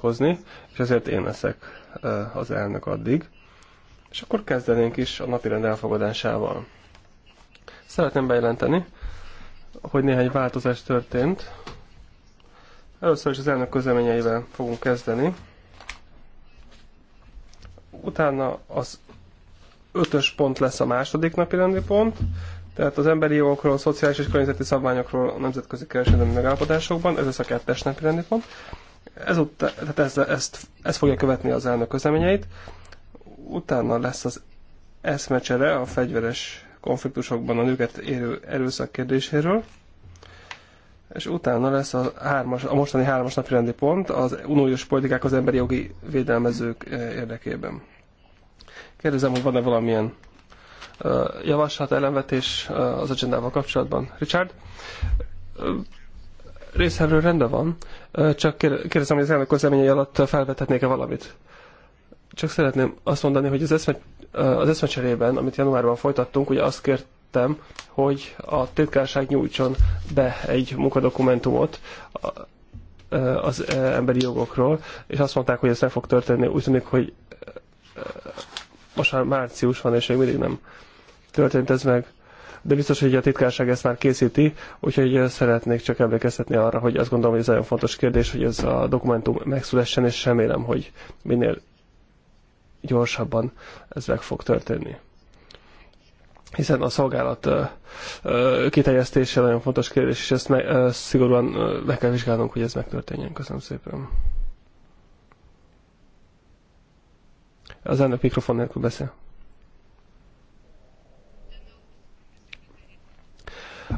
hozni, és ezért én leszek eh, az elnök addig. És akkor kezdenénk is a rend elfogadásával. Szeretném bejelenteni, hogy néhány változás történt. Először is az elnök közleményeivel fogunk kezdeni. Utána az ötös pont lesz a második napi rendi pont, tehát az emberi jogokról, a szociális és környezeti szabványokról a nemzetközi kereskedelmi megállapodásokban, ez lesz a kettes napi rendi pont. Ezután, tehát ez, ezt, ez fogja követni az elnök közleményeit. Utána lesz az eszmecsere a fegyveres konfliktusokban a nőket érő erőszak kérdéséről, és utána lesz a, hármas, a mostani hármas napirendi pont az uniós politikák az emberi jogi védelmezők eh, érdekében. Kérdezem, hogy van-e valamilyen uh, javaslat, ellenvetés uh, az agendával kapcsolatban. Richard? részemről rendben van, csak kérdezem, hogy az elnök közleményei alatt felvethetnék-e valamit. Csak szeretném azt mondani, hogy az, eszme, az eszmecserében, amit januárban folytattunk, ugye azt kértem, hogy a titkárság nyújtson be egy munkadokumentumot az emberi jogokról, és azt mondták, hogy ez nem fog történni. Úgy tűnik, hogy most már március van, és még mindig nem történt ez meg de biztos, hogy a titkárság ezt már készíti, úgyhogy szeretnék csak emlékeztetni arra, hogy azt gondolom, hogy ez nagyon fontos kérdés, hogy ez a dokumentum megszülessen, és remélem, hogy minél gyorsabban ez meg fog történni. Hiszen a szolgálat kiterjesztése nagyon fontos kérdés, és ezt meg ö, szigorúan meg kell vizsgálnunk, hogy ez megtörténjen. Köszönöm szépen. Az elnök mikrofon nélkül beszél.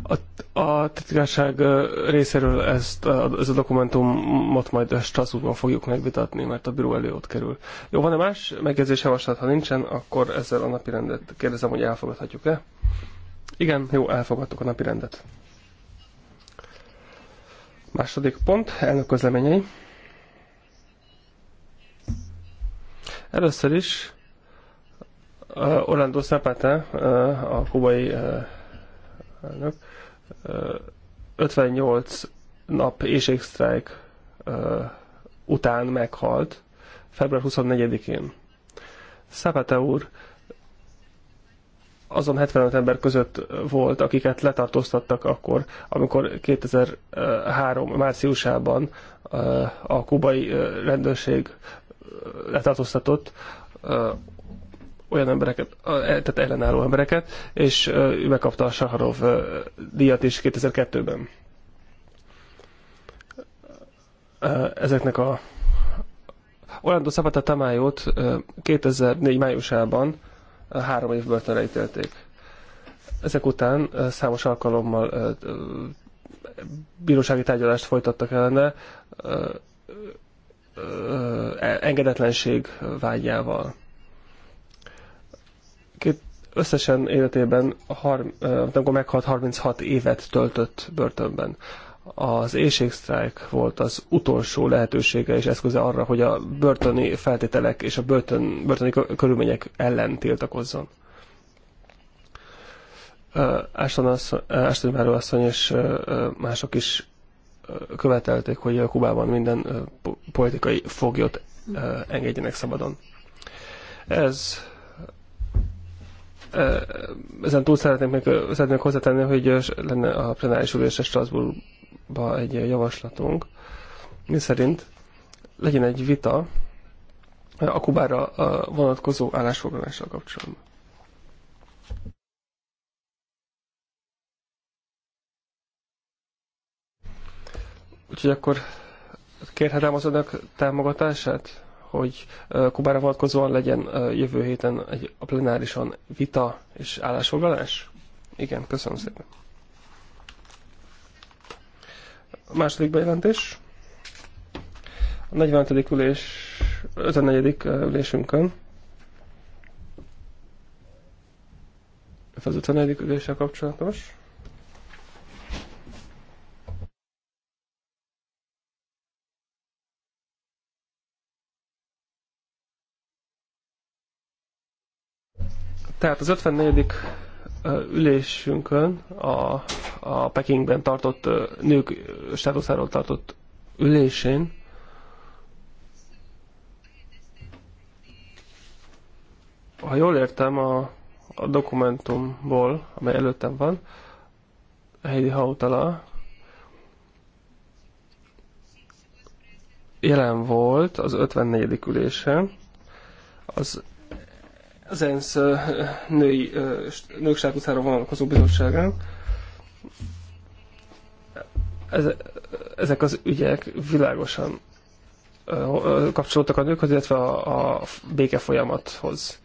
A, a titkárság részéről ezt ez a dokumentumot majd Strasbourgban fogjuk megvitatni, mert a bíró elő ott kerül. Jó, van-e más megjegyzés, javaslat? Ha nincsen, akkor ezzel a napi rendet kérdezem, hogy elfogadhatjuk-e? Igen, jó, elfogadtuk a napi rendet. Második pont, elnök közleményei. Először is uh, Orlando Szepete, uh, a kubai uh, elnök. 58 nap éjségsztrájk után meghalt, február 24-én. Szapata úr azon 75 ember között volt, akiket letartóztattak akkor, amikor 2003 márciusában a kubai rendőrség letartóztatott olyan embereket, e, tehát ellenálló embereket, és ő megkapta a Saharov díjat is 2002-ben. Ezeknek a Orlando Szabata Tamájót 2004 májusában három év börtönre ítélték. Ezek után számos alkalommal bírósági tárgyalást folytattak ellene e, engedetlenség vágyával összesen életében, amikor meghalt, 36 évet töltött börtönben. Az éjségsztrájk volt az utolsó lehetősége és eszköze arra, hogy a börtöni feltételek és a börtön, börtöni körülmények ellen tiltakozzon. Ashton, asszony, Váró asszony és mások is követelték, hogy a Kubában minden politikai foglyot engedjenek szabadon. Ez ezen túl szeretnék még szeretnék hozzátenni, hogy lenne a plenáris ülésre Strasbourgba egy javaslatunk, mi szerint legyen egy vita a Kubára vonatkozó állásfoglalással kapcsolatban. Úgyhogy akkor kérhetem az önök támogatását? hogy Kubára vonatkozóan legyen jövő héten egy, a plenárisan vita és állásfoglalás? Igen, köszönöm szépen. A második bejelentés. A 45. ülés, 54. ülésünkön. Ez az 54. üléssel kapcsolatos. Tehát az 54. ülésünkön, a, a Pekingben tartott nők státuszáról tartott ülésén, ha jól értem a, a dokumentumból, amely előttem van, Heidi Hautala jelen volt az 54. ülésen, az az ENSZ női, nők státuszára vonatkozó bizottságának. Ezek az ügyek világosan kapcsolódtak a nőkhoz, illetve a, a béke folyamathoz.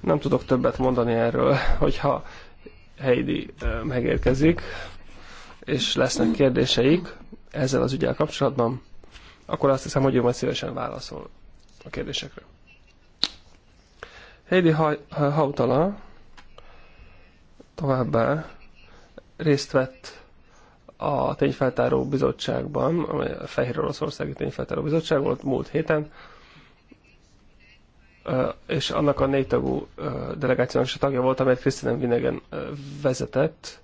Nem tudok többet mondani erről, hogyha Heidi megérkezik, és lesznek kérdéseik ezzel az ügyel kapcsolatban, akkor azt hiszem, hogy ő majd szívesen válaszol a kérdésekre. Heidi Hautala továbbá részt vett a tényfeltáró bizottságban, amely a Fehér Oroszországi Tényfeltáró Bizottság volt múlt héten, és annak a négy tagú delegációnak is a tagja volt, amelyet Krisztinen Vinegen vezetett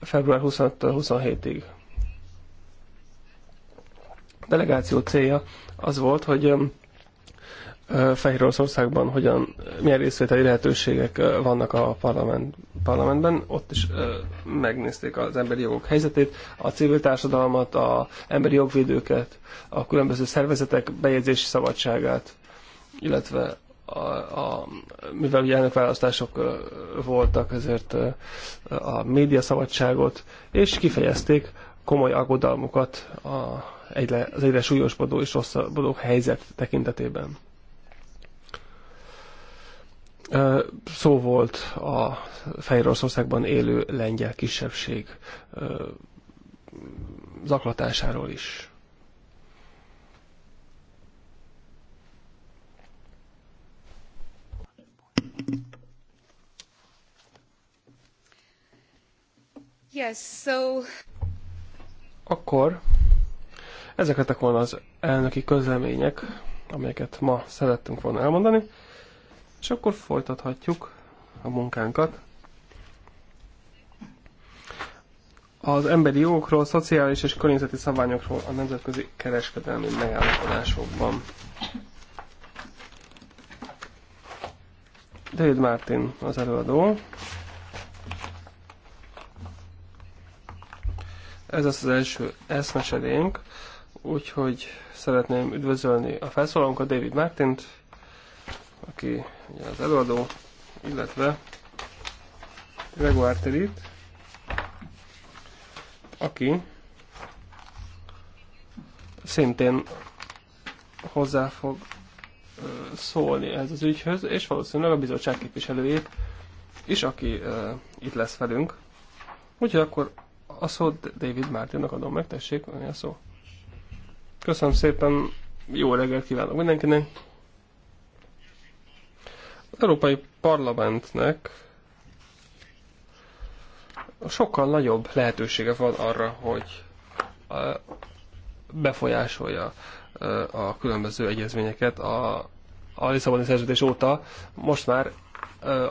február 25-27-ig. A delegáció célja az volt, hogy Fehéroroszországban hogyan, milyen részvételi lehetőségek vannak a parlament, parlamentben. Ott is megnézték az emberi jogok helyzetét, a civil társadalmat, a emberi jogvédőket, a különböző szervezetek bejegyzési szabadságát, illetve a, a, mivel ugye elnökválasztások voltak, ezért a média szabadságot, és kifejezték komoly aggodalmukat a, egyre, az egyre súlyosbodó és rosszabbodó helyzet tekintetében. Szó volt a Fehér Oroszországban élő lengyel kisebbség zaklatásáról is. Yes, so... Akkor ezek lettek volna az elnöki közlemények, amelyeket ma szerettünk volna elmondani. És akkor folytathatjuk a munkánkat. Az emberi jogokról, szociális és környezeti szabványokról a nemzetközi kereskedelmi megállapodásokban. David Martin az előadó. Ez az, az első eszmesedénk, úgyhogy szeretném üdvözölni a felszólalónkat, David Martint aki ugye az előadó, illetve Gregor Terit, aki szintén hozzá fog szólni ez az ügyhöz, és valószínűleg a bizottság képviselőjét is, aki uh, itt lesz velünk. Úgyhogy akkor a szót David Mártinnak adom meg, tessék, a szó. Köszönöm szépen, jó reggelt kívánok mindenkinek! Európai Parlamentnek sokkal nagyobb lehetősége van arra, hogy befolyásolja a különböző egyezményeket a, a Lisszaboni szerződés óta. Most már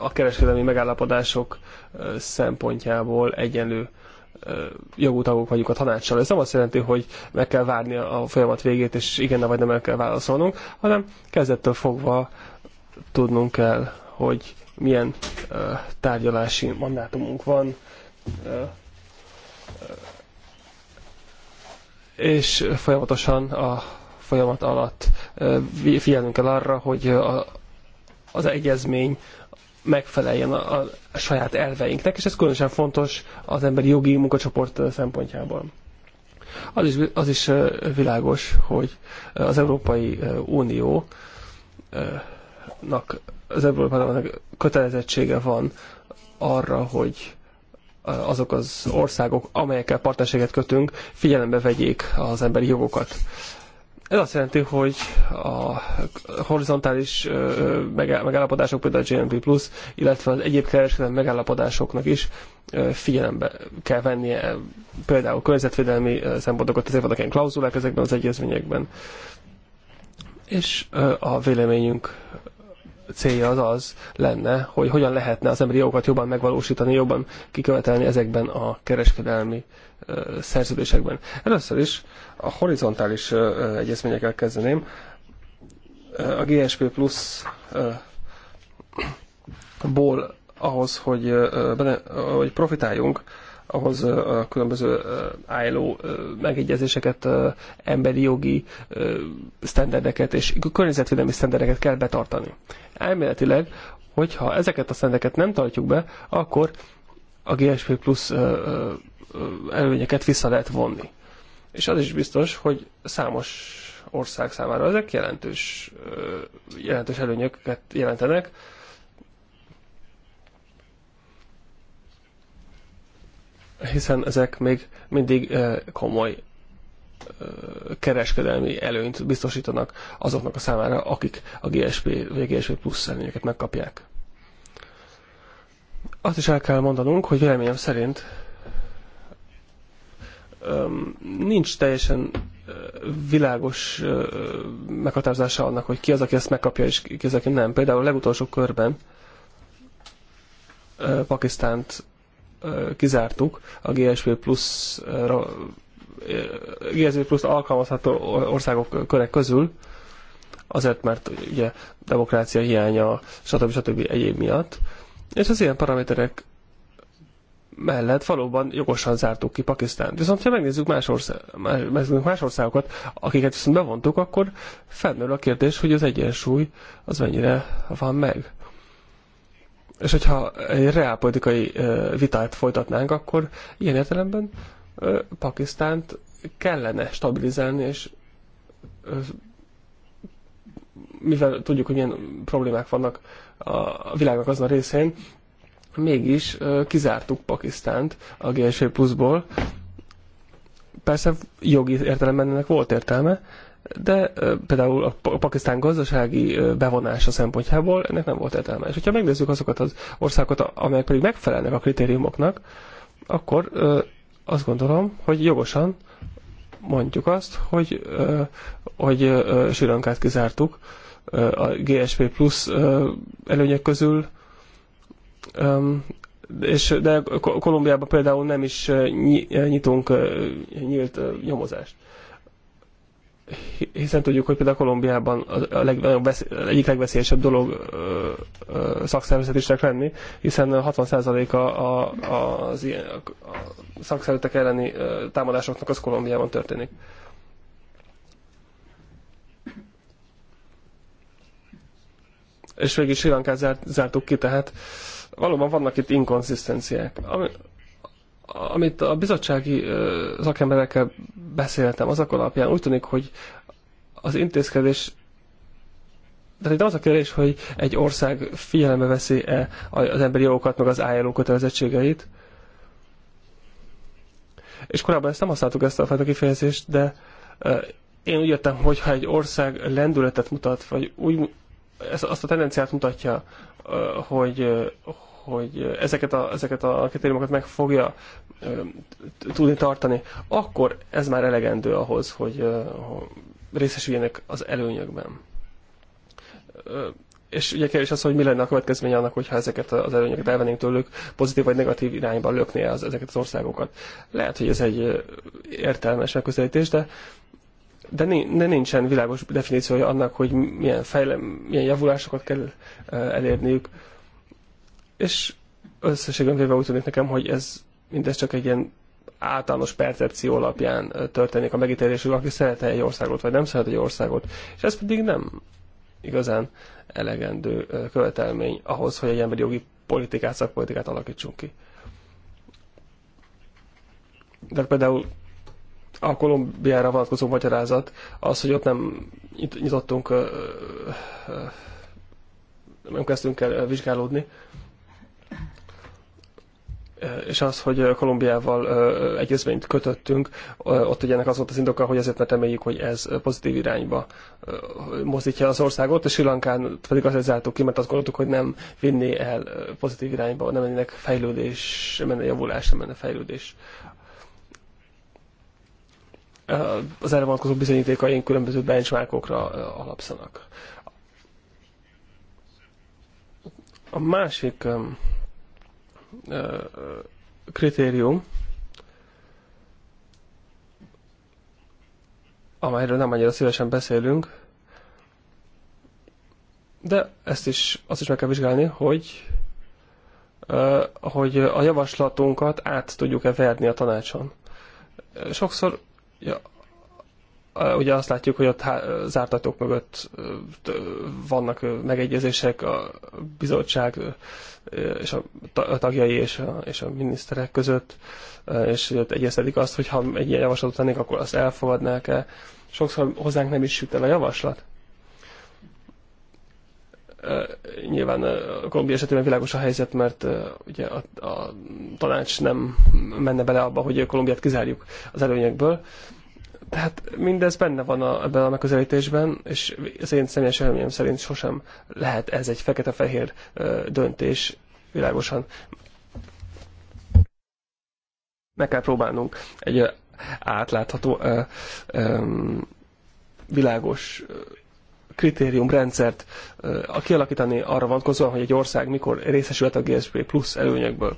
a kereskedelmi megállapodások szempontjából egyenlő jogú tagok vagyunk a tanácssal. Ez nem azt jelenti, hogy meg kell várni a folyamat végét, és igen, vagy nem el kell válaszolnunk, hanem kezdettől fogva tudnunk kell, hogy milyen tárgyalási mandátumunk van, és folyamatosan a folyamat alatt figyelnünk kell arra, hogy a, az egyezmény megfeleljen a, a saját elveinknek, és ez különösen fontos az emberi jogi munkacsoport szempontjából. Az is, az is világos, hogy az Európai Unió Nak, az Európának kötelezettsége van arra, hogy azok az országok, amelyekkel partnerséget kötünk, figyelembe vegyék az emberi jogokat. Ez azt jelenti, hogy a horizontális megállapodások, például a GMP+, illetve az egyéb kereskedelmi megállapodásoknak is figyelembe kell vennie például környezetvédelmi szempontokat, ezért vannak ilyen klauzulák ezekben az egyezményekben. És a véleményünk célja az az lenne, hogy hogyan lehetne az emberi jogokat jobban megvalósítani, jobban kikövetelni ezekben a kereskedelmi szerződésekben. Először is a horizontális egyezményekkel kezdeném. A GSP Plus ból ahhoz, hogy, hogy profitáljunk, ahhoz a különböző ILO megegyezéseket, emberi jogi sztenderdeket és környezetvédelmi sztenderdeket kell betartani. Elméletileg, hogyha ezeket a sztenderdeket nem tartjuk be, akkor a GSP plusz előnyeket vissza lehet vonni. És az is biztos, hogy számos ország számára ezek jelentős, jelentős előnyöket jelentenek, hiszen ezek még mindig komoly kereskedelmi előnyt biztosítanak azoknak a számára, akik a GSP, VGSP plusz előnyöket megkapják. Azt is el kell mondanunk, hogy véleményem szerint nincs teljesen világos meghatározása annak, hogy ki az, aki ezt megkapja, és ki az, aki nem. Például a legutolsó körben Pakisztánt kizártuk a GSP plus GSP plus alkalmazható országok körek közül, azért, mert ugye demokrácia hiánya, stb. stb. egyéb miatt. És az ilyen paraméterek mellett valóban jogosan zártuk ki Pakisztánt. Viszont ha megnézzük más, ország, más, megnézzük más országokat, akiket viszont bevontuk, akkor felmerül a kérdés, hogy az egyensúly az mennyire van meg. És hogyha egy reálpolitikai vitát folytatnánk, akkor ilyen értelemben Pakisztánt kellene stabilizálni, és mivel tudjuk, hogy milyen problémák vannak a világnak azon a részén, mégis kizártuk Pakisztánt a GSP pluszból. Persze jogi értelemben ennek volt értelme, de például a Pakisztán gazdasági bevonása szempontjából ennek nem volt értelme. És hogyha megnézzük azokat az országokat, amelyek pedig megfelelnek a kritériumoknak, akkor azt gondolom, hogy jogosan mondjuk azt, hogy, hogy Sirankát kizártuk a GSP plusz előnyek közül, és de Kolumbiában például nem is nyitunk nyílt nyomozást hiszen tudjuk, hogy például Kolumbiában a legnagyobb vesz, egyik legveszélyesebb dolog ö, ö, szakszervezetisnek lenni, hiszen 60%-a a, a, az ilyen, a, szakszervezetek elleni ö, támadásoknak az Kolumbiában történik. És végig Sri Lankát zárt, zártuk ki, tehát valóban vannak itt inkonszisztenciák. Ami, amit a bizottsági szakemberekkel beszéltem, azok alapján úgy tűnik, hogy az intézkedés tehát itt az a kérdés, hogy egy ország figyelembe veszi-e az emberi jogokat, meg az ILO kötelezettségeit. És korábban ezt nem használtuk ezt a fajta kifejezést, de én úgy értem, hogy ha egy ország lendületet mutat, vagy úgy, ezt, azt a tendenciát mutatja, hogy, hogy ezeket a, ezeket a kritériumokat meg fogja tudni tartani, akkor ez már elegendő ahhoz, hogy részesüljenek az előnyökben. És ugye kérdés az, hogy mi lenne a következménye annak, hogyha ezeket az előnyöket elvennénk tőlük, pozitív vagy negatív irányba lökné az, ezeket az országokat. Lehet, hogy ez egy értelmes megközelítés, de de, de nincsen világos definíciója annak, hogy milyen, fejlem, milyen javulásokat kell elérniük és összességben véve úgy tűnik nekem, hogy ez mindez csak egy ilyen általános percepció alapján történik a megítélésünk, aki szeretne egy országot, vagy nem szeret egy országot. És ez pedig nem igazán elegendő követelmény ahhoz, hogy egy emberi jogi politikát, szakpolitikát alakítsunk ki. De például a Kolumbiára vonatkozó magyarázat az, hogy ott nem nyitottunk, nem kezdtünk el vizsgálódni, és az, hogy Kolumbiával egyezményt kötöttünk, ott ugye ennek az volt az indoka, hogy ezért mert reméljük, hogy ez pozitív irányba mozdítja az országot, és Sri Lankán pedig azért zártuk ki, mert azt gondoltuk, hogy nem vinni el pozitív irányba, nem ennek fejlődés, nem menne javulás, nem menne fejlődés. Az erre vonatkozó bizonyítékaink különböző benchmarkokra alapszanak. A másik kritérium, amelyről nem annyira szívesen beszélünk, de ezt is, azt is meg kell vizsgálni, hogy, hogy a javaslatunkat át tudjuk-e verni a tanácson. Sokszor ja, ugye azt látjuk, hogy ott zártatok mögött vannak megegyezések a bizottság és a tagjai és a, és a miniszterek között, és ott egyeztetik azt, hogy ha egy ilyen javaslatot tennék, akkor azt elfogadnák el. Sokszor hozzánk nem is süt el a javaslat. Nyilván Kolumbia esetében világos a helyzet, mert ugye a, a tanács nem menne bele abba, hogy Kolumbiát kizárjuk az előnyekből, tehát mindez benne van a, ebben a megközelítésben, és az én személyes elményem szerint sosem lehet ez egy fekete-fehér döntés világosan. Meg kell próbálnunk egy átlátható, ö, ö, világos kritériumrendszert kialakítani arra vonatkozóan, hogy egy ország mikor részesülhet a GSP plusz előnyekből.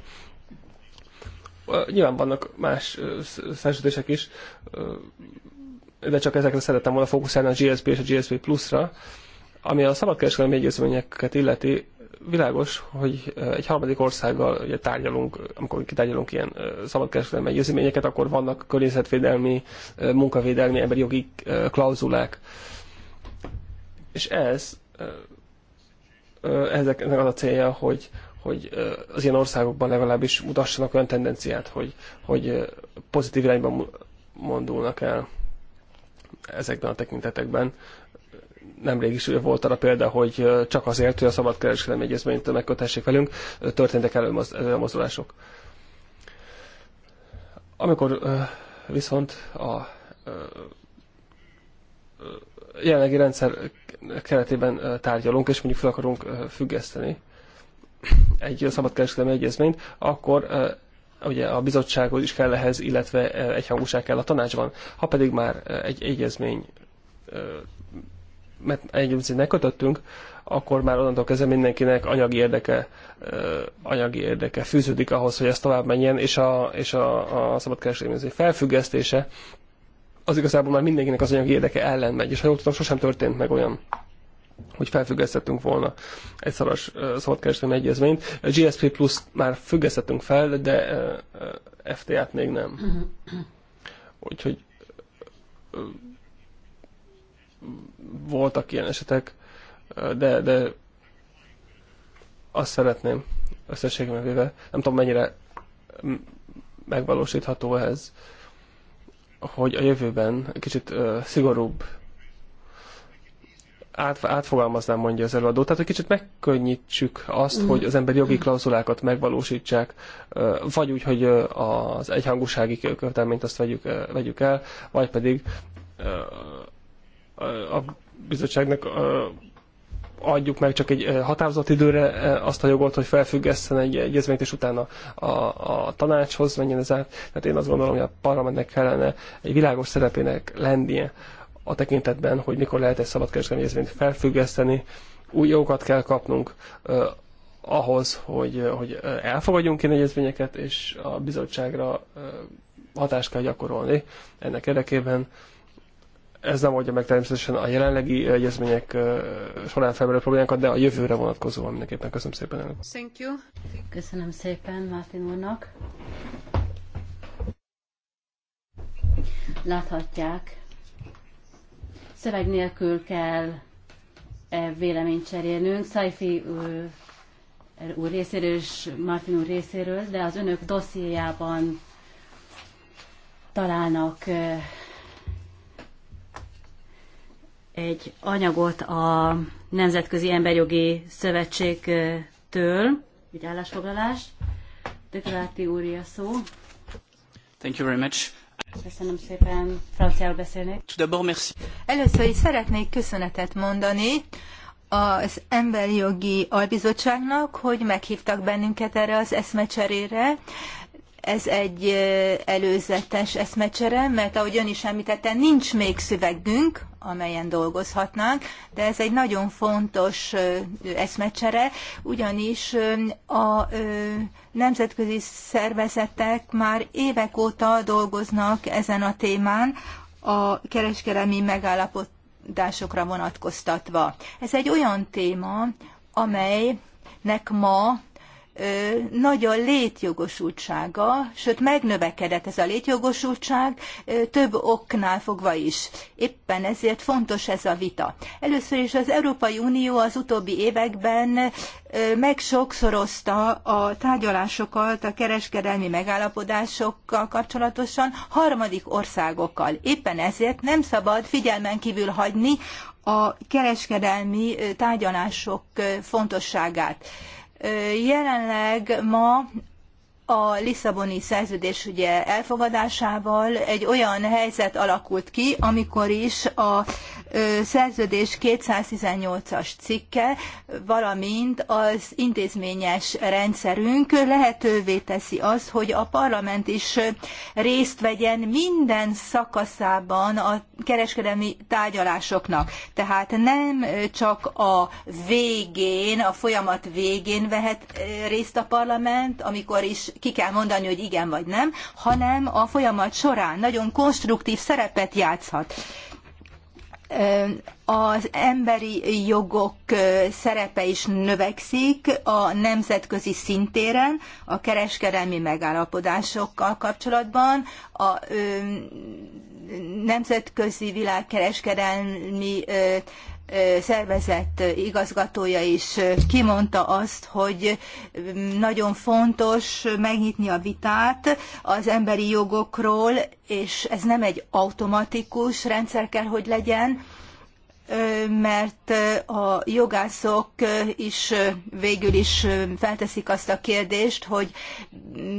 Nyilván vannak más szerződések is, de csak ezekre szerettem volna fókuszálni a GSP és a GSP Plus-ra. Ami a szabadkereskedelmi egyezményeket illeti, világos, hogy egy harmadik országgal ugye, tárgyalunk, amikor kitárgyalunk ilyen szabadkereskedelmi egyezményeket, akkor vannak környezetvédelmi, munkavédelmi, emberi jogi klauzulák. És ez ezeknek az a célja, hogy hogy az ilyen országokban legalábbis mutassanak olyan tendenciát, hogy, hogy pozitív irányban mondulnak el ezekben a tekintetekben. Nemrég is volt arra példa, hogy csak azért, hogy a szabadkereskedelmi egyezményt megkötessék velünk, történtek előmozdulások. Amikor viszont a jelenlegi rendszer keretében tárgyalunk, és mondjuk fel akarunk függeszteni egy szabadkereskedelmi egyezményt, akkor ugye a bizottsághoz is kell ehhez, illetve egyhangúság kell a tanácsban. Ha pedig már egy egyezmény mert egyébként megkötöttünk, akkor már onnantól kezdve mindenkinek anyagi érdeke, anyagi érdeke fűződik ahhoz, hogy ez tovább menjen, és a, és a, a szabadkereskedelmi felfüggesztése az igazából már mindenkinek az anyagi érdeke ellen megy, és ha jól tudom, sosem történt meg olyan hogy felfüggesztettünk volna egy szaros szabadkereskedelmi egyezményt. A GSP plus már függesztettünk fel, de FTA-t még nem. Úgyhogy voltak ilyen esetek, de, de azt szeretném összességében véve, nem tudom mennyire megvalósítható ez, hogy a jövőben kicsit szigorúbb át, átfogalmaznám, mondja az előadó. Tehát, hogy kicsit megkönnyítsük azt, mm. hogy az emberi jogi klauzulákat megvalósítsák, vagy úgy, hogy az egyhangúsági követelményt azt vegyük, vegyük el, vagy pedig a bizottságnak adjuk meg csak egy határozott időre azt a jogot, hogy felfüggesszen egy egyezményt, és utána a, a tanácshoz menjen ez át. Tehát én azt gondolom, hogy a parlamentnek kellene egy világos szerepének lennie a tekintetben, hogy mikor lehet egy szabadkereskedelmi egyezményt felfüggeszteni. Új jogokat kell kapnunk ahhoz, hogy, hogy elfogadjunk ilyen egyezményeket, és a bizottságra hatást kell gyakorolni ennek érdekében. Ez nem oldja meg természetesen a jelenlegi egyezmények során felmerülő problémákat, de a jövőre vonatkozóan mindenképpen. Köszönöm szépen. Elnök. Thank you. Köszönöm szépen Mártin úrnak. Láthatják, Szöveg nélkül kell e véleményt cserélnünk. Szajfi er, úr, részéről és Martin úr részéről, de az önök dossziéjában találnak egy anyagot a Nemzetközi Emberjogi Szövetségtől, egy állásfoglalást. Dekoráti úr a szó. Thank you very much. Köszönöm szépen, franciául beszélnék. Először is szeretnék köszönetet mondani az Emberi Jogi Albizottságnak, hogy meghívtak bennünket erre az eszmecserére ez egy előzetes eszmecsere, mert ahogy ön is említette, nincs még szövegünk, amelyen dolgozhatnánk, de ez egy nagyon fontos eszmecsere, ugyanis a nemzetközi szervezetek már évek óta dolgoznak ezen a témán, a kereskedelmi megállapodásokra vonatkoztatva. Ez egy olyan téma, amelynek ma nagy a létjogosultsága, sőt megnövekedett ez a létjogosultság több oknál fogva is. Éppen ezért fontos ez a vita. Először is az Európai Unió az utóbbi években megsokszorozta a tárgyalásokat a kereskedelmi megállapodásokkal kapcsolatosan harmadik országokkal. Éppen ezért nem szabad figyelmen kívül hagyni a kereskedelmi tárgyalások fontosságát. Jelenleg ma a Lisszaboni szerződés ugye elfogadásával egy olyan helyzet alakult ki, amikor is a szerződés 218-as cikke, valamint az intézményes rendszerünk lehetővé teszi az, hogy a parlament is részt vegyen minden szakaszában a kereskedelmi tárgyalásoknak. Tehát nem csak a végén, a folyamat végén vehet részt a parlament, amikor is ki kell mondani, hogy igen vagy nem, hanem a folyamat során nagyon konstruktív szerepet játszhat az emberi jogok szerepe is növekszik a nemzetközi szintéren, a kereskedelmi megállapodásokkal kapcsolatban, a nemzetközi világkereskedelmi szervezet igazgatója is kimondta azt, hogy nagyon fontos megnyitni a vitát az emberi jogokról, és ez nem egy automatikus rendszer kell, hogy legyen, mert a jogászok is végül is felteszik azt a kérdést, hogy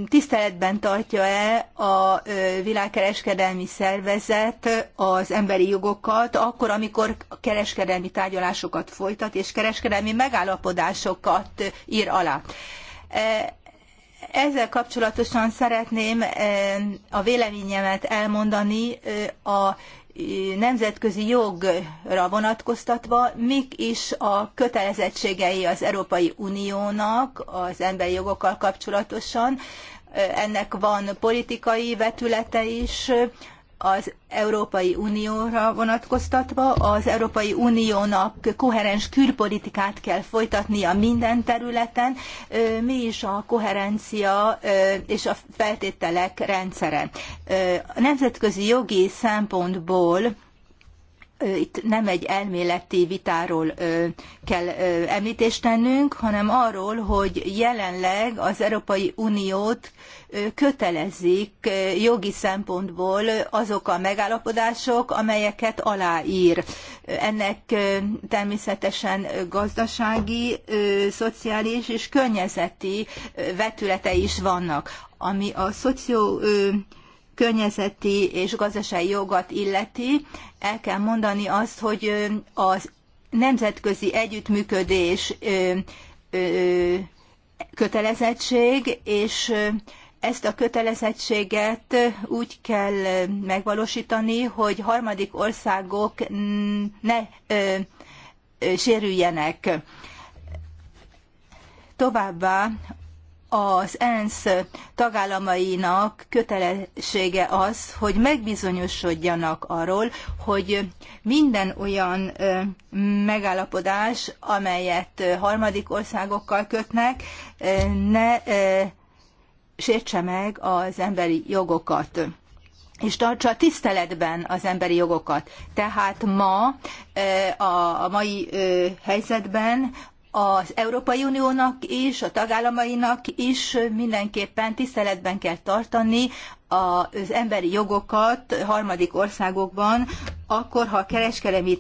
tiszteletben tartja-e a világkereskedelmi szervezet az emberi jogokat, akkor, amikor kereskedelmi tárgyalásokat folytat, és kereskedelmi megállapodásokat ír alá. Ezzel kapcsolatosan szeretném a véleményemet elmondani a nemzetközi jogra vonatkoztatva, mik is a kötelezettségei az Európai Uniónak az emberi jogokkal kapcsolatosan. Ennek van politikai vetülete is, az Európai Unióra vonatkoztatva, az Európai Uniónak koherens külpolitikát kell folytatnia minden területen. Mi is a koherencia és a feltételek rendszere. A nemzetközi jogi szempontból itt nem egy elméleti vitáról kell említést tennünk, hanem arról, hogy jelenleg az Európai Uniót kötelezik jogi szempontból azok a megállapodások, amelyeket aláír. Ennek természetesen gazdasági, szociális és környezeti vetületei is vannak. Ami a szoció környezeti és gazdasági jogat illeti, el kell mondani azt, hogy az nemzetközi együttműködés kötelezettség, és ezt a kötelezettséget úgy kell megvalósítani, hogy harmadik országok ne ö, ö, sérüljenek. Továbbá az ENSZ tagállamainak kötelessége az, hogy megbizonyosodjanak arról, hogy minden olyan megállapodás, amelyet harmadik országokkal kötnek, ne sértse meg az emberi jogokat és tartsa tiszteletben az emberi jogokat. Tehát ma a mai helyzetben az Európai Uniónak is, a tagállamainak is mindenképpen tiszteletben kell tartani az emberi jogokat harmadik országokban, akkor, ha kereskedelmi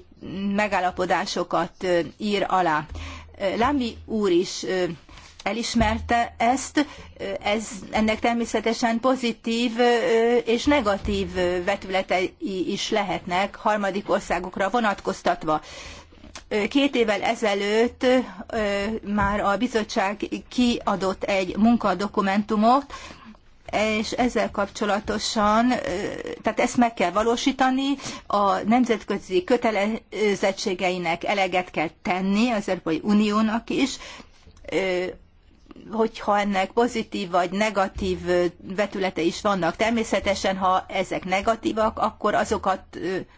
megállapodásokat ír alá. Lámi úr is elismerte ezt, ez, ennek természetesen pozitív és negatív vetületei is lehetnek harmadik országokra vonatkoztatva. Két évvel ezelőtt már a bizottság kiadott egy munkadokumentumot, és ezzel kapcsolatosan, tehát ezt meg kell valósítani, a nemzetközi kötelezettségeinek eleget kell tenni az Európai Uniónak is, hogyha ennek pozitív vagy negatív vetülete is vannak. Természetesen, ha ezek negatívak, akkor azokat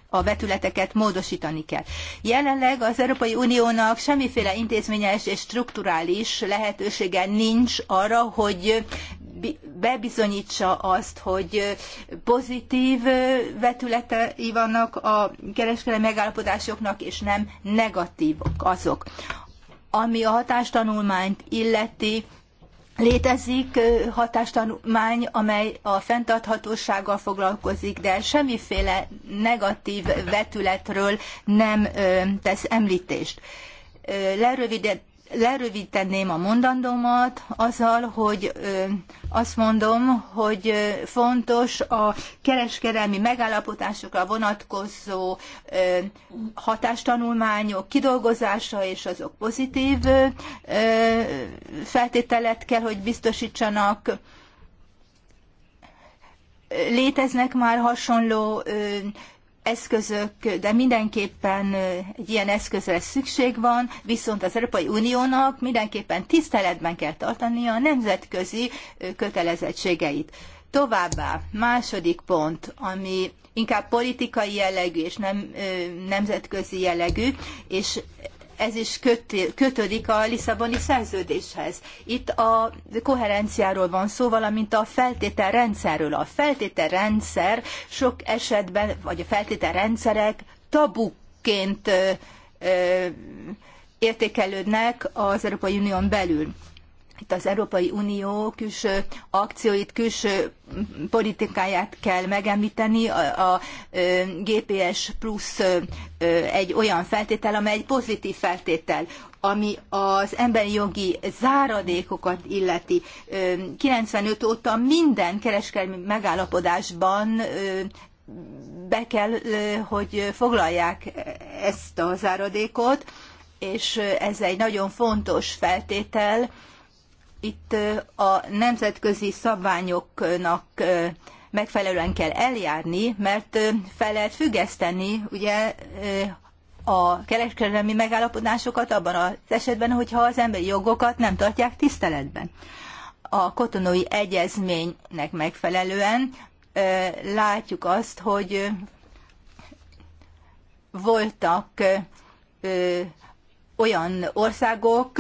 a vetületeket módosítani kell. Jelenleg az Európai Uniónak semmiféle intézményes és strukturális lehetősége nincs arra, hogy bebizonyítsa azt, hogy pozitív vetületei vannak a kereskedelmi megállapodásoknak, és nem negatívok azok. Ami a hatástanulmányt illeti, Létezik hatástanulmány, amely a fenntarthatósággal foglalkozik, de semmiféle negatív vetületről nem tesz említést. Lerövidít, lerövidítenném a mondandómat azzal, hogy azt mondom, hogy fontos a kereskedelmi megállapotásokra vonatkozó hatástanulmányok kidolgozása és azok pozitív feltételet kell, hogy biztosítsanak. Léteznek már hasonló eszközök, de mindenképpen egy ilyen eszközre szükség van, viszont az Európai Uniónak mindenképpen tiszteletben kell tartania a nemzetközi kötelezettségeit. Továbbá, második pont, ami inkább politikai jellegű és nem nemzetközi jellegű, és ez is kötődik a Lisszaboni szerződéshez. Itt a koherenciáról van szó, valamint a feltételrendszerről. A feltételrendszer sok esetben, vagy a feltételrendszerek tabuként értékelődnek az Európai Unión belül itt az Európai Unió külső akcióit, külső politikáját kell megemlíteni. A, a GPS plusz egy olyan feltétel, amely egy pozitív feltétel ami az emberi jogi záradékokat illeti. 95 óta minden kereskedelmi megállapodásban be kell, hogy foglalják ezt a záradékot, és ez egy nagyon fontos feltétel, itt a nemzetközi szabványoknak megfelelően kell eljárni, mert fel lehet függeszteni ugye a kereskedelmi megállapodásokat abban az esetben, hogyha az emberi jogokat nem tartják tiszteletben. A kotonói egyezménynek megfelelően látjuk azt, hogy voltak olyan országok,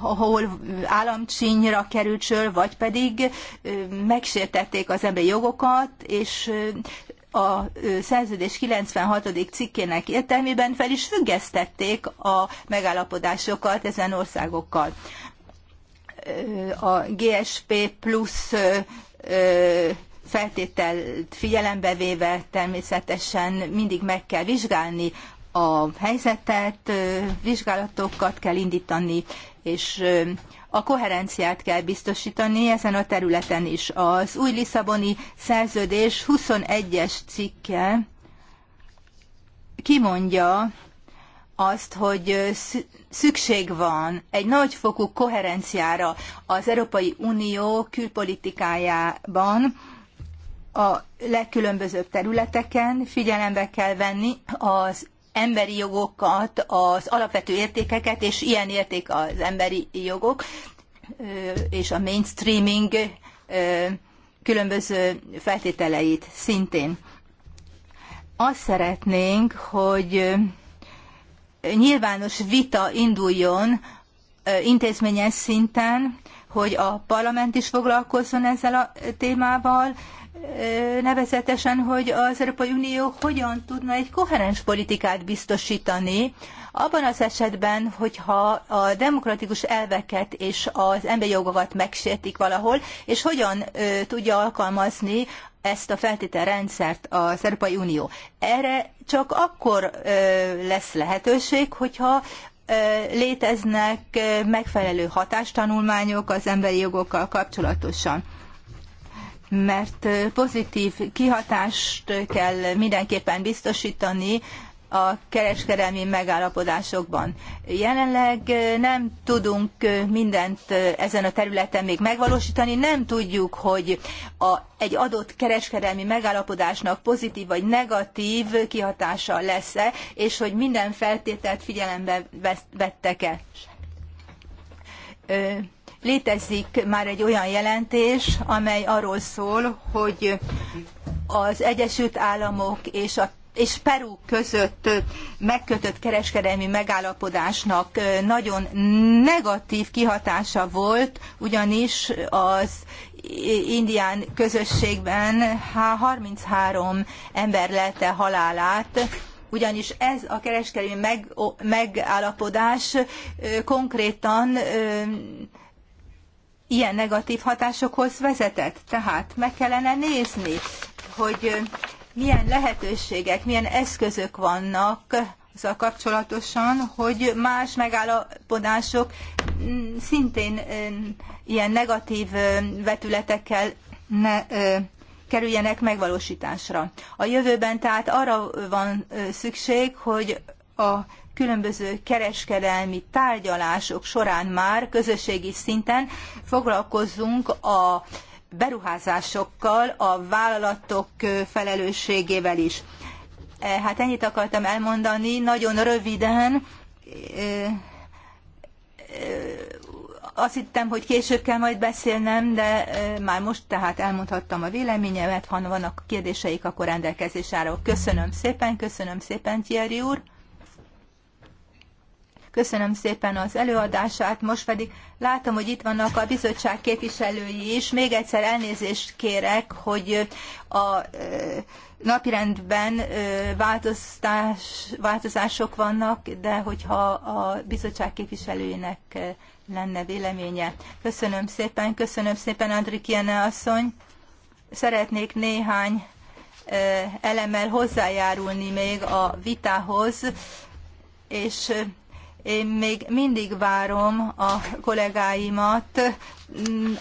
ahol államcsínyra került sor, vagy pedig megsértették az emberi jogokat, és a szerződés 96. cikkének értelmében fel is függesztették a megállapodásokat ezen országokkal. A GSP plusz feltételt figyelembe véve természetesen mindig meg kell vizsgálni a helyzetet, vizsgálatokat kell indítani, és a koherenciát kell biztosítani ezen a területen is. Az új Lisszaboni szerződés 21-es cikke kimondja azt, hogy szükség van egy nagyfokú koherenciára az Európai Unió külpolitikájában, a legkülönbözőbb területeken figyelembe kell venni az emberi jogokat, az alapvető értékeket, és ilyen érték az emberi jogok, és a mainstreaming különböző feltételeit szintén. Azt szeretnénk, hogy nyilvános vita induljon intézményes szinten, hogy a parlament is foglalkozzon ezzel a témával, nevezetesen, hogy az Európai Unió hogyan tudna egy koherens politikát biztosítani, abban az esetben, hogyha a demokratikus elveket és az emberi jogokat megsértik valahol, és hogyan ö, tudja alkalmazni ezt a feltételrendszert az Európai Unió. Erre csak akkor ö, lesz lehetőség, hogyha ö, léteznek megfelelő hatástanulmányok az emberi jogokkal kapcsolatosan mert pozitív kihatást kell mindenképpen biztosítani a kereskedelmi megállapodásokban. Jelenleg nem tudunk mindent ezen a területen még megvalósítani, nem tudjuk, hogy a, egy adott kereskedelmi megállapodásnak pozitív vagy negatív kihatása lesz-e, és hogy minden feltételt figyelembe vettek-e. Létezik már egy olyan jelentés, amely arról szól, hogy az Egyesült Államok és a és Peru között megkötött kereskedelmi megállapodásnak nagyon negatív kihatása volt, ugyanis az indián közösségben 33 ember lelte halálát, ugyanis ez a kereskedelmi megállapodás konkrétan ilyen negatív hatásokhoz vezetett. Tehát meg kellene nézni, hogy milyen lehetőségek, milyen eszközök vannak azzal kapcsolatosan, hogy más megállapodások szintén ilyen negatív vetületekkel ne kerüljenek megvalósításra. A jövőben tehát arra van szükség, hogy a különböző kereskedelmi tárgyalások során már közösségi szinten foglalkozzunk a beruházásokkal, a vállalatok felelősségével is. E, hát ennyit akartam elmondani, nagyon röviden. Azt hittem, hogy később kell majd beszélnem, de már most tehát elmondhattam a véleményemet, ha vannak kérdéseik, akkor rendelkezés állok. Köszönöm szépen, köszönöm szépen, Thierry úr. Köszönöm szépen az előadását, most pedig látom, hogy itt vannak a bizottság képviselői is. Még egyszer elnézést kérek, hogy a napirendben változtás, változások vannak, de hogyha a bizottság képviselőinek lenne véleménye. Köszönöm szépen, köszönöm szépen, Kiene asszony. Szeretnék néhány elemmel hozzájárulni még a vitához, és én még mindig várom a kollégáimat,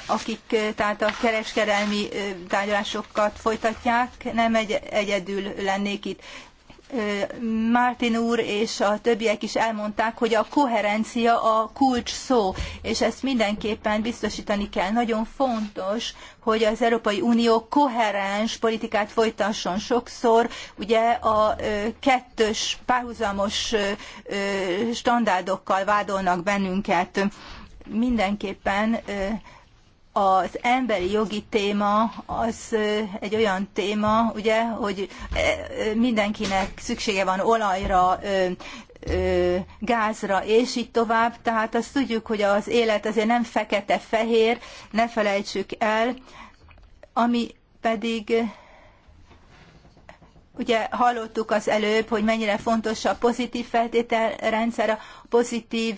akik tehát a kereskedelmi tárgyalásokat folytatják, nem egy, egyedül lennék itt. Martin úr és a többiek is elmondták, hogy a koherencia a kulcs szó, és ezt mindenképpen biztosítani kell. Nagyon fontos, hogy az Európai Unió koherens politikát folytasson. Sokszor ugye a kettős párhuzamos standardokkal vádolnak bennünket. Mindenképpen az emberi jogi téma az egy olyan téma, ugye, hogy mindenkinek szüksége van olajra, gázra, és így tovább. Tehát azt tudjuk, hogy az élet azért nem fekete-fehér, ne felejtsük el, ami pedig Ugye hallottuk az előbb, hogy mennyire fontos a pozitív feltételrendszer, a pozitív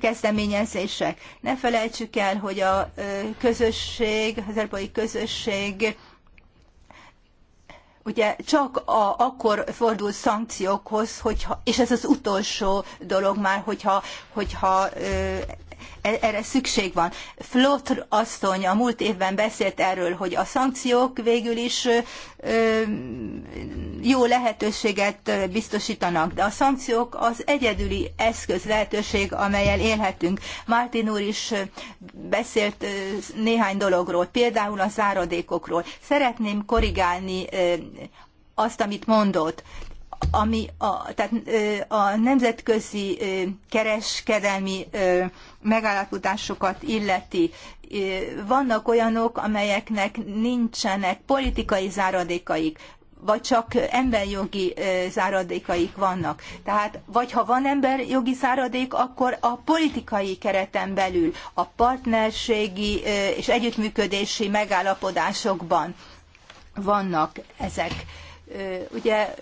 kezdeményezések. Ne felejtsük el, hogy a közösség, az erbai közösség ugye csak a, akkor fordul szankciókhoz, hogyha, és ez az utolsó dolog már, hogyha, hogyha ö, E- erre szükség van. Flotr asszony a múlt évben beszélt erről, hogy a szankciók végül is jó lehetőséget biztosítanak, de a szankciók az egyedüli eszköz lehetőség, amelyel élhetünk. Martin úr is beszélt néhány dologról, például a záradékokról. Szeretném korrigálni azt, amit mondott ami a, tehát a nemzetközi kereskedelmi megállapodásokat illeti. Vannak olyanok, amelyeknek nincsenek politikai záradékaik, vagy csak emberjogi záradékaik vannak. Tehát, vagy ha van emberjogi záradék, akkor a politikai kereten belül, a partnerségi és együttműködési megállapodásokban vannak ezek. Ugye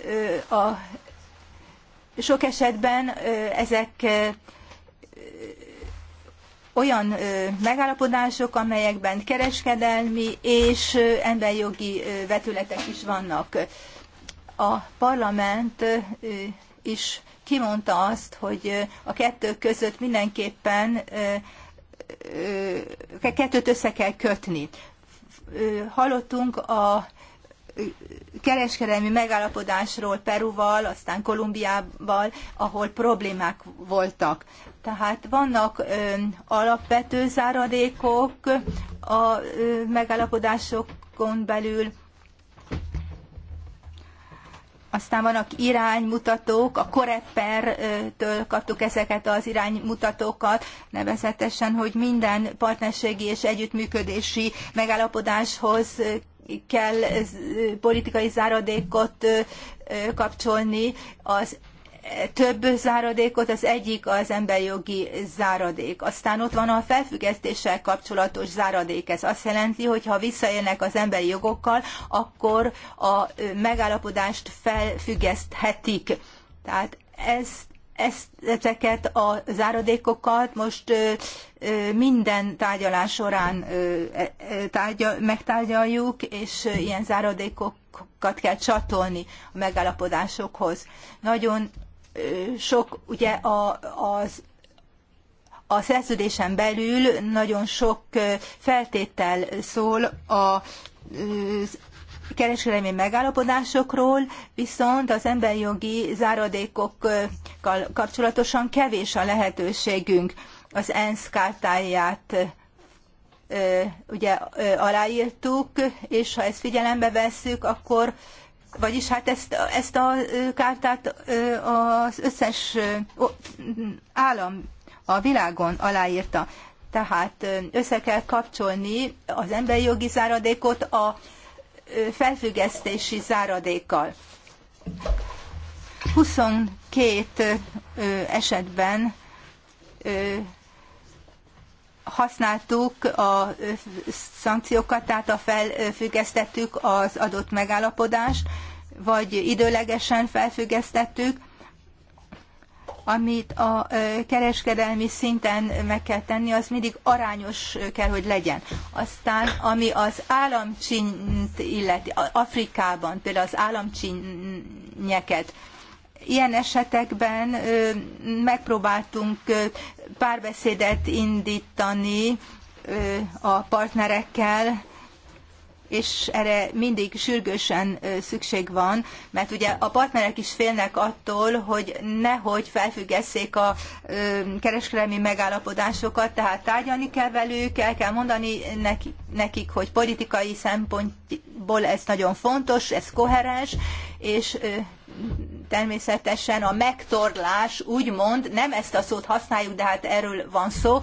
a, sok esetben ezek olyan megállapodások, amelyekben kereskedelmi és emberjogi vetületek is vannak. A parlament is kimondta azt, hogy a kettő között mindenképpen kettőt össze kell kötni. Hallottunk a kereskedelmi megállapodásról Peruval, aztán Kolumbiával, ahol problémák voltak. Tehát vannak ö, alapvető záradékok a ö, megállapodásokon belül, aztán vannak iránymutatók, a Korepertől kaptuk ezeket az iránymutatókat, nevezetesen, hogy minden partnerségi és együttműködési megállapodáshoz kell politikai záradékot kapcsolni, az több záradékot, az egyik az emberjogi záradék. Aztán ott van a felfüggesztéssel kapcsolatos záradék. Ez azt jelenti, hogy ha visszaélnek az emberi jogokkal, akkor a megállapodást felfüggeszthetik. Tehát ez ezeket a záradékokat most minden tárgyalás során e, e, megtárgyaljuk, és ilyen záradékokat kell csatolni a megállapodásokhoz. Nagyon sok, ugye a, az a szerződésen belül nagyon sok feltétel szól a kereskedelmi megállapodásokról, viszont az emberi záradékokkal kapcsolatosan kevés a lehetőségünk az ENSZ kártáját ugye aláírtuk, és ha ezt figyelembe vesszük, akkor vagyis hát ezt, ezt a kártát az összes állam a világon aláírta. Tehát össze kell kapcsolni az emberi jogi záradékot a felfüggesztési záradékkal. 22 esetben használtuk a szankciókat, tehát a felfüggesztettük az adott megállapodást, vagy időlegesen felfüggesztettük, amit a kereskedelmi szinten meg kell tenni, az mindig arányos kell, hogy legyen. Aztán, ami az államcsint illeti, Afrikában például az államcsinyeket, Ilyen esetekben megpróbáltunk párbeszédet indítani a partnerekkel, és erre mindig sürgősen szükség van, mert ugye a partnerek is félnek attól, hogy nehogy felfüggesszék a kereskedelmi megállapodásokat, tehát tárgyalni kell velük, el kell mondani nekik, hogy politikai szempontból ez nagyon fontos, ez koherens, és természetesen a megtorlás, úgymond, nem ezt a szót használjuk, de hát erről van szó,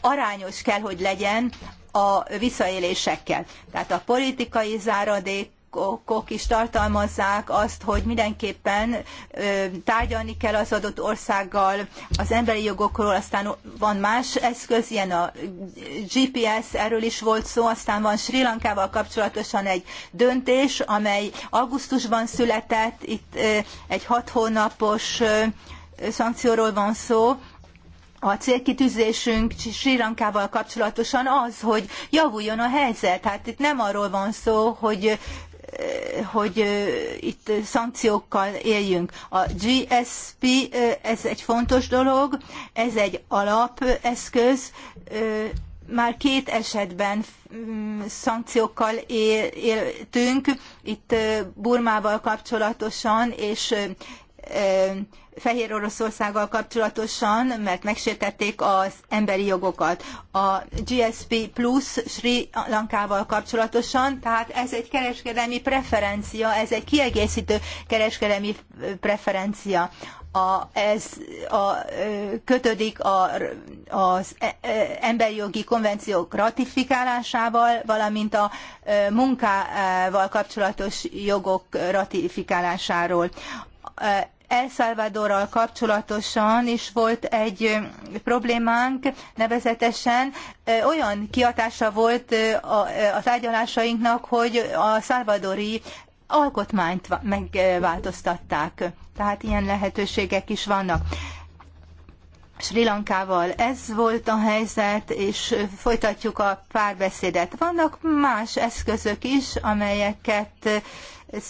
arányos kell, hogy legyen a visszaélésekkel. Tehát a politikai záradék okok is tartalmazzák azt, hogy mindenképpen tárgyalni kell az adott országgal az emberi jogokról, aztán van más eszköz, ilyen a GPS, erről is volt szó, aztán van Sri Lankával kapcsolatosan egy döntés, amely augusztusban született, itt egy hat hónapos szankcióról van szó, a célkitűzésünk Sri Lankával kapcsolatosan az, hogy javuljon a helyzet. Hát itt nem arról van szó, hogy eh, hogy eh, itt szankciókkal éljünk. A GSP eh, ez egy fontos dolog, ez egy alapeszköz, már két esetben mm, szankciókkal éltünk, itt Burmával kapcsolatosan, és Fehér Oroszországgal kapcsolatosan, mert megsértették az emberi jogokat. A GSP Plus Sri Lankával kapcsolatosan, tehát ez egy kereskedelmi preferencia, ez egy kiegészítő kereskedelmi preferencia. A, ez a, kötődik a, az e, e, emberi jogi konvenciók ratifikálásával, valamint a munkával kapcsolatos jogok ratifikálásáról el Salvadorral kapcsolatosan is volt egy problémánk, nevezetesen olyan kiatása volt a tárgyalásainknak, hogy a szalvadori alkotmányt megváltoztatták. Tehát ilyen lehetőségek is vannak. Sri Lankával ez volt a helyzet, és folytatjuk a párbeszédet. Vannak más eszközök is, amelyeket,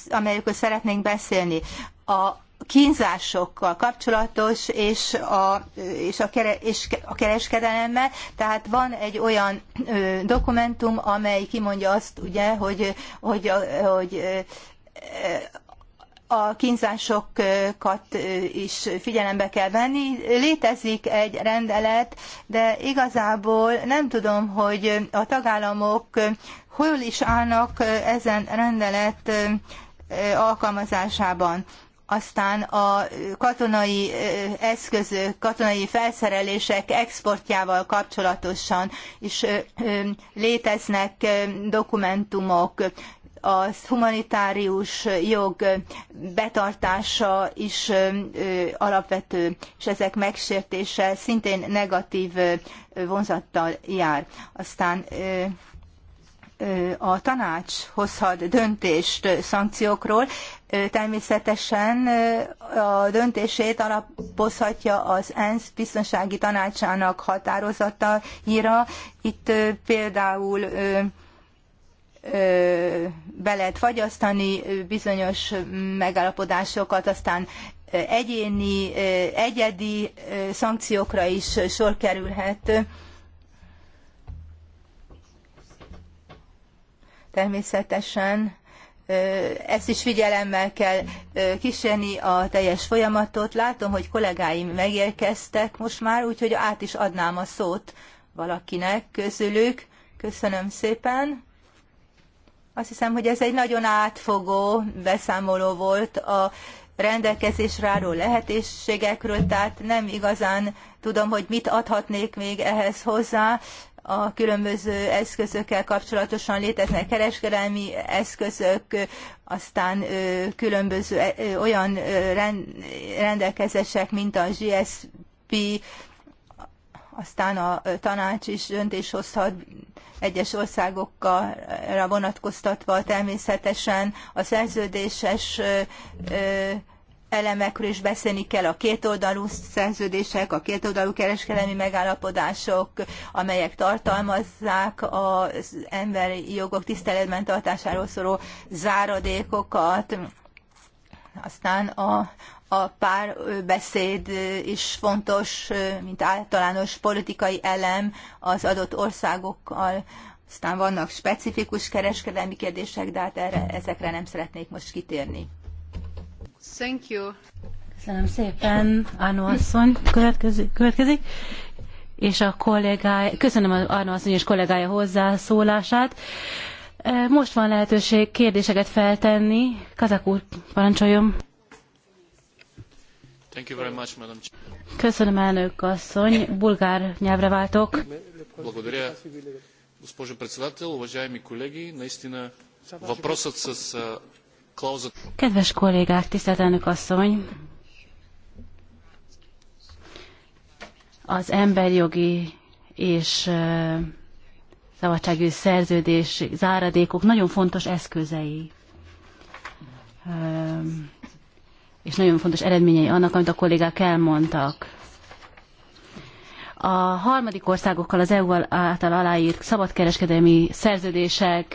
amelyekről szeretnénk beszélni. A kínzásokkal kapcsolatos, és a, és a, kere, és a kereskedelemmel. Tehát van egy olyan ö, dokumentum, amely kimondja azt, ugye, hogy, hogy, hogy a kínzásokat is figyelembe kell venni. Létezik egy rendelet, de igazából nem tudom, hogy a tagállamok hol is állnak ezen rendelet alkalmazásában aztán a katonai eszközök, katonai felszerelések exportjával kapcsolatosan is léteznek dokumentumok, a humanitárius jog betartása is alapvető, és ezek megsértése szintén negatív vonzattal jár. Aztán a tanács hozhat döntést szankciókról, természetesen a döntését alapozhatja az ENSZ biztonsági tanácsának határozataira. Itt például be lehet fagyasztani bizonyos megállapodásokat, aztán egyéni, egyedi szankciókra is sor kerülhet Természetesen ezt is figyelemmel kell kísérni a teljes folyamatot. Látom, hogy kollégáim megérkeztek most már, úgyhogy át is adnám a szót valakinek közülük. Köszönöm szépen. Azt hiszem, hogy ez egy nagyon átfogó beszámoló volt a rendelkezésre álló lehetőségekről, tehát nem igazán tudom, hogy mit adhatnék még ehhez hozzá a különböző eszközökkel kapcsolatosan léteznek kereskedelmi eszközök, aztán különböző olyan rendelkezések, mint a GSP, aztán a tanács is döntés hozhat egyes országokra vonatkoztatva természetesen a szerződéses elemekről is beszélni kell, a kétoldalú szerződések, a kétoldalú kereskedelmi megállapodások, amelyek tartalmazzák az emberi jogok tiszteletben tartásáról szóló záradékokat, aztán a, a párbeszéd is fontos, mint általános politikai elem az adott országokkal. Aztán vannak specifikus kereskedelmi kérdések, de hát erre, ezekre nem szeretnék most kitérni. Thank you. Köszönöm szépen, Arno asszony következik, következik. és a kollégája, köszönöm Arno asszony és kollégája hozzászólását. E, most van lehetőség kérdéseket feltenni. Kazak úr, parancsoljon. Thank you very much, madam. Köszönöm, elnök asszony. Bulgár nyelvre váltok. Благодаря, госпожо председател, уважаеми колеги. Наистина въпросът с Kedves kollégák, tisztelt elnök asszony! Az emberjogi és szabadságügyi szerződés záradékok nagyon fontos eszközei és nagyon fontos eredményei annak, amit a kollégák elmondtak. A harmadik országokkal az EU által aláírt szabadkereskedelmi szerződések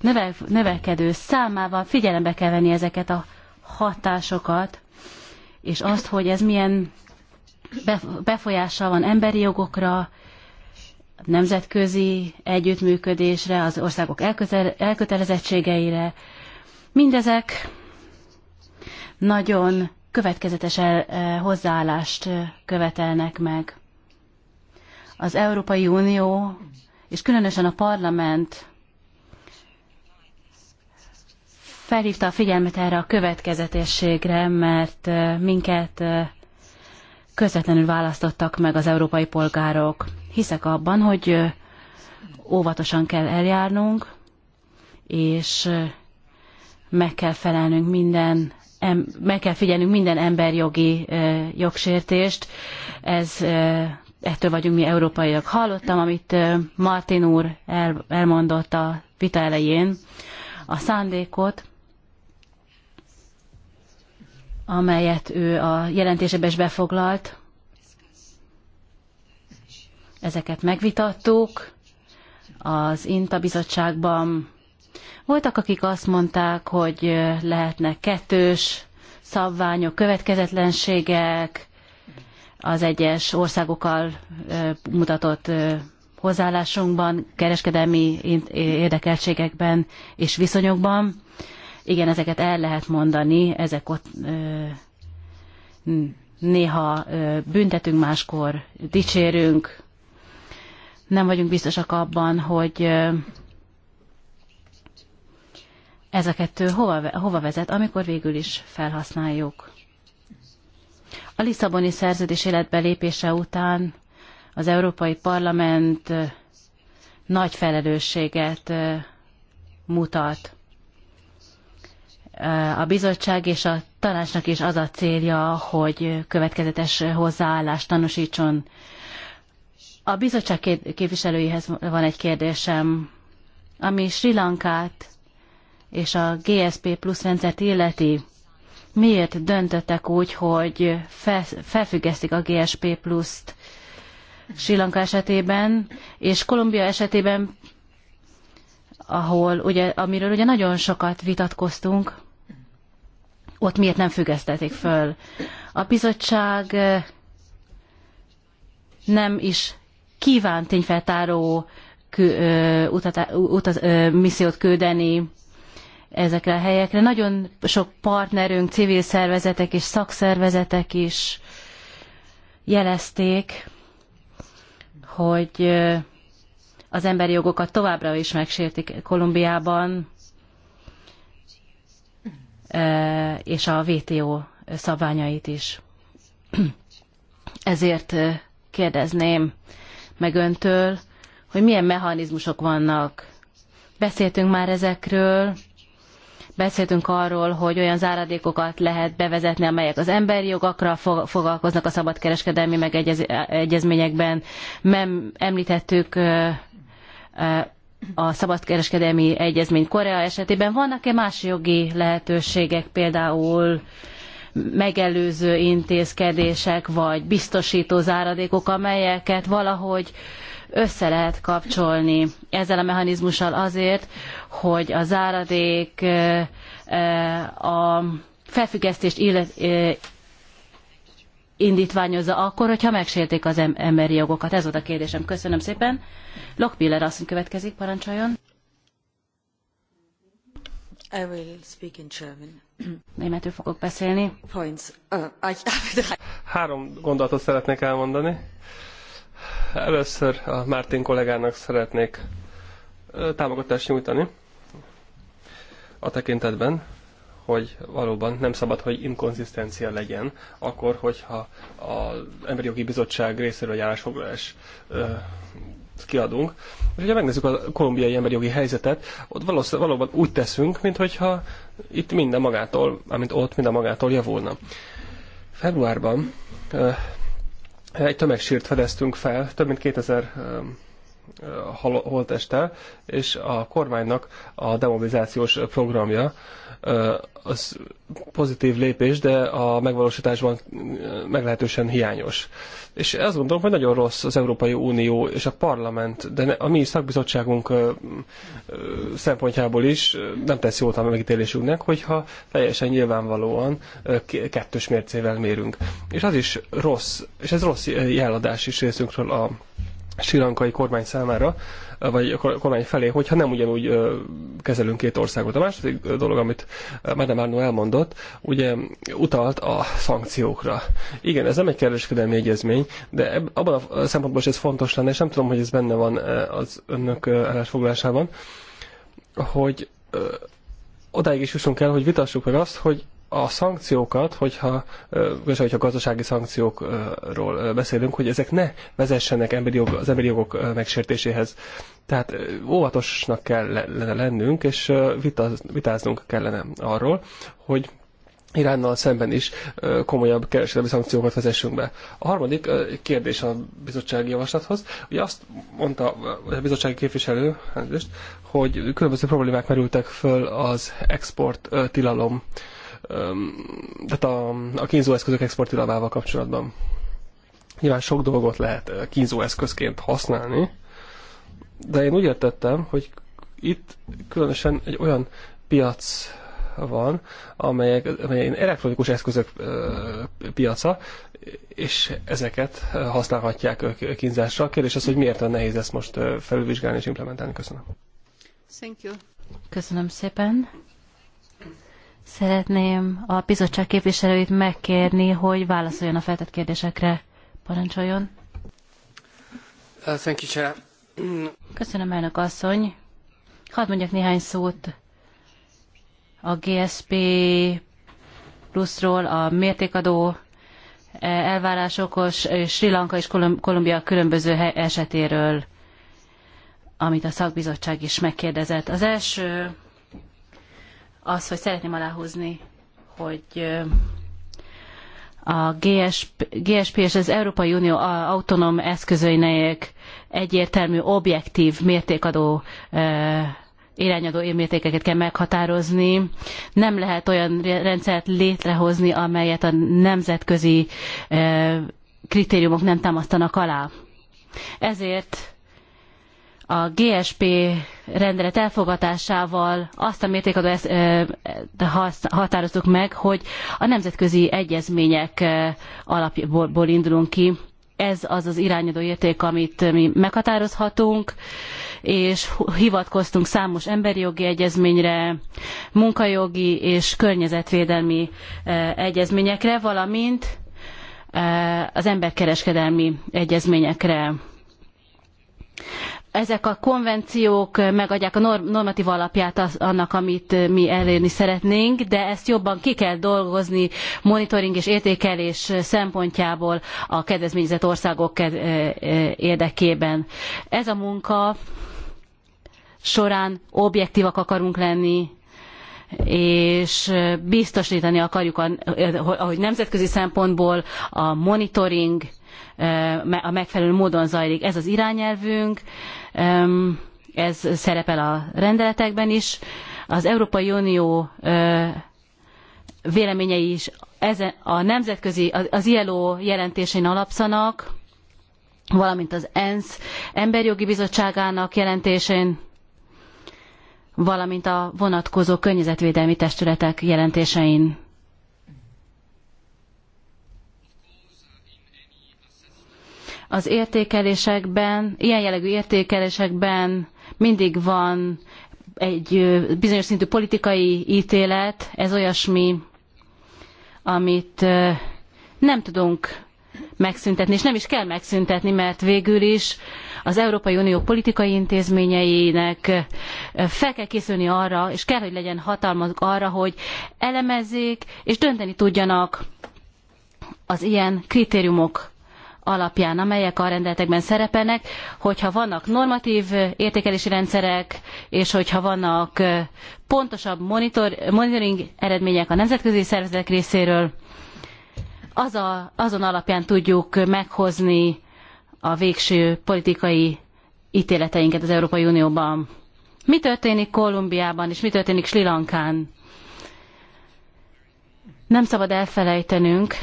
növel, növekedő számával figyelembe kell venni ezeket a hatásokat, és azt, hogy ez milyen befolyással van emberi jogokra, nemzetközi együttműködésre, az országok elkötelezettségeire. Mindezek nagyon következetes eh, hozzáállást eh, követelnek meg. Az Európai Unió, és különösen a parlament felhívta a figyelmet erre a következetességre, mert minket közvetlenül választottak meg az európai polgárok. Hiszek abban, hogy óvatosan kell eljárnunk, és meg kell felelnünk minden meg kell figyelnünk minden emberjogi jogsértést. Ez, ettől vagyunk mi európaiak. Hallottam, amit Martin úr elmondott a vita elején, a szándékot, amelyet ő a jelentésébe is befoglalt. Ezeket megvitattuk az INTA bizottságban. Voltak, akik azt mondták, hogy lehetnek kettős szabványok, következetlenségek, az egyes országokkal mutatott hozzáállásunkban, kereskedelmi érdekeltségekben és viszonyokban. Igen, ezeket el lehet mondani, ezek ott néha büntetünk, máskor dicsérünk. Nem vagyunk biztosak abban, hogy ez a kettő hova, hova vezet, amikor végül is felhasználjuk. A Lisszaboni szerződés életbe lépése után az Európai Parlament nagy felelősséget mutat a bizottság és a tanácsnak is az a célja, hogy következetes hozzáállást tanúsítson. A bizottság képviselőihez van egy kérdésem, ami Sri Lankát és a GSP plusz rendszert illeti. Miért döntöttek úgy, hogy felfüggesztik a GSP pluszt Sri Lanka esetében, és Kolumbia esetében ahol ugye, amiről ugye nagyon sokat vitatkoztunk, ott miért nem függesztették föl. A bizottság eh, nem is kíván tényfeltáró eh, eh, missziót küldeni ezekre a helyekre. Nagyon sok partnerünk, civil szervezetek és szakszervezetek is jelezték, hogy az emberi jogokat továbbra is megsértik Kolumbiában, e, és a WTO szabványait is. Ezért e, kérdezném meg öntől, hogy milyen mechanizmusok vannak. Beszéltünk már ezekről, beszéltünk arról, hogy olyan záradékokat lehet bevezetni, amelyek az emberi jogakra foglalkoznak a szabadkereskedelmi megegyezményekben. Nem említettük e, a szabadkereskedelmi egyezmény Korea esetében. Vannak-e más jogi lehetőségek, például megelőző intézkedések, vagy biztosító záradékok, amelyeket valahogy össze lehet kapcsolni ezzel a mechanizmussal azért, hogy a záradék a felfüggesztést indítványozza akkor, hogyha megsértik az emberi jogokat? Ez volt a kérdésem. Köszönöm szépen. Lockpiller asszony következik, parancsoljon. I will speak in German. Németül fogok beszélni. Points. Uh, Három gondolatot szeretnék elmondani. Először a Mártin kollégának szeretnék uh, támogatást nyújtani a tekintetben, hogy valóban nem szabad, hogy inkonzisztencia legyen, akkor, hogyha az Emberi Jogi Bizottság részéről egy állásfoglalás kiadunk. És ugye megnézzük a kolumbiai emberi jogi helyzetet, ott valószínűleg valóban úgy teszünk, mintha itt minden magától, amint ott minden magától javulna. Februárban egy tömegsírt fedeztünk fel, több mint 2000 holtesttel, és a kormánynak a demobilizációs programja az pozitív lépés, de a megvalósításban meglehetősen hiányos. És azt gondolom, hogy nagyon rossz az Európai Unió és a parlament, de a mi szakbizottságunk szempontjából is nem tesz jót a megítélésünknek, hogyha teljesen nyilvánvalóan kettős mércével mérünk. És az is rossz, és ez rossz jeladás is részünkről a sirankai kormány számára, vagy a kormány felé, hogyha nem ugyanúgy kezelünk két országot. A második dolog, amit Madame Arno elmondott, ugye utalt a szankciókra. Igen, ez nem egy kereskedelmi egyezmény, de abban a szempontból is ez fontos lenne, és nem tudom, hogy ez benne van az önök állásfoglásában, hogy odáig is jussunk el, hogy vitassuk meg azt, hogy a szankciókat, hogyha, hogyha gazdasági szankciókról beszélünk, hogy ezek ne vezessenek emberi jog, az emberi jogok megsértéséhez. Tehát óvatosnak kellene lennünk, és vitáznunk kellene arról, hogy Iránnal szemben is komolyabb kereskedelmi szankciókat vezessünk be. A harmadik kérdés a bizottsági javaslathoz. Ugye azt mondta a bizottsági képviselő, hogy különböző problémák merültek föl az export tilalom tehát a, a kínzóeszközök exportilalmával kapcsolatban. Nyilván sok dolgot lehet kínzóeszközként használni, de én úgy értettem, hogy itt különösen egy olyan piac van, amelyek, amely elektronikus eszközök piaca, és ezeket használhatják kínzásra. Kérdés az, hogy miért olyan nehéz ezt most felülvizsgálni és implementálni. Köszönöm. Thank you. Köszönöm szépen. Szeretném a bizottság képviselőit megkérni, hogy válaszoljon a feltett kérdésekre. Parancsoljon. Uh, thank you, Chair. Köszönöm, elnök asszony. Hadd mondjak néhány szót a GSP pluszról, a mértékadó eh, elvárásokos Sri Lanka és Kolumbia különböző esetéről, amit a szakbizottság is megkérdezett. Az első az, hogy szeretném aláhúzni, hogy a GSP, GSP és az Európai Unió autonóm eszközöinek egyértelmű, objektív mértékadó irányadó mértékeket kell meghatározni. Nem lehet olyan rendszert létrehozni, amelyet a nemzetközi kritériumok nem támasztanak alá. Ezért a GSP rendelet elfogadásával azt a mértékadó határoztuk meg, hogy a nemzetközi egyezmények alapjából indulunk ki. Ez az az irányadó érték, amit mi meghatározhatunk, és hivatkoztunk számos emberi jogi egyezményre, munkajogi és környezetvédelmi egyezményekre, valamint az emberkereskedelmi egyezményekre ezek a konvenciók megadják a normatív alapját annak, amit eh, mi elérni szeretnénk, de ezt jobban ki kell dolgozni monitoring és értékelés szempontjából a kedvezményezett országok eh, eh, érdekében. Ez a munka során objektívak akarunk lenni, és biztosítani akarjuk, ahogy nemzetközi szempontból a monitoring a megfelelő módon zajlik. Ez az irányelvünk, ez szerepel a rendeletekben is. Az Európai Unió véleményei is ezen a nemzetközi, az ILO jelentésén alapszanak, valamint az ENSZ emberjogi bizottságának jelentésén, valamint a vonatkozó környezetvédelmi testületek jelentésein. az értékelésekben, ilyen jellegű értékelésekben mindig van egy bizonyos szintű politikai ítélet, ez olyasmi, amit nem tudunk megszüntetni, és nem is kell megszüntetni, mert végül is az Európai Unió politikai intézményeinek fel kell készülni arra, és kell, hogy legyen hatalmazok arra, hogy elemezzék és dönteni tudjanak az ilyen kritériumok alapján, amelyek a rendeletekben szerepelnek, hogyha vannak normatív értékelési rendszerek, és hogyha vannak pontosabb monitor, monitoring eredmények a nemzetközi szervezetek részéről, az a, azon alapján tudjuk meghozni a végső politikai ítéleteinket az Európai Unióban. Mi történik Kolumbiában, és mi történik Sri Lankán? Nem szabad elfelejtenünk,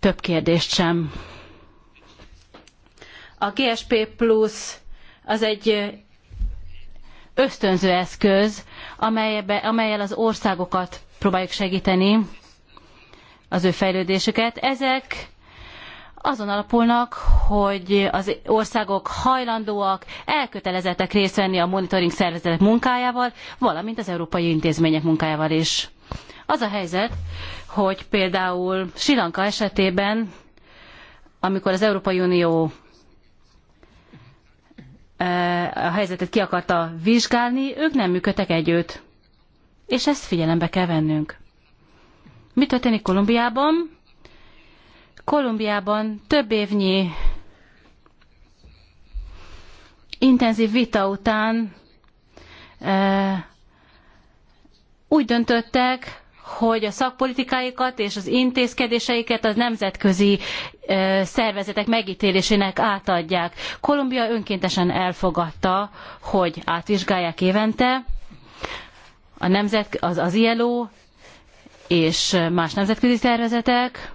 több kérdést sem. A GSP Plus az egy ösztönző eszköz, amelybe, amelyel az országokat próbáljuk segíteni, az ő fejlődésüket. Ezek azon alapulnak, hogy az országok hajlandóak, elkötelezettek részt venni a monitoring szervezetek munkájával, valamint az európai intézmények munkájával is. Az a helyzet, hogy például Sri Lanka esetében, amikor az Európai Unió e, a helyzetet ki akarta vizsgálni, ők nem működtek együtt. És ezt figyelembe kell vennünk. Mi történik Kolumbiában? Kolumbiában több évnyi intenzív vita után e, úgy döntöttek, hogy a szakpolitikáikat és az intézkedéseiket a nemzetközi szervezetek megítélésének átadják. Kolumbia önkéntesen elfogadta, hogy átvizsgálják évente a nemzet, az, az ILO és más nemzetközi szervezetek,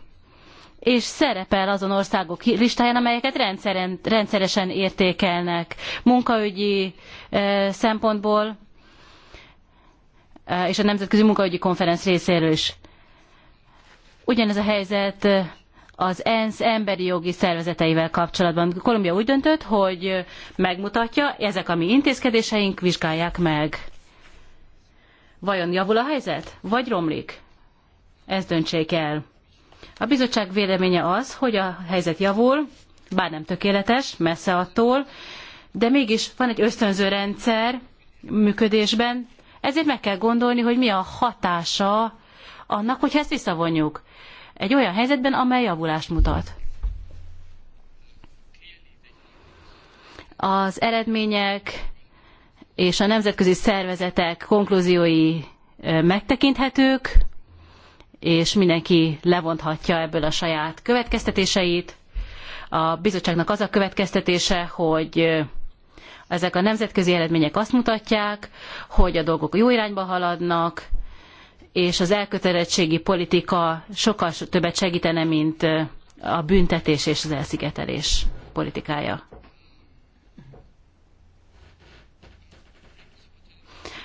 és szerepel azon országok listáján, amelyeket rendszeren, rendszeresen értékelnek munkaügyi szempontból, Eh, és a Nemzetközi Munkaügyi Konferenc részéről is. Ugyanez a helyzet eh, az ENSZ emberi jogi szervezeteivel kapcsolatban. Kolumbia úgy döntött, hogy eh, megmutatja, ezek a mi intézkedéseink, vizsgálják meg. Vajon javul a helyzet, vagy romlik? Ezt döntsék el. A bizottság véleménye az, hogy a helyzet javul, bár nem tökéletes, messze attól, de mégis van egy ösztönző rendszer működésben, ezért meg kell gondolni, hogy mi a hatása annak, hogy ezt visszavonjuk. Egy olyan helyzetben, amely javulást mutat. Az eredmények és a nemzetközi szervezetek konklúziói megtekinthetők, és mindenki levonthatja ebből a saját következtetéseit. A bizottságnak az a következtetése, hogy ezek a nemzetközi eredmények azt mutatják, hogy a dolgok jó irányba haladnak, és az elkötelezettségi politika sokkal többet segítene, mint a büntetés és az elszigetelés politikája.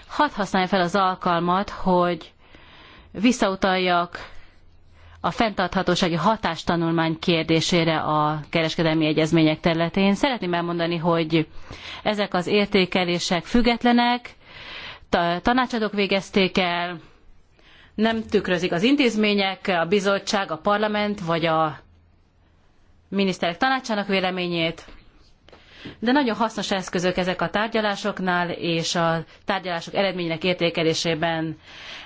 Hadd használjam fel az alkalmat, hogy visszautaljak a fenntarthatósági hatástanulmány kérdésére a kereskedelmi egyezmények területén. Szeretném elmondani, hogy ezek az értékelések függetlenek, tanácsadók végezték el, nem tükrözik az intézmények, a bizottság, a parlament vagy a miniszterek tanácsának véleményét de nagyon hasznos eszközök ezek a tárgyalásoknál és a tárgyalások eredményének értékelésében.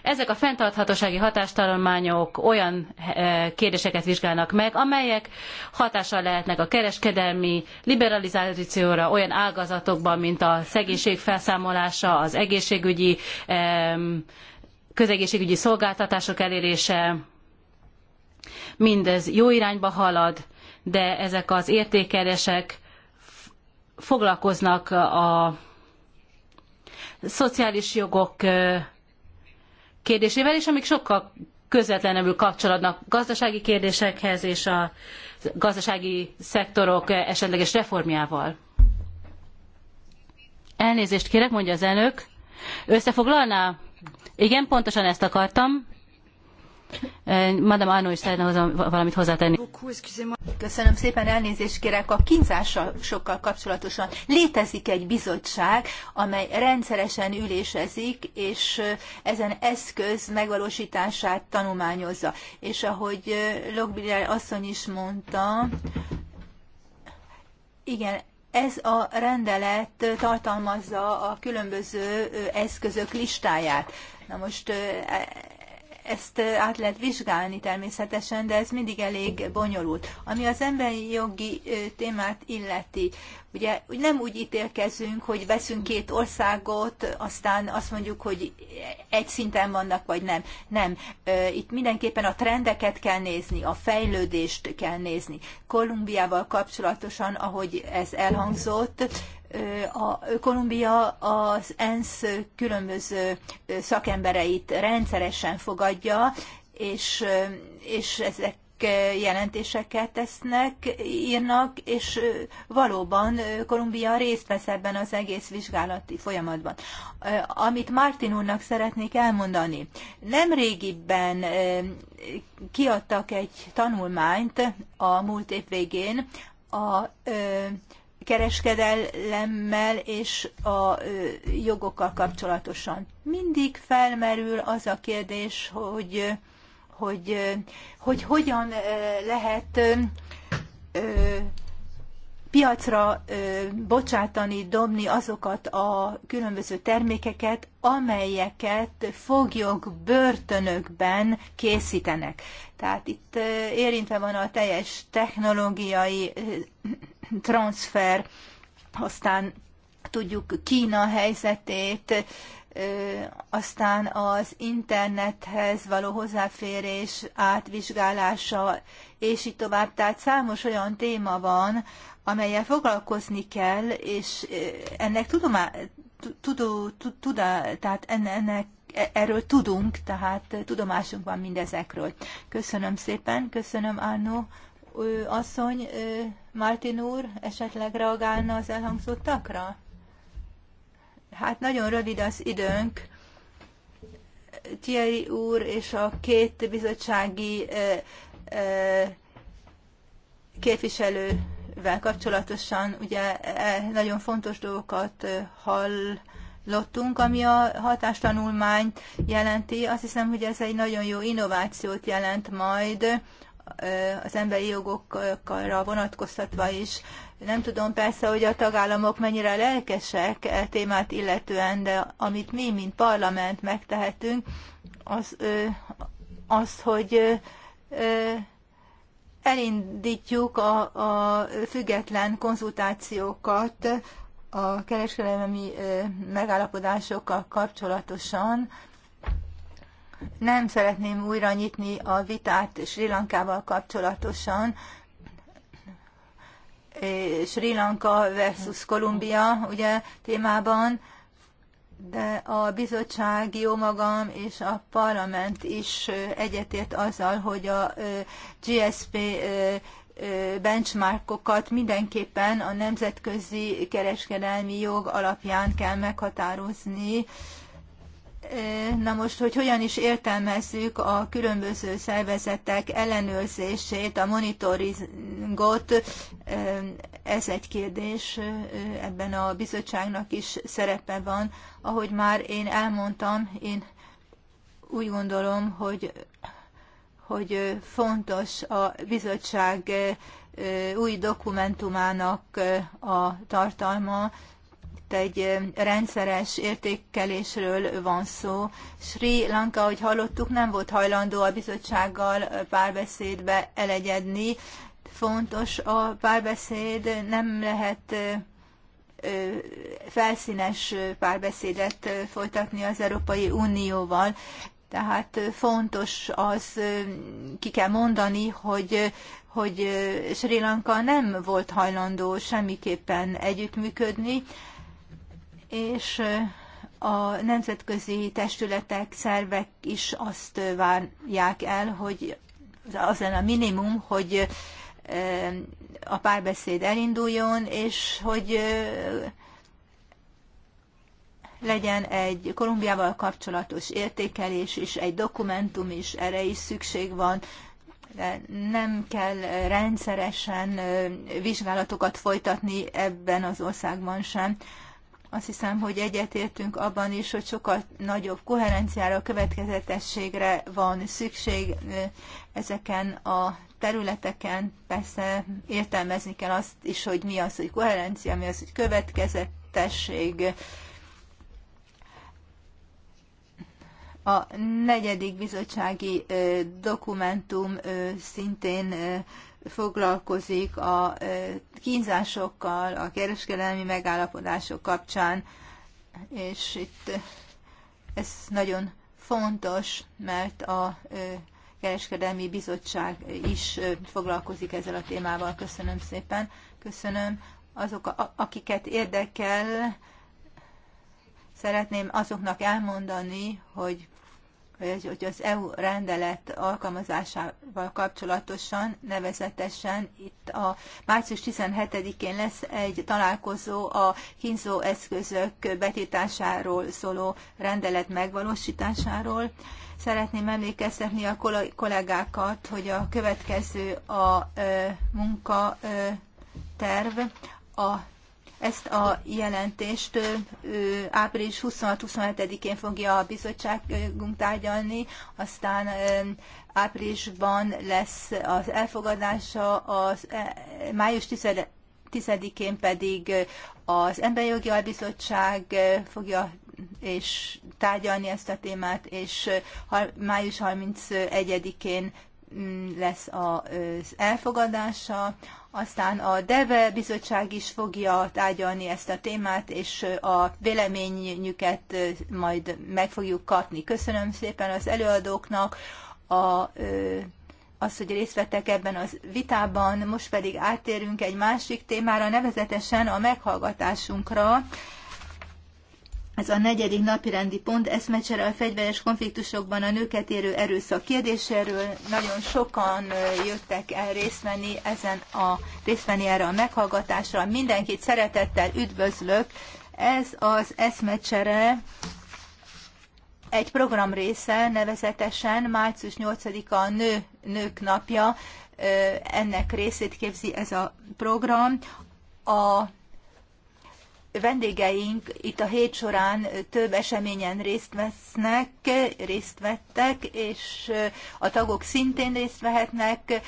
Ezek a fenntarthatósági hatástanulmányok olyan eh, kérdéseket vizsgálnak meg, amelyek hatással lehetnek a kereskedelmi liberalizációra olyan ágazatokban, mint a szegénység felszámolása, az egészségügyi, közegészségügyi szolgáltatások elérése, mindez jó irányba halad, de ezek az értékelések foglalkoznak a szociális jogok kérdésével, és amik sokkal közvetlenebbül kapcsolódnak gazdasági kérdésekhez és a gazdasági szektorok esetleges reformjával. Elnézést kérek, mondja az elnök. Összefoglalná? Igen, pontosan ezt akartam. Eh, Madame Arno is szeretne hozzá, valamit hozzátenni. Köszönöm szépen, elnézést kérek. A sokkal kapcsolatosan létezik egy bizottság, amely rendszeresen ülésezik, és eh, ezen eszköz megvalósítását tanulmányozza. És ahogy eh, Logbiller asszony is mondta, igen, ez a rendelet tartalmazza a különböző eszközök listáját. Na most ezt át lehet vizsgálni természetesen, de ez mindig elég bonyolult. Ami az emberi jogi témát illeti, ugye nem úgy ítélkezünk, hogy veszünk két országot, aztán azt mondjuk, hogy egy szinten vannak, vagy nem. Nem. Itt mindenképpen a trendeket kell nézni, a fejlődést kell nézni. Kolumbiával kapcsolatosan, ahogy ez elhangzott, a Kolumbia az ENSZ különböző szakembereit rendszeresen fogadja, és, és ezek jelentéseket tesznek, írnak, és valóban Kolumbia részt vesz ebben az egész vizsgálati folyamatban. Amit Martin úrnak szeretnék elmondani, nem régiben kiadtak egy tanulmányt a múlt év végén a kereskedelemmel és a jogokkal kapcsolatosan. Mindig felmerül az a kérdés, hogy, hogy, hogy hogyan lehet piacra bocsátani, dobni azokat a különböző termékeket, amelyeket foglyok börtönökben készítenek. Tehát itt érintve van a teljes technológiai transfer, aztán tudjuk Kína helyzetét, aztán az internethez való hozzáférés átvizsgálása, és így tovább. Tehát számos olyan téma van, amelyel foglalkozni kell, és ennek tudom, tudó, tudá, tehát ennek e-, erről tudunk, tehát tudomásunk van mindezekről. Köszönöm szépen, köszönöm Arno asszony, Martin úr esetleg reagálna az elhangzottakra? Hát nagyon rövid az időnk. Thierry úr és a két bizottsági képviselővel kapcsolatosan ugye e, nagyon fontos dolgokat hall, lottunk, ami a hatástanulmányt jelenti. Azt hiszem, hogy ez egy nagyon jó innovációt jelent majd az emberi jogokra vonatkoztatva is. Nem tudom persze, hogy a tagállamok mennyire lelkesek e témát illetően, de amit mi, mint parlament megtehetünk, az, az hogy elindítjuk a, a független konzultációkat a kereskedelmi megállapodásokkal kapcsolatosan, nem szeretném újra nyitni a vitát Sri Lankával kapcsolatosan. Sri Lanka versus Kolumbia ugye témában, de a bizottság, jó magam és a parlament is egyetért azzal, hogy a GSP benchmarkokat mindenképpen a nemzetközi kereskedelmi jog alapján kell meghatározni, Na most, hogy hogyan is értelmezzük a különböző szervezetek ellenőrzését, a monitoringot, ez egy kérdés, ebben a bizottságnak is szerepe van. Ahogy már én elmondtam, én úgy gondolom, hogy, hogy fontos a bizottság új dokumentumának a tartalma, itt egy rendszeres értékelésről van szó. Sri Lanka, ahogy hallottuk, nem volt hajlandó a bizottsággal párbeszédbe elegyedni. Fontos a párbeszéd, nem lehet felszínes párbeszédet folytatni az Európai Unióval. Tehát fontos az, ki kell mondani, hogy, hogy Sri Lanka nem volt hajlandó semmiképpen együttműködni és a nemzetközi testületek, szervek is azt várják el, hogy az lenne a minimum, hogy a párbeszéd elinduljon, és hogy legyen egy Kolumbiával kapcsolatos értékelés is, egy dokumentum is, erre is szükség van, de nem kell rendszeresen vizsgálatokat folytatni ebben az országban sem. Azt hiszem, hogy egyetértünk abban is, hogy sokkal nagyobb koherenciára, következetességre van szükség ezeken a területeken. Persze értelmezni kell azt is, hogy mi az, hogy koherencia, mi az, hogy következetesség. A negyedik bizottsági dokumentum szintén foglalkozik a kínzásokkal, a kereskedelmi megállapodások kapcsán, és itt ez nagyon fontos, mert a kereskedelmi bizottság is foglalkozik ezzel a témával. Köszönöm szépen. Köszönöm azok, akiket érdekel, szeretném azoknak elmondani, hogy hogy az EU rendelet alkalmazásával kapcsolatosan, nevezetesen itt a március 17-én lesz egy találkozó a kínzó eszközök betiltásáról szóló rendelet megvalósításáról. Szeretném emlékeztetni a kollégákat, hogy a következő a munkaterv, a ezt a jelentést április 26-27-én fogja a bizottságunk tárgyalni, aztán áprilisban lesz az elfogadása, az e, május 10-én pedig az Emberjogi Albizottság fogja és tárgyalni ezt a témát, és május 31-én lesz az elfogadása, aztán a DEVE bizottság is fogja tárgyalni ezt a témát, és a véleményüket majd meg fogjuk kapni. Köszönöm szépen az előadóknak a, az, hogy részt vettek ebben a vitában, most pedig áttérünk egy másik témára, nevezetesen a meghallgatásunkra, ez a negyedik napirendi pont eszmecsere a fegyveres konfliktusokban a nőket érő erőszak kérdéséről. Nagyon sokan jöttek el részt venni, ezen a, részt venni erre a meghallgatásra. Mindenkit szeretettel üdvözlök. Ez az eszmecsere egy program része, nevezetesen március 8-a a nő, nők napja. Ennek részét képzi ez a program. A vendégeink itt a hét során több eseményen részt vesznek, részt vettek, és a tagok szintén részt vehetnek,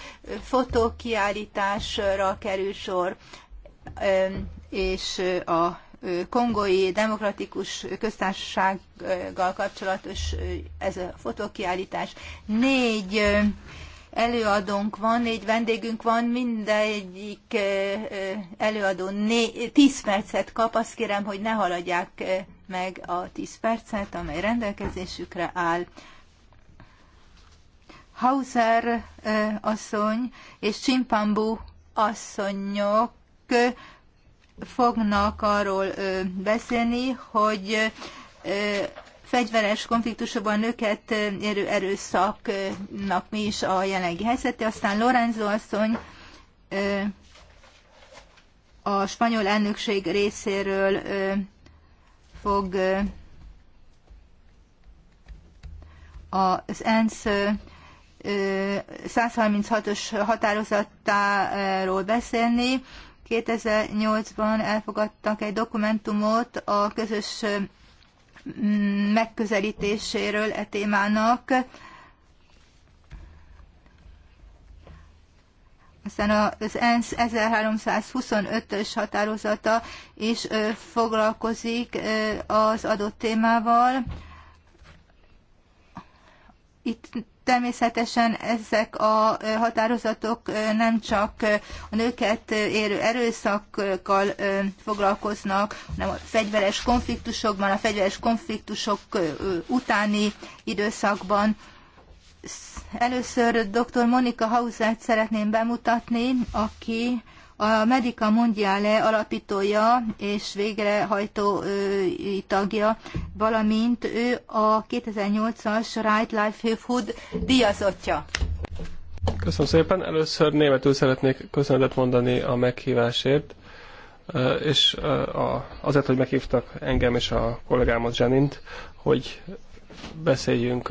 fotókiállításra kerül sor, és a kongói demokratikus köztársasággal kapcsolatos ez a fotókiállítás. Négy előadónk van, négy vendégünk van, mindegyik előadó né- tíz percet kap, azt kérem, hogy ne haladják meg a tíz percet, amely rendelkezésükre áll. Hauser asszony és Csimpambú asszonyok fognak arról beszélni, hogy fegyveres konfliktusokban nőket érő erőszaknak mi is a jelenlegi helyzete. Aztán Lorenzo asszony a spanyol elnökség részéről fog az ENSZ 136-os határozatáról beszélni. 2008-ban elfogadtak egy dokumentumot a közös megközelítéséről e témának. Aztán az ENSZ 1325-ös határozata is foglalkozik az adott témával. Itt Természetesen ezek a határozatok nem csak a nőket érő erőszakkal foglalkoznak, hanem a fegyveres konfliktusokban, a fegyveres konfliktusok utáni időszakban. Először dr. Monika Hausert szeretném bemutatni, aki a Medica Mondiale alapítója és végrehajtó tagja, valamint ő a 2008-as Right Life Food díjazottja. Köszönöm szépen. Először németül szeretnék köszönetet mondani a meghívásért, és azért, hogy meghívtak engem és a kollégámat Zsenint, hogy beszéljünk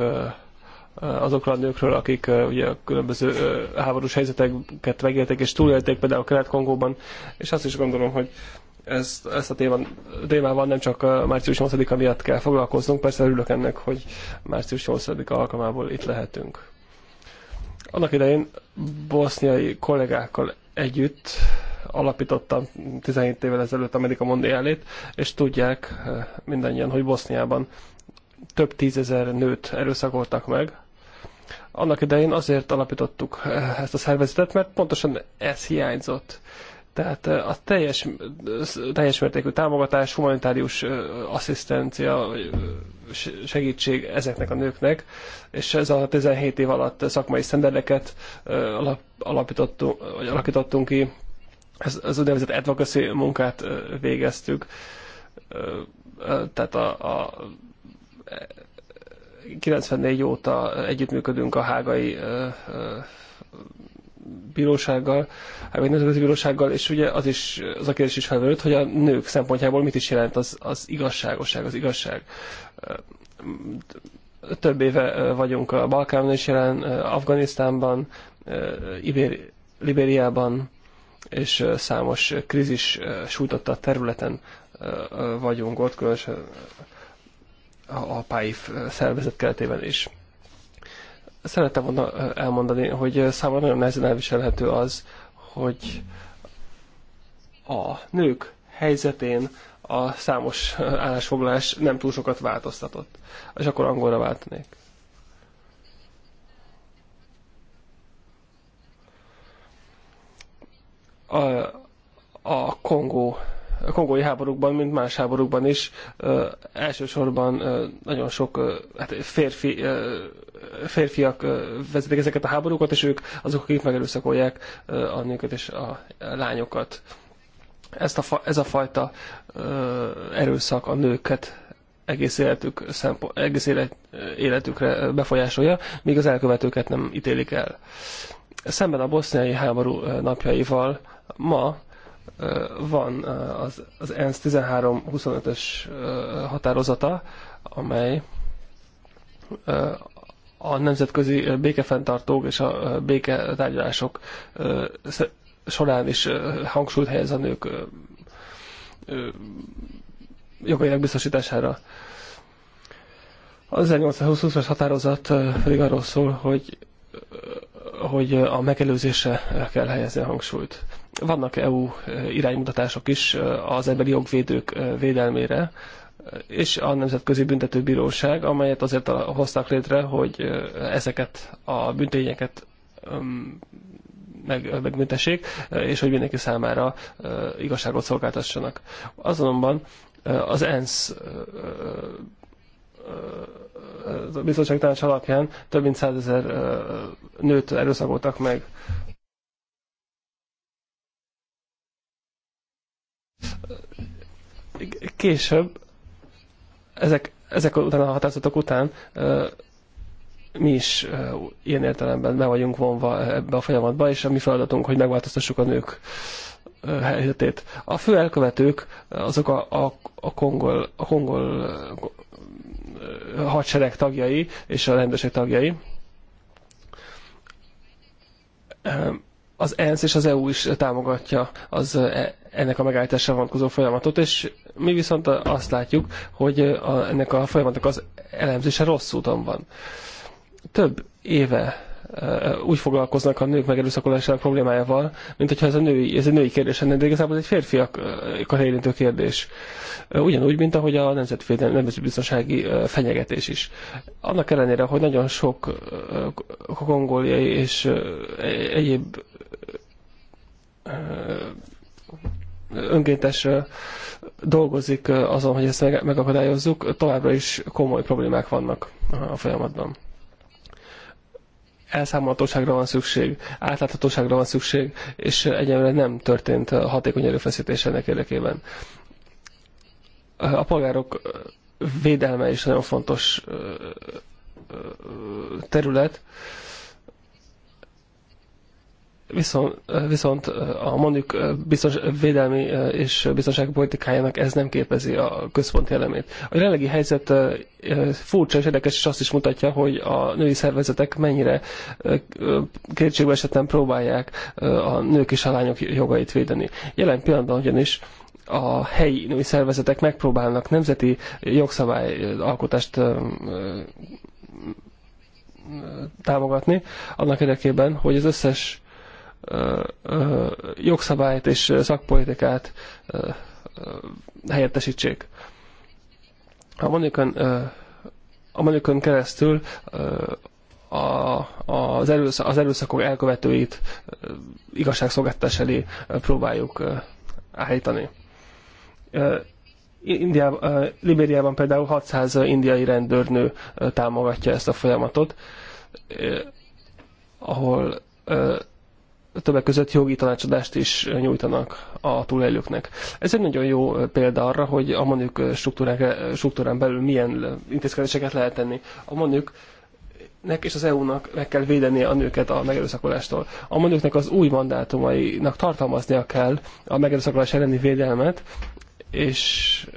Eh, azokról a nőkről, akik eh, ugye a különböző eh, háborús helyzeteket megélték és túlélték, például Kelet-Kongóban, és azt is gondolom, hogy ezt, ezt a téma témával nem csak március 8-a miatt kell foglalkoznunk, persze örülök ennek, hogy március 8-a alkalmából itt lehetünk. Annak idején boszniai kollégákkal együtt alapítottam 17 évvel ezelőtt Amerika Mondiálét, és tudják mindannyian, hogy Boszniában több tízezer nőt erőszakoltak meg, annak idején azért alapítottuk eh, ezt a szervezetet, mert pontosan ez hiányzott. Tehát eh, a teljes, teljes mértékű támogatás, humanitárius eh, asszisztencia, segítség ezeknek a nőknek, és ez a 17 év alatt szakmai szendereket alapítottunk, vagy alakítottunk ki, ez, az úgynevezett advocacy munkát végeztük, tehát a, a 94 óta együttműködünk a hágai bírósággal, vagy nemzetközi bírósággal, és ugye az is, az a kérdés is felmerült, hogy a nők szempontjából mit is jelent az, az igazságosság, az igazság. Több éve vagyunk a Balkánon is jelen, Afganisztánban, Libériában, és számos krízis sújtotta a területen vagyunk ott, különösen a PAIF szervezet keretében is. Szerettem volna elmondani, hogy számomra nagyon nehezen elviselhető az, hogy a nők helyzetén a számos állásfoglalás nem túl sokat változtatott. És akkor angolra váltanék. A, a Kongó a kongói háborúkban, mint más háborúkban is elsősorban nagyon sok hát férfi, férfiak vezetik ezeket a háborúkat, és ők azok, akik megerőszakolják a nőket és a lányokat. Ezt a, ez a fajta erőszak a nőket egész, életük, szempont, egész élet, életükre befolyásolja, míg az elkövetőket nem ítélik el. Szemben a boszniai háború napjaival ma van az, az ENSZ 1325-ös határozata, amely a nemzetközi békefenntartók és a béketárgyalások során is hangsúlyt helyez a nők jogainak biztosítására. Az 1820-as határozat pedig arról szól, hogy, hogy a megelőzésre kell helyezni a hangsúlyt vannak EU e, iránymutatások is e, az emberi jogvédők e, védelmére, és a Nemzetközi Büntetőbíróság, amelyet azért hoztak létre, hogy ezeket a büntényeket meg, megbüntessék, és hogy mindenki számára igazságot szolgáltassanak. Azonban az ENSZ bizottság tanács alapján több mint százezer nőt erőszakoltak meg Később, ezek, ezek után a határozatok után mi is ilyen értelemben be vagyunk vonva ebbe a folyamatba, és a mi feladatunk, hogy megváltoztassuk a nők helyzetét. A fő elkövetők azok a, a, a kongol, a kongol hadsereg tagjai és a rendőrség tagjai. Az ENSZ és az EU is támogatja az ennek a megállításra vonatkozó folyamatot, és mi viszont azt látjuk, hogy a, ennek a folyamatnak az elemzése rossz úton van. Több éve úgy foglalkoznak a nők megerőszakolásának problémájával, mint hogyha ez, a női, ez egy női kérdés lenne, de igazából ez egy férfiak a érintő kérdés. Ugyanúgy, mint ahogy a nemzetvédelmi, nemzetbiztonsági fenyegetés is. Annak ellenére, hogy nagyon sok kongoliai és egyéb önkéntes dolgozik azon, hogy ezt megakadályozzuk, továbbra is komoly problémák vannak a folyamatban. Elszámolhatóságra van szükség, átláthatóságra van szükség, és egyenlőre nem történt hatékony erőfeszítés ennek érdekében. A polgárok védelme is nagyon fontos terület. Viszont, viszont a mondjuk biztons, védelmi és politikájának ez nem képezi a központi elemét. A jelenlegi helyzet furcsa és érdekes, és azt is mutatja, hogy a női szervezetek mennyire kétségbe esetten próbálják a nők és a lányok jogait védeni. Jelen pillanatban ugyanis a helyi női szervezetek megpróbálnak nemzeti jogszabályalkotást támogatni, annak érdekében, hogy az összes jogszabályt és szakpolitikát helyettesítsék. A Monikon, a Monikon keresztül a, az, az erőszakok elkövetőit igazságszolgáltatás elé próbáljuk állítani. Indiában, Libériában például 600 indiai rendőrnő támogatja ezt a folyamatot, ahol többek között jogi tanácsadást is nyújtanak a túlélőknek. Ez egy nagyon jó példa arra, hogy a manők struktúrán belül milyen intézkedéseket lehet tenni. A manők nek és az EU-nak meg kell védenie a nőket a megerőszakolástól. A mondjuknak az új mandátumainak tartalmaznia kell a megerőszakolás elleni védelmet, és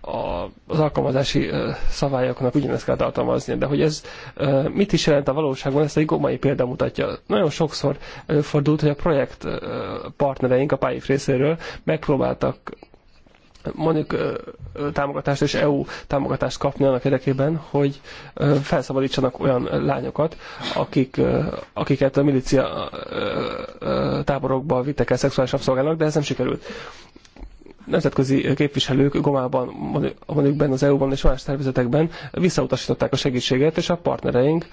az alkalmazási szabályoknak ugyanezt kell tartalmazni, de hogy ez mit is jelent a valóságban, ezt egy gomai példa mutatja. Nagyon sokszor előfordult, hogy a projekt partnereink a pályai részéről megpróbáltak mondjuk támogatást és EU támogatást kapni annak érdekében, hogy felszabadítsanak olyan lányokat, akik, akiket a milícia táborokba vittek el szexuális abszolgálnak, de ez nem sikerült nemzetközi képviselők Gomában, mondjuk benne az EU-ban és más szervezetekben visszautasították a segítséget, és a partnereink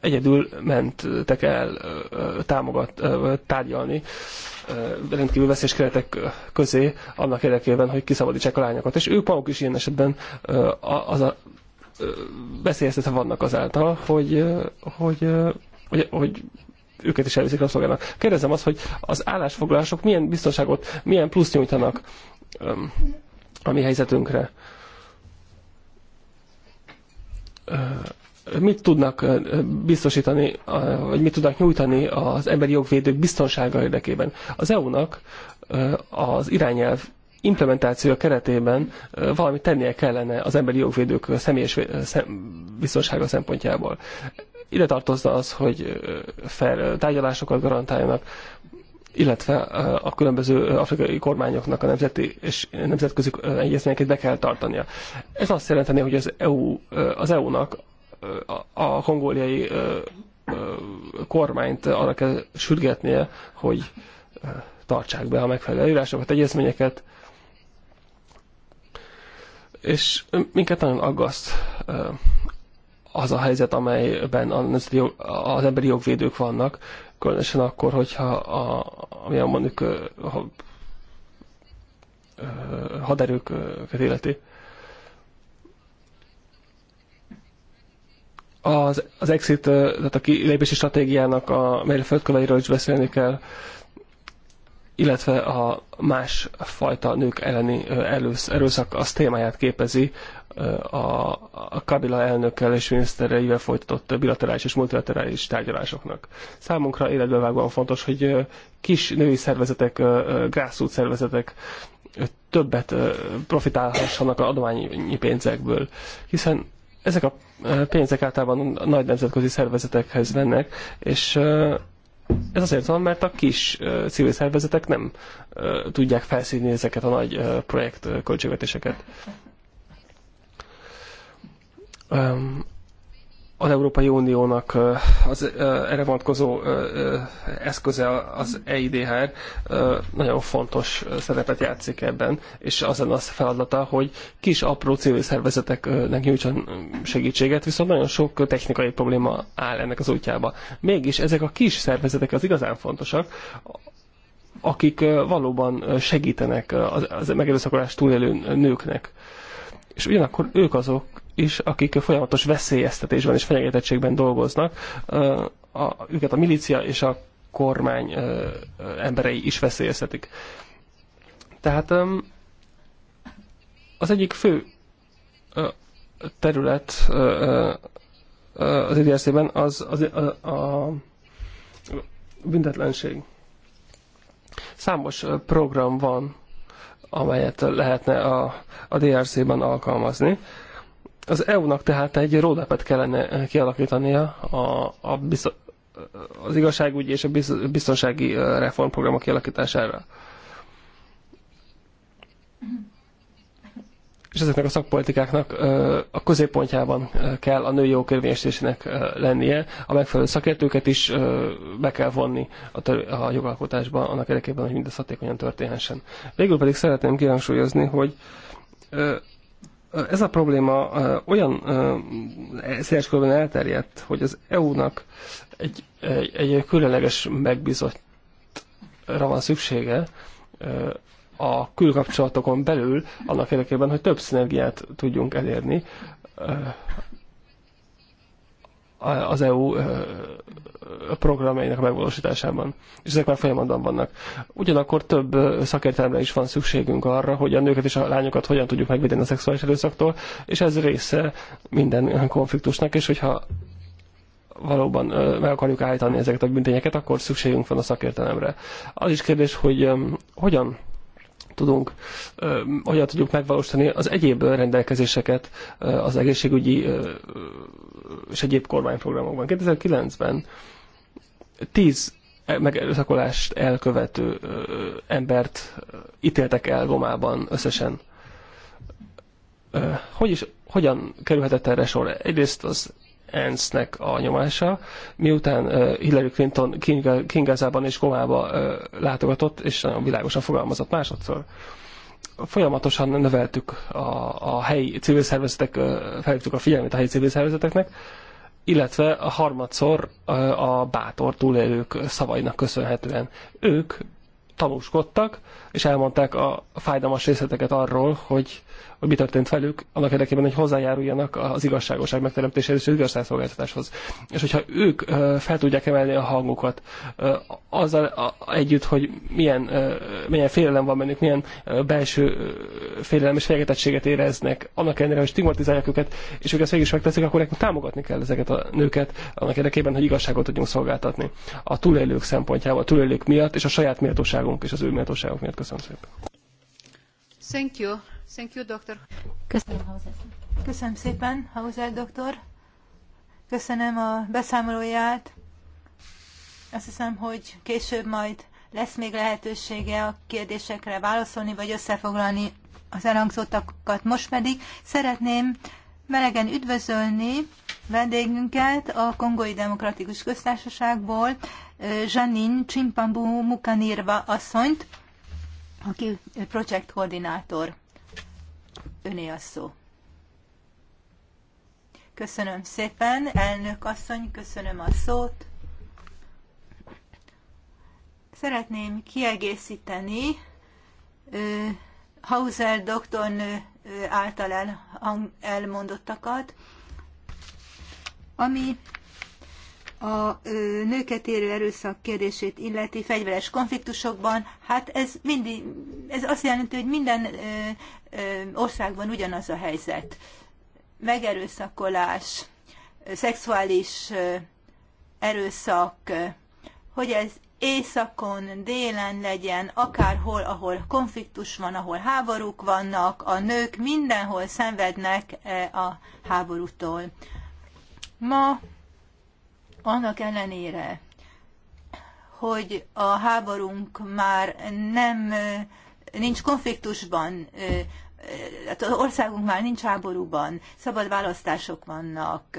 egyedül mentek el támogat, tárgyalni rendkívül veszélyes keretek közé annak érdekében, hogy kiszabadítsák a lányokat. És ők maguk is ilyen esetben az a, veszélyeztetve vannak azáltal, hogy, hogy, hogy, hogy őket is elviszik rabszolgának. Kérdezem azt, hogy az állásfoglalások milyen biztonságot, milyen plusz nyújtanak um, a mi helyzetünkre. Mit tudnak biztosítani, vagy mit tudnak nyújtani az emberi jogvédők biztonsága érdekében? Az EU-nak az irányelv implementációja keretében valamit tennie kellene az emberi jogvédők személyes biztonsága szempontjából. Ide tartozza az, hogy fel, tárgyalásokat garantáljanak, illetve a különböző afrikai kormányoknak a nemzeti és nemzetközi egyezményeket be kell tartania. Ez azt jelenteni, hogy az, EU, az EU-nak a kongóliai kormányt arra kell sürgetnie, hogy tartsák be a megfelelő írásokat, egyezményeket, és minket nagyon aggaszt az a helyzet, amelyben jog, az emberi jogvédők vannak, különösen akkor, hogyha a, amilyen mondjuk a haderők életi. Az, az exit, tehát a kilépési stratégiának a földköveiről is beszélni kell, illetve a más fajta nők elleni erőszak az témáját képezi a, a Kabila elnökkel és minisztereivel folytatott bilaterális és multilaterális tárgyalásoknak. Számunkra életbevágóan fontos, hogy kis női szervezetek, grászút szervezetek többet profitálhassanak az adományi pénzekből, hiszen ezek a pénzek általában nagy nemzetközi szervezetekhez mennek, és ez azért van, mert a kis civil szervezetek nem tudják felszínni ezeket a nagy projekt költségvetéseket az Európai Uniónak az erre vonatkozó eszköze az EIDHR nagyon fontos szerepet játszik ebben, és az lenne az feladata, hogy kis apró civil szervezeteknek nyújtson segítséget, viszont nagyon sok technikai probléma áll ennek az útjába. Mégis ezek a kis szervezetek az igazán fontosak, akik valóban segítenek az megerőszakolás túlélő nőknek és ugyanakkor ők azok, is, akik folyamatos veszélyeztetésben és fenyegetettségben dolgoznak. A, őket a milícia és a kormány emberei is veszélyeztetik. Tehát az egyik fő terület az idézőben az, az a, a büntetlenség. Számos program van, amelyet lehetne a, a DRC-ben alkalmazni. Az EU-nak tehát egy roadmap kellene eh, kialakítania a, a biztos, az igazságügyi és a biztonsági eh, reformprogramok kialakítására. És ezeknek a szakpolitikáknak eh, a középpontjában kell a női jogok érvényesítésének lennie, a megfelelő szakértőket is be kell vonni a, a jogalkotásba annak érdekében, hogy mindez hatékonyan történhessen. Végül pedig szeretném kihangsúlyozni, hogy ez a probléma olyan széles körben elterjedt, hogy az EU-nak egy, egy, egy különleges megbizottra van szüksége a külkapcsolatokon belül, annak érdekében, hogy több szinergiát tudjunk elérni az EU programjainak megvalósításában. És ezek már folyamatban vannak. Ugyanakkor több szakértelemre is van szükségünk arra, hogy a nőket és a lányokat hogyan tudjuk megvédeni a szexuális erőszaktól, és ez része minden konfliktusnak, és hogyha valóban meg akarjuk állítani ezeket a büntényeket, akkor szükségünk van a szakértelemre. Az is kérdés, hogy hogyan tudunk, hogyan tudjuk megvalósítani az egyéb rendelkezéseket az egészségügyi és egyéb kormányprogramokban. 2009-ben 10 megerőszakolást elkövető embert ítéltek el Romában összesen. Hogy is, hogyan kerülhetett erre sor? Egyrészt az ENSZ-nek a nyomása, miután Hillary Clinton Kingázában és Gomába látogatott, és nagyon világosan fogalmazott másodszor folyamatosan növeltük a, a helyi civil szervezetek, felhívtuk a figyelmet a helyi civil szervezeteknek, illetve a harmadszor a bátor túlélők szavainak köszönhetően. Ők tanúskodtak, és elmondták a fájdalmas részleteket arról, hogy hogy mi történt velük, annak érdekében, hogy hozzájáruljanak az igazságoság megteremtéséhez és az igazságszolgáltatáshoz. És hogyha ők fel tudják emelni a hangukat, azzal együtt, hogy milyen, milyen félelem van bennük, milyen belső félelem és fejegetettséget éreznek, annak ellenére, hogy stigmatizálják őket, és ők ezt is megteszik, akkor nekünk támogatni kell ezeket a nőket, annak érdekében, hogy igazságot tudjunk szolgáltatni. A túlélők szempontjából, a túlélők miatt, és a saját méltóságunk és az ő méltóságunk miatt. Köszönöm szépen. Thank you. Thank you, doctor. Köszönöm, Hauser. Köszönöm szépen, Hauser doktor. Köszönöm a beszámolóját. Azt hiszem, hogy később majd lesz még lehetősége a kérdésekre válaszolni, vagy összefoglalni az elhangzottakat. Most pedig szeretném melegen üdvözölni vendégünket a Kongói Demokratikus Köztársaságból, Janine Csimpambu Mukanirva asszonyt, aki projektkoordinátor. Öné a szó. Köszönöm szépen, elnök asszony, köszönöm a szót. Szeretném kiegészíteni Hauser doktornő által elmondottakat, ami a nőket érő erőszak kérdését illeti fegyveres konfliktusokban, hát ez mindig, ez azt jelenti, hogy minden országban ugyanaz a helyzet. Megerőszakolás, szexuális erőszak, hogy ez északon, délen legyen, akárhol, ahol konfliktus van, ahol háborúk vannak, a nők mindenhol szenvednek a háborútól. Ma annak ellenére, hogy a háborunk már nem, nincs konfliktusban, hát az országunk már nincs háborúban, szabad választások vannak.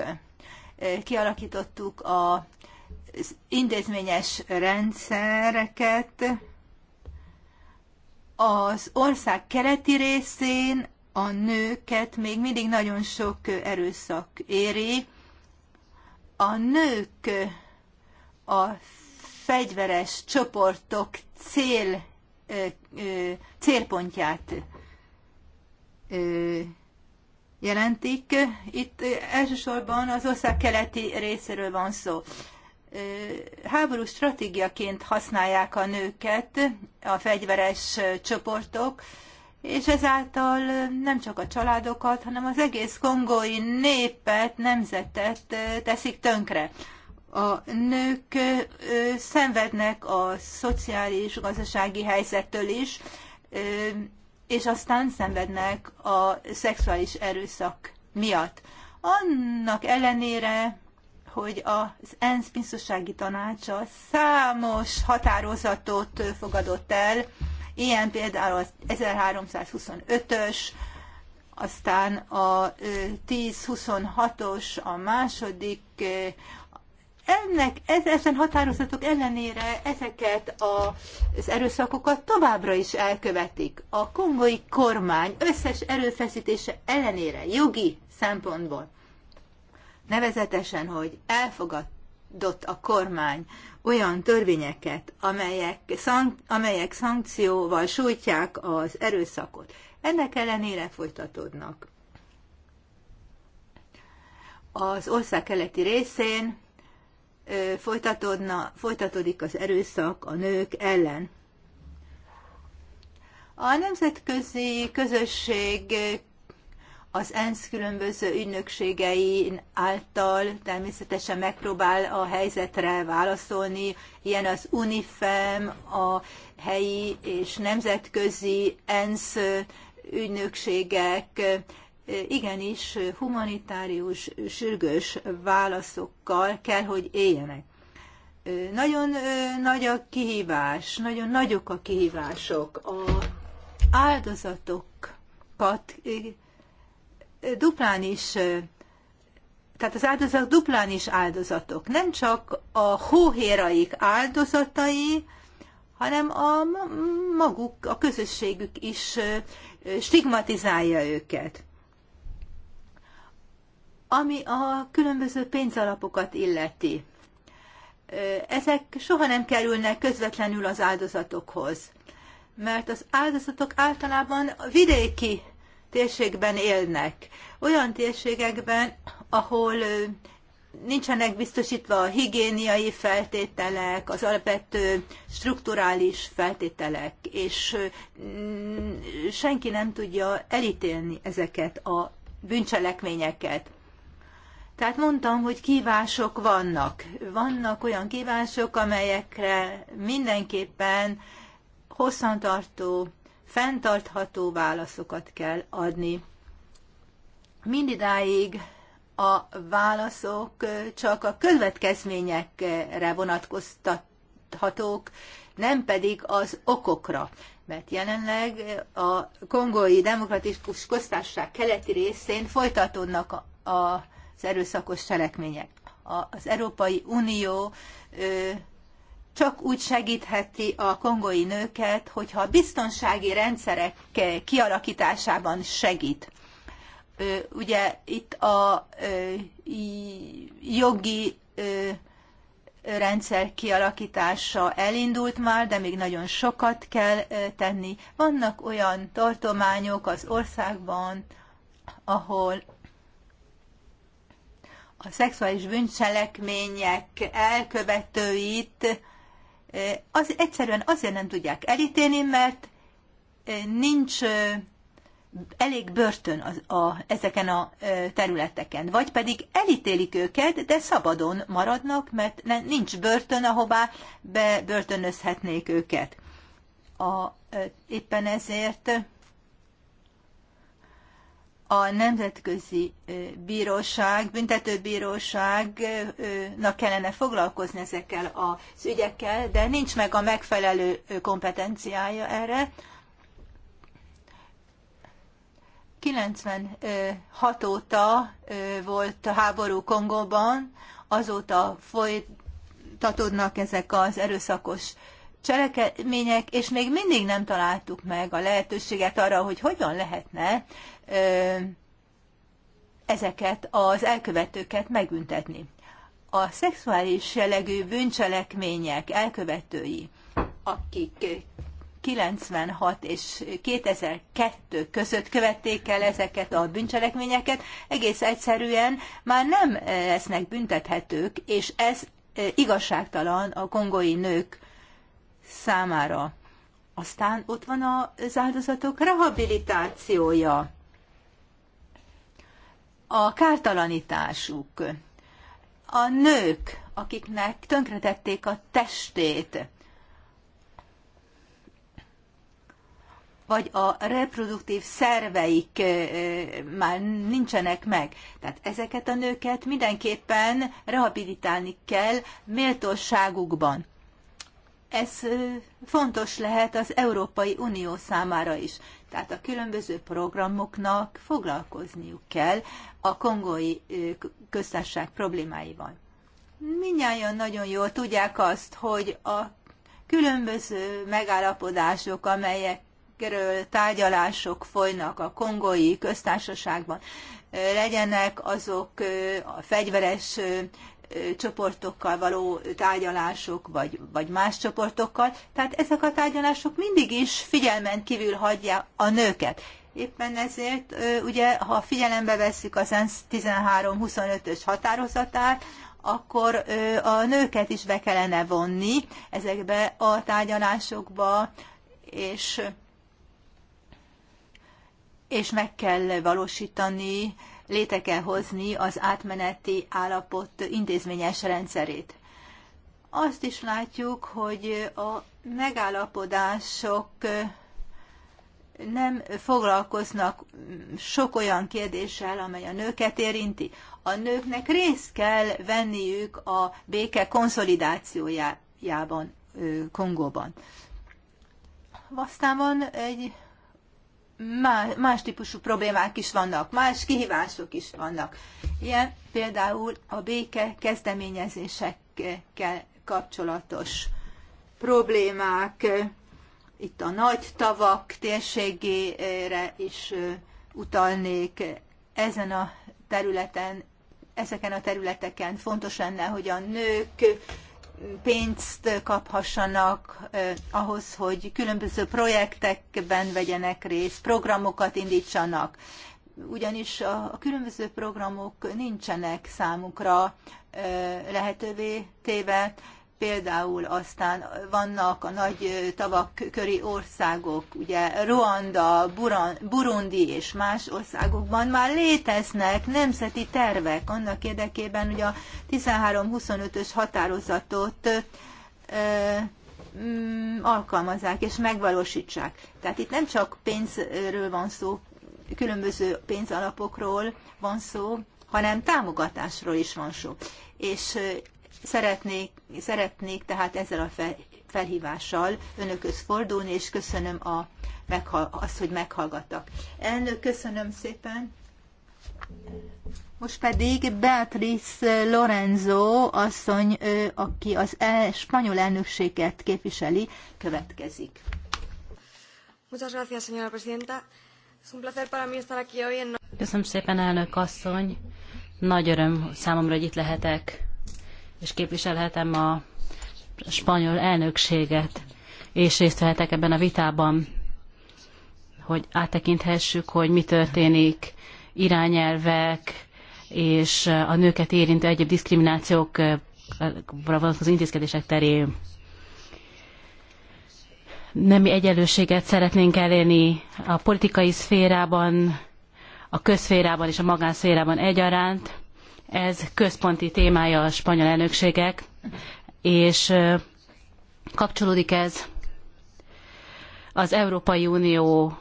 Kialakítottuk a intézményes rendszereket. Az ország keleti részén a nőket még mindig nagyon sok erőszak éri, a nők a fegyveres csoportok cél, célpontját jelentik. Itt elsősorban az ország keleti részéről van szó. Háború stratégiaként használják a nőket a fegyveres csoportok, és ezáltal nem csak a családokat, hanem az egész kongói népet, nemzetet teszik tönkre. A nők szenvednek a szociális, gazdasági helyzettől is, és aztán szenvednek a szexuális erőszak miatt. Annak ellenére, hogy az ENSZ biztonsági tanácsa számos határozatot fogadott el, Ilyen például az 1325-ös, aztán a 1026-os, a második, ennek ezen határozatok ellenére ezeket a, az erőszakokat továbbra is elkövetik. A kongói kormány összes erőfeszítése ellenére jogi szempontból. Nevezetesen, hogy elfogadott a kormány olyan törvényeket, amelyek, szank, amelyek szankcióval sújtják az erőszakot. Ennek ellenére folytatódnak. Az ország keleti részén folytatódna, folytatódik az erőszak a nők ellen. A nemzetközi közösség az ENSZ különböző ügynökségei által természetesen megpróbál a helyzetre válaszolni, ilyen az UNIFEM, a helyi és nemzetközi ENSZ ügynökségek igenis humanitárius, sürgős válaszokkal kell, hogy éljenek. Nagyon nagy a kihívás, nagyon nagyok a kihívások. A áldozatokat duplán is, tehát az áldozatok duplán is áldozatok. Nem csak a hóhéraik áldozatai, hanem a maguk, a közösségük is stigmatizálja őket. Ami a különböző pénzalapokat illeti, ezek soha nem kerülnek közvetlenül az áldozatokhoz, mert az áldozatok általában vidéki térségben élnek. Olyan térségekben, ahol nincsenek biztosítva a higiéniai feltételek, az alapvető strukturális feltételek, és senki nem tudja elítélni ezeket a bűncselekményeket. Tehát mondtam, hogy kívások vannak. Vannak olyan kívások, amelyekre mindenképpen hosszantartó fenntartható válaszokat kell adni. Mindidáig a válaszok csak a következményekre vonatkoztathatók, nem pedig az okokra. Mert jelenleg a kongói demokratikus köztársaság keleti részén folytatódnak a, az erőszakos cselekmények. az Európai Unió csak úgy segítheti a kongói nőket, hogyha a biztonsági rendszerek eh, kialakításában segít. Ugye itt a jogi rendszer kialakítása elindult már, de még nagyon sokat kell tenni. Vannak olyan tartományok az országban, ahol a szexuális bűncselekmények elkövetőit az egyszerűen azért nem tudják elítélni, mert nincs elég börtön az, a, ezeken a területeken, vagy pedig elítélik őket, de szabadon maradnak, mert nincs börtön, ahová bebörtönözhetnék őket. A, éppen ezért a Nemzetközi Bíróság, Büntetőbíróságnak kellene foglalkozni ezekkel az ügyekkel, de nincs meg a megfelelő kompetenciája erre. 96 óta volt háború Kongóban, azóta folytatódnak ezek az erőszakos cselekmények, és még mindig nem találtuk meg a lehetőséget arra, hogy hogyan lehetne ezeket az elkövetőket megüntetni. A szexuális jellegű bűncselekmények elkövetői, akik 96 és 2002 között követték el ezeket a bűncselekményeket, egész egyszerűen már nem lesznek büntethetők, és ez igazságtalan a kongói nők számára. Aztán ott van az áldozatok rehabilitációja, a kártalanításuk, a nők, akiknek tönkretették a testét, vagy a reproduktív szerveik már nincsenek meg. Tehát ezeket a nőket mindenképpen rehabilitálni kell méltóságukban ez fontos lehet az Európai Unió számára is. Tehát a különböző programoknak foglalkozniuk kell a kongói köztársaság problémáival. Mindjárt nagyon jól tudják azt, hogy a különböző megállapodások, amelyek tárgyalások folynak a kongói köztársaságban, legyenek azok a fegyveres csoportokkal való tárgyalások, vagy, vagy más csoportokkal. Tehát ezek a tárgyalások mindig is figyelmen kívül hagyja a nőket. Éppen ezért, ugye, ha figyelembe veszük az ENSZ 13-25-ös határozatát, akkor a nőket is be kellene vonni ezekbe a tárgyalásokba, és, és meg kell valósítani léte kell hozni az átmeneti állapot intézményes rendszerét. Azt is látjuk, hogy a megállapodások nem foglalkoznak sok olyan kérdéssel, amely a nőket érinti. A nőknek részt kell venniük a béke konszolidációjában, Kongóban. Aztán van egy más, más típusú problémák is vannak, más kihívások is vannak. Ilyen például a béke kezdeményezésekkel kapcsolatos problémák, itt a nagy tavak térségére is utalnék ezen a területen, ezeken a területeken fontos lenne, hogy a nők pénzt kaphassanak ahhoz, hogy különböző projektekben vegyenek részt, programokat indítsanak. Ugyanis a, különböző programok nincsenek számukra lehetővé téve, Például aztán vannak a nagy tavak köri országok, ugye Ruanda, Burundi és más országokban már léteznek nemzeti tervek annak érdekében, hogy a 13-25-ös határozatot mm, alkalmazzák és megvalósítsák. Tehát itt nem csak pénzről van szó, különböző pénzalapokról van szó, hanem támogatásról is van szó. És Szeretnék, szeretnék tehát ezzel a felhívással önökhöz fordulni, és köszönöm a, azt, hogy meghallgattak. Elnök, köszönöm szépen. Most pedig Beatrice Lorenzo asszony, aki az e spanyol elnökséget képviseli, következik. Muchas gracias, señora presidenta. Es un placer para mí estar aquí hoy en... Köszönöm szépen, elnök asszony. Nagy öröm számomra, hogy itt lehetek és képviselhetem a spanyol elnökséget, és részt vehetek ebben a vitában, hogy áttekinthessük, hogy mi történik, irányelvek és a nőket érintő egyéb diszkriminációk vonatkozó intézkedések terén nemi egyenlőséget szeretnénk elérni a politikai szférában, a közszférában és a magánszférában egyaránt, ez központi témája a spanyol elnökségek, és kapcsolódik ez az Európai Unió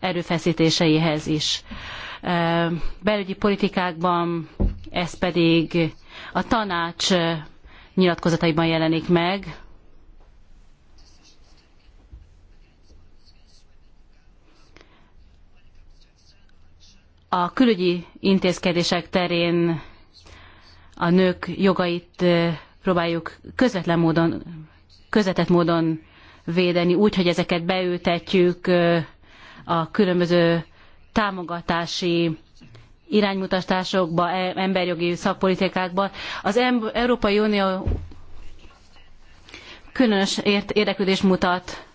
erőfeszítéseihez is. Belügyi politikákban ez pedig a tanács nyilatkozataiban jelenik meg, a külügyi intézkedések terén a nők jogait próbáljuk közvetlen módon, közvetett módon védeni, úgy, hogy ezeket beültetjük a különböző támogatási iránymutatásokba, e, emberjogi szakpolitikákba. Az Európai Unió különös érdeklődést mutat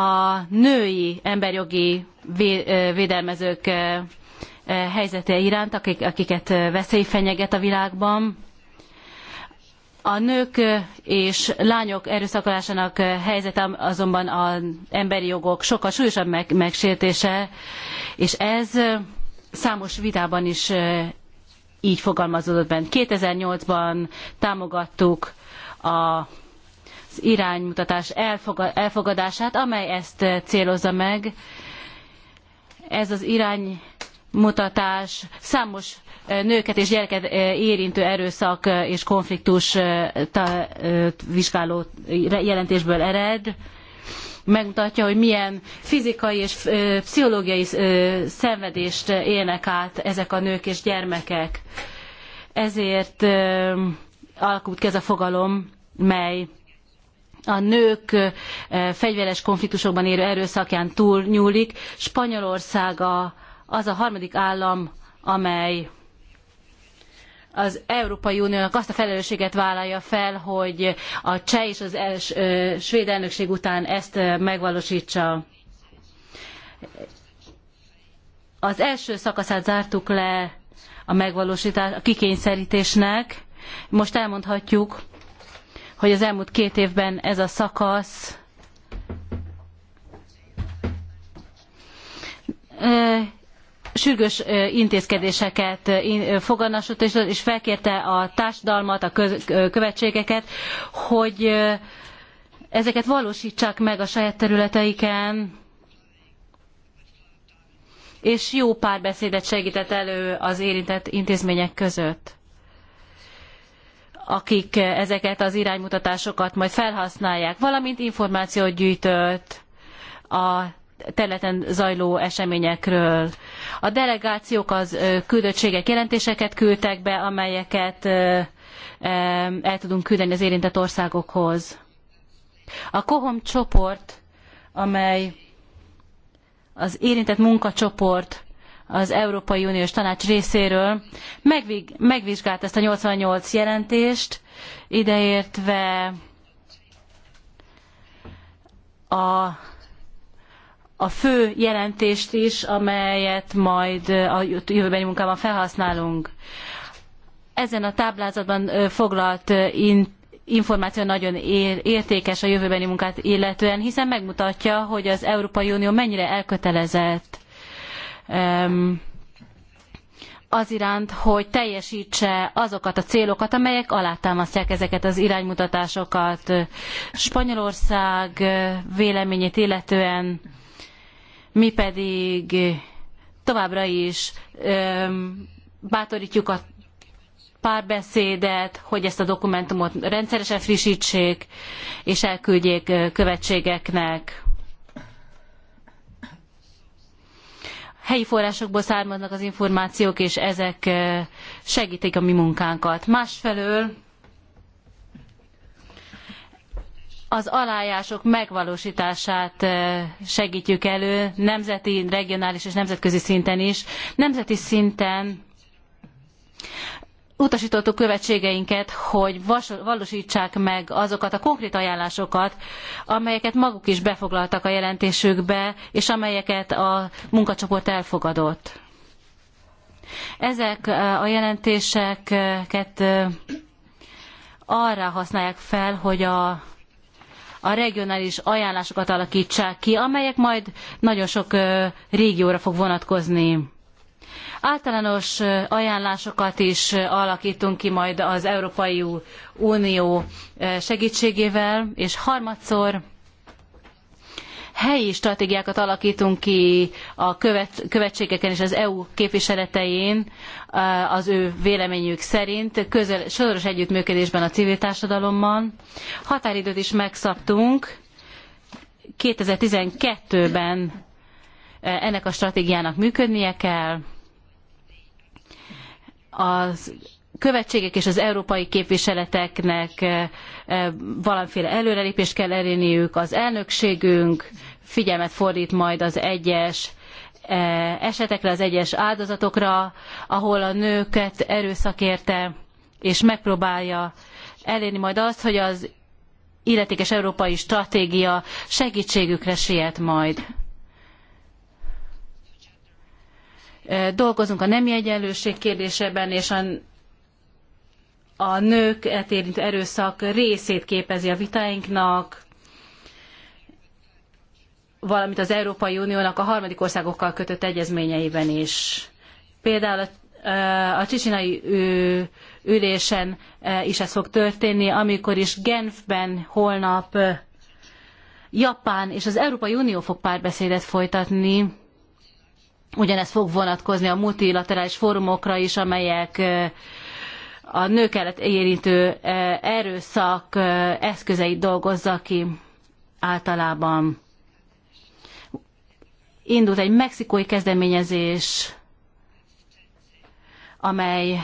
a női emberjogi védelmezők helyzete iránt, akik, akiket veszély fenyeget a világban. A nők és lányok erőszakolásának helyzete azonban az emberi jogok sokkal súlyosabb meg, megsértése, és ez számos vitában is így fogalmazódott benne. 2008-ban támogattuk a iránymutatás elfogadását, amely ezt célozza meg. Ez az iránymutatás számos nőket és gyereket érintő erőszak és konfliktus vizsgáló jelentésből ered megmutatja, hogy milyen fizikai és pszichológiai szenvedést élnek át ezek a nők és gyermekek. Ezért alakult ki ez a fogalom, mely a nők fegyveres konfliktusokban érő erőszakján túl nyúlik. Spanyolország a, az a harmadik állam, amely az Európai Uniónak azt a felelősséget vállalja fel, hogy a cseh és az els, svéd elnökség után ezt megvalósítsa. Az első szakaszát zártuk le a megvalósítás, a kikényszerítésnek. Most elmondhatjuk, hogy az elmúlt két évben ez a szakasz sürgős intézkedéseket foganasott, és felkérte a társadalmat, a követségeket, hogy ezeket valósítsák meg a saját területeiken, és jó párbeszédet segített elő az érintett intézmények között akik ezeket az iránymutatásokat majd felhasználják, valamint információt gyűjtött a területen zajló eseményekről. A delegációk az küldöttségek jelentéseket küldtek be, amelyeket el tudunk küldeni az érintett országokhoz. A KOHOM csoport, amely az érintett munkacsoport az Európai Uniós Tanács részéről megvizsgált ezt a 88 jelentést, ideértve a, a fő jelentést is, amelyet majd a jövőbeni munkában felhasználunk. Ezen a táblázatban foglalt információ nagyon értékes a jövőbeni munkát illetően, hiszen megmutatja, hogy az Európai Unió mennyire elkötelezett az iránt, hogy teljesítse azokat a célokat, amelyek alátámasztják ezeket az iránymutatásokat. Spanyolország véleményét illetően mi pedig továbbra is bátorítjuk a párbeszédet, hogy ezt a dokumentumot rendszeresen frissítsék és elküldjék követségeknek. helyi forrásokból származnak az információk, és ezek eh, segítik a mi munkánkat. Másfelől az alájások megvalósítását eh, segítjük elő nemzeti, regionális és nemzetközi szinten is. Nemzeti szinten utasítottuk követségeinket, hogy vas, valósítsák meg azokat a konkrét ajánlásokat, amelyeket maguk is befoglaltak a jelentésükbe, és amelyeket a munkacsoport elfogadott. Ezek a jelentéseket arra használják fel, hogy a, a regionális ajánlásokat alakítsák ki, amelyek majd nagyon sok régióra fog vonatkozni Általános ajánlásokat is alakítunk ki majd az Európai Unió segítségével, és harmadszor helyi stratégiákat alakítunk ki a követ, követségeken és az EU képviseletein az ő véleményük szerint, közel, soros együttműködésben a civil társadalommal. Határidőt is megszabtunk 2012-ben ennek a stratégiának működnie kell, a követségek és az európai képviseleteknek eh, eh, valamiféle előrelépést kell elérniük, az elnökségünk figyelmet fordít majd az egyes eh, esetekre, az egyes áldozatokra, ahol a nőket erőszak érte, és megpróbálja elérni majd azt, hogy az illetékes európai stratégia segítségükre siet majd. dolgozunk a nemi egyenlőség kérdésében, és a, a nőket érintő erőszak részét képezi a vitáinknak, valamint az Európai Uniónak a harmadik országokkal kötött egyezményeiben is. Például a a csicsinai ülésen is ez fog történni, amikor is Genfben holnap Japán és az Európai Unió fog párbeszédet folytatni Ugyanez fog vonatkozni a multilaterális fórumokra is, amelyek a nőket érintő erőszak eszközeit dolgozza ki általában. Indult egy mexikói kezdeményezés, amely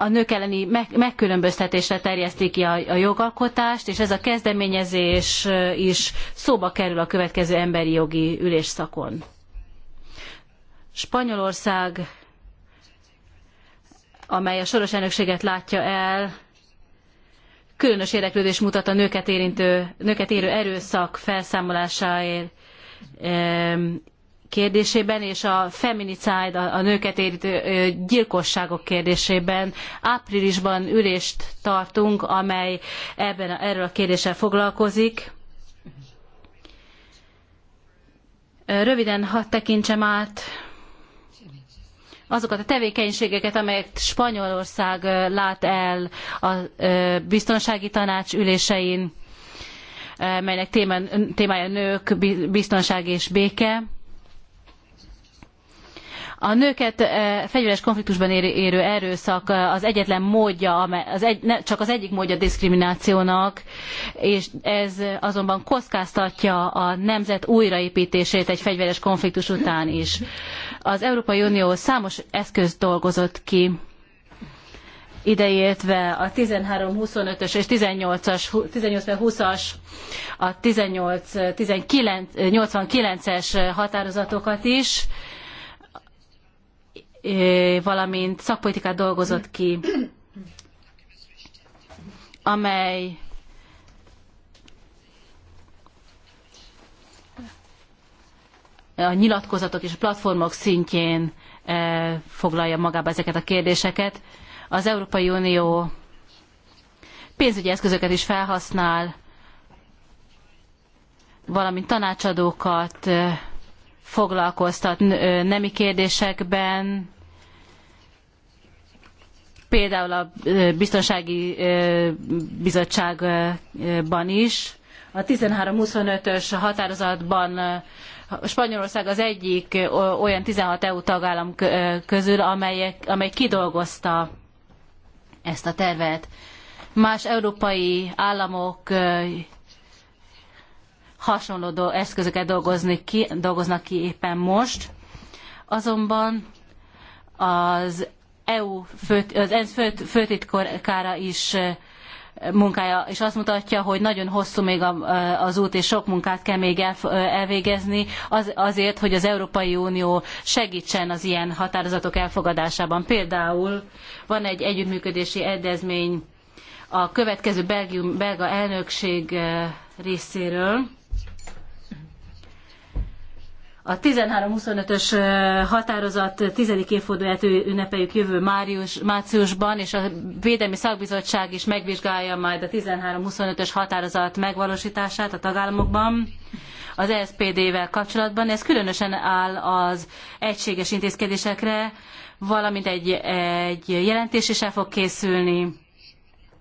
a nők elleni meg, megkülönböztetésre terjeszti ki a, a jogalkotást, és ez a kezdeményezés is szóba kerül a következő emberi jogi ülésszakon. Spanyolország, amely a soros elnökséget látja el, különös érdeklődést mutat a nőket, érintő, nőket érő erőszak felszámolásáért, kérdésében és a feminicide, a nőket érintő gyilkosságok kérdésében áprilisban ülést tartunk, amely ebben, erről a kérdéssel foglalkozik. Röviden hadd tekintsem át azokat a tevékenységeket, amelyet Spanyolország lát el a biztonsági tanács ülésein, melynek témája nők, biztonság és béke. A nőket e, fegyveres konfliktusban érő erőszak e, az egyetlen módja, az egy, csak az egyik módja a diszkriminációnak, és ez azonban kockáztatja a nemzet újraépítését egy fegyveres konfliktus után is. Az Európai Unió számos eszköz dolgozott ki ideértve a 13-25-ös és 18-as, 18-20-as, a 18-89-es határozatokat is, valamint szakpolitikát dolgozott ki, amely a nyilatkozatok és a platformok szintjén e, foglalja magába ezeket a kérdéseket. Az Európai Unió pénzügyi eszközöket is felhasznál, valamint tanácsadókat e, foglalkoztat nemi kérdésekben, például a biztonsági bizottságban is. A 1325-ös határozatban Spanyolország az egyik olyan 16 EU tagállam közül, amelyek, amely kidolgozta ezt a tervet. Más európai államok hasonló eszközöket dolgozni ki, dolgoznak ki éppen most. Azonban az EU főt, az ENSZ főt, főtitkára is munkája, és azt mutatja, hogy nagyon hosszú még az út, és sok munkát kell még elvégezni azért, hogy az Európai Unió segítsen az ilyen határozatok elfogadásában. Például van egy együttműködési egyezmény a következő Belgium, belga elnökség részéről, a 13-25-ös határozat tizedik évfordulát ünnepeljük jövő márius, márciusban, és a Védelmi Szakbizottság is megvizsgálja majd a 13-25-ös határozat megvalósítását a tagállamokban az e spd vel kapcsolatban. Ez különösen áll az egységes intézkedésekre, valamint egy, egy jelentés is el fog készülni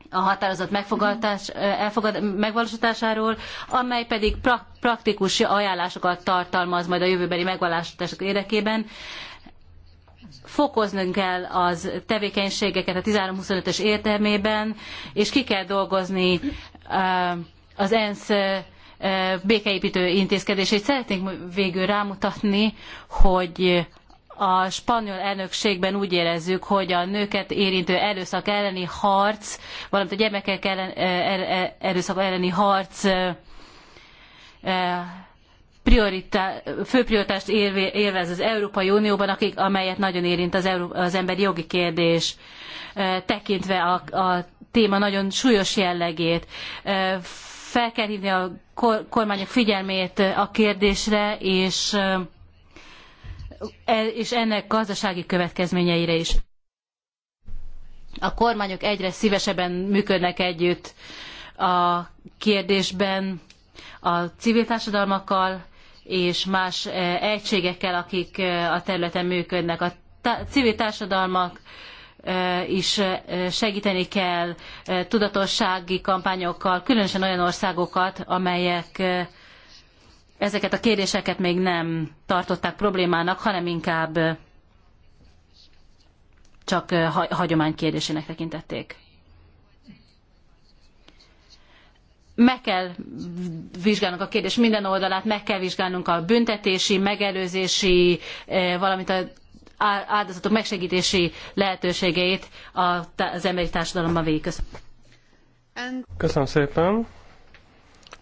a határozat megfogadás, elfogad, megvalósításáról, amely pedig pra, praktikus ajánlásokat tartalmaz majd a jövőbeli megvalósítások érdekében. Fokoznunk kell az tevékenységeket a 13-25-ös értelmében, és ki kell dolgozni az ENSZ békeépítő intézkedését. Szeretnénk végül rámutatni, hogy a spanyol elnökségben úgy érezzük, hogy a nőket érintő erőszak elleni harc, valamint a gyermekek ellen, e, e, e, erőszak elleni harc főprioritást fő prioritást élvez az Európai Unióban, akik, amelyet nagyon érint az, Euró, az emberi jogi kérdés, tekintve a, a téma nagyon súlyos jellegét. Fel kell hívni a kormányok figyelmét a kérdésre, és E, és ennek gazdasági következményeire is. A kormányok egyre szívesebben működnek együtt a kérdésben a civil társadalmakkal és más e, egységekkel, akik e, a területen működnek. A civil társadalmak is segíteni kell tudatossági kampányokkal, különösen olyan országokat, amelyek ezeket a kérdéseket még nem tartották problémának, hanem inkább csak hagyomány kérdésének tekintették. Meg kell vizsgálnunk a kérdés minden oldalát, meg kell vizsgálnunk a büntetési, megelőzési, valamint a áldozatok megsegítési lehetőségeit az emberi társadalomban végig. Köszönöm szépen,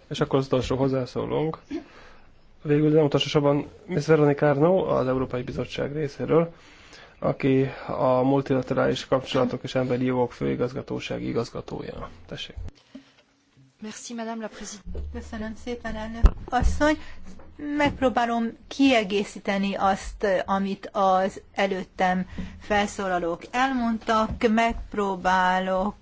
és akkor az utolsó hozzászólunk végül nem utasosabban Ms. Veronika Arno, az Európai Bizottság részéről, aki a multilaterális kapcsolatok és emberi jogok főigazgatóság igazgatója. Tessék. Merci, Madame la Présidente. Köszönöm szépen, elnök asszony. Megpróbálom kiegészíteni azt, amit az előttem felszólalók elmondtak. Megpróbálok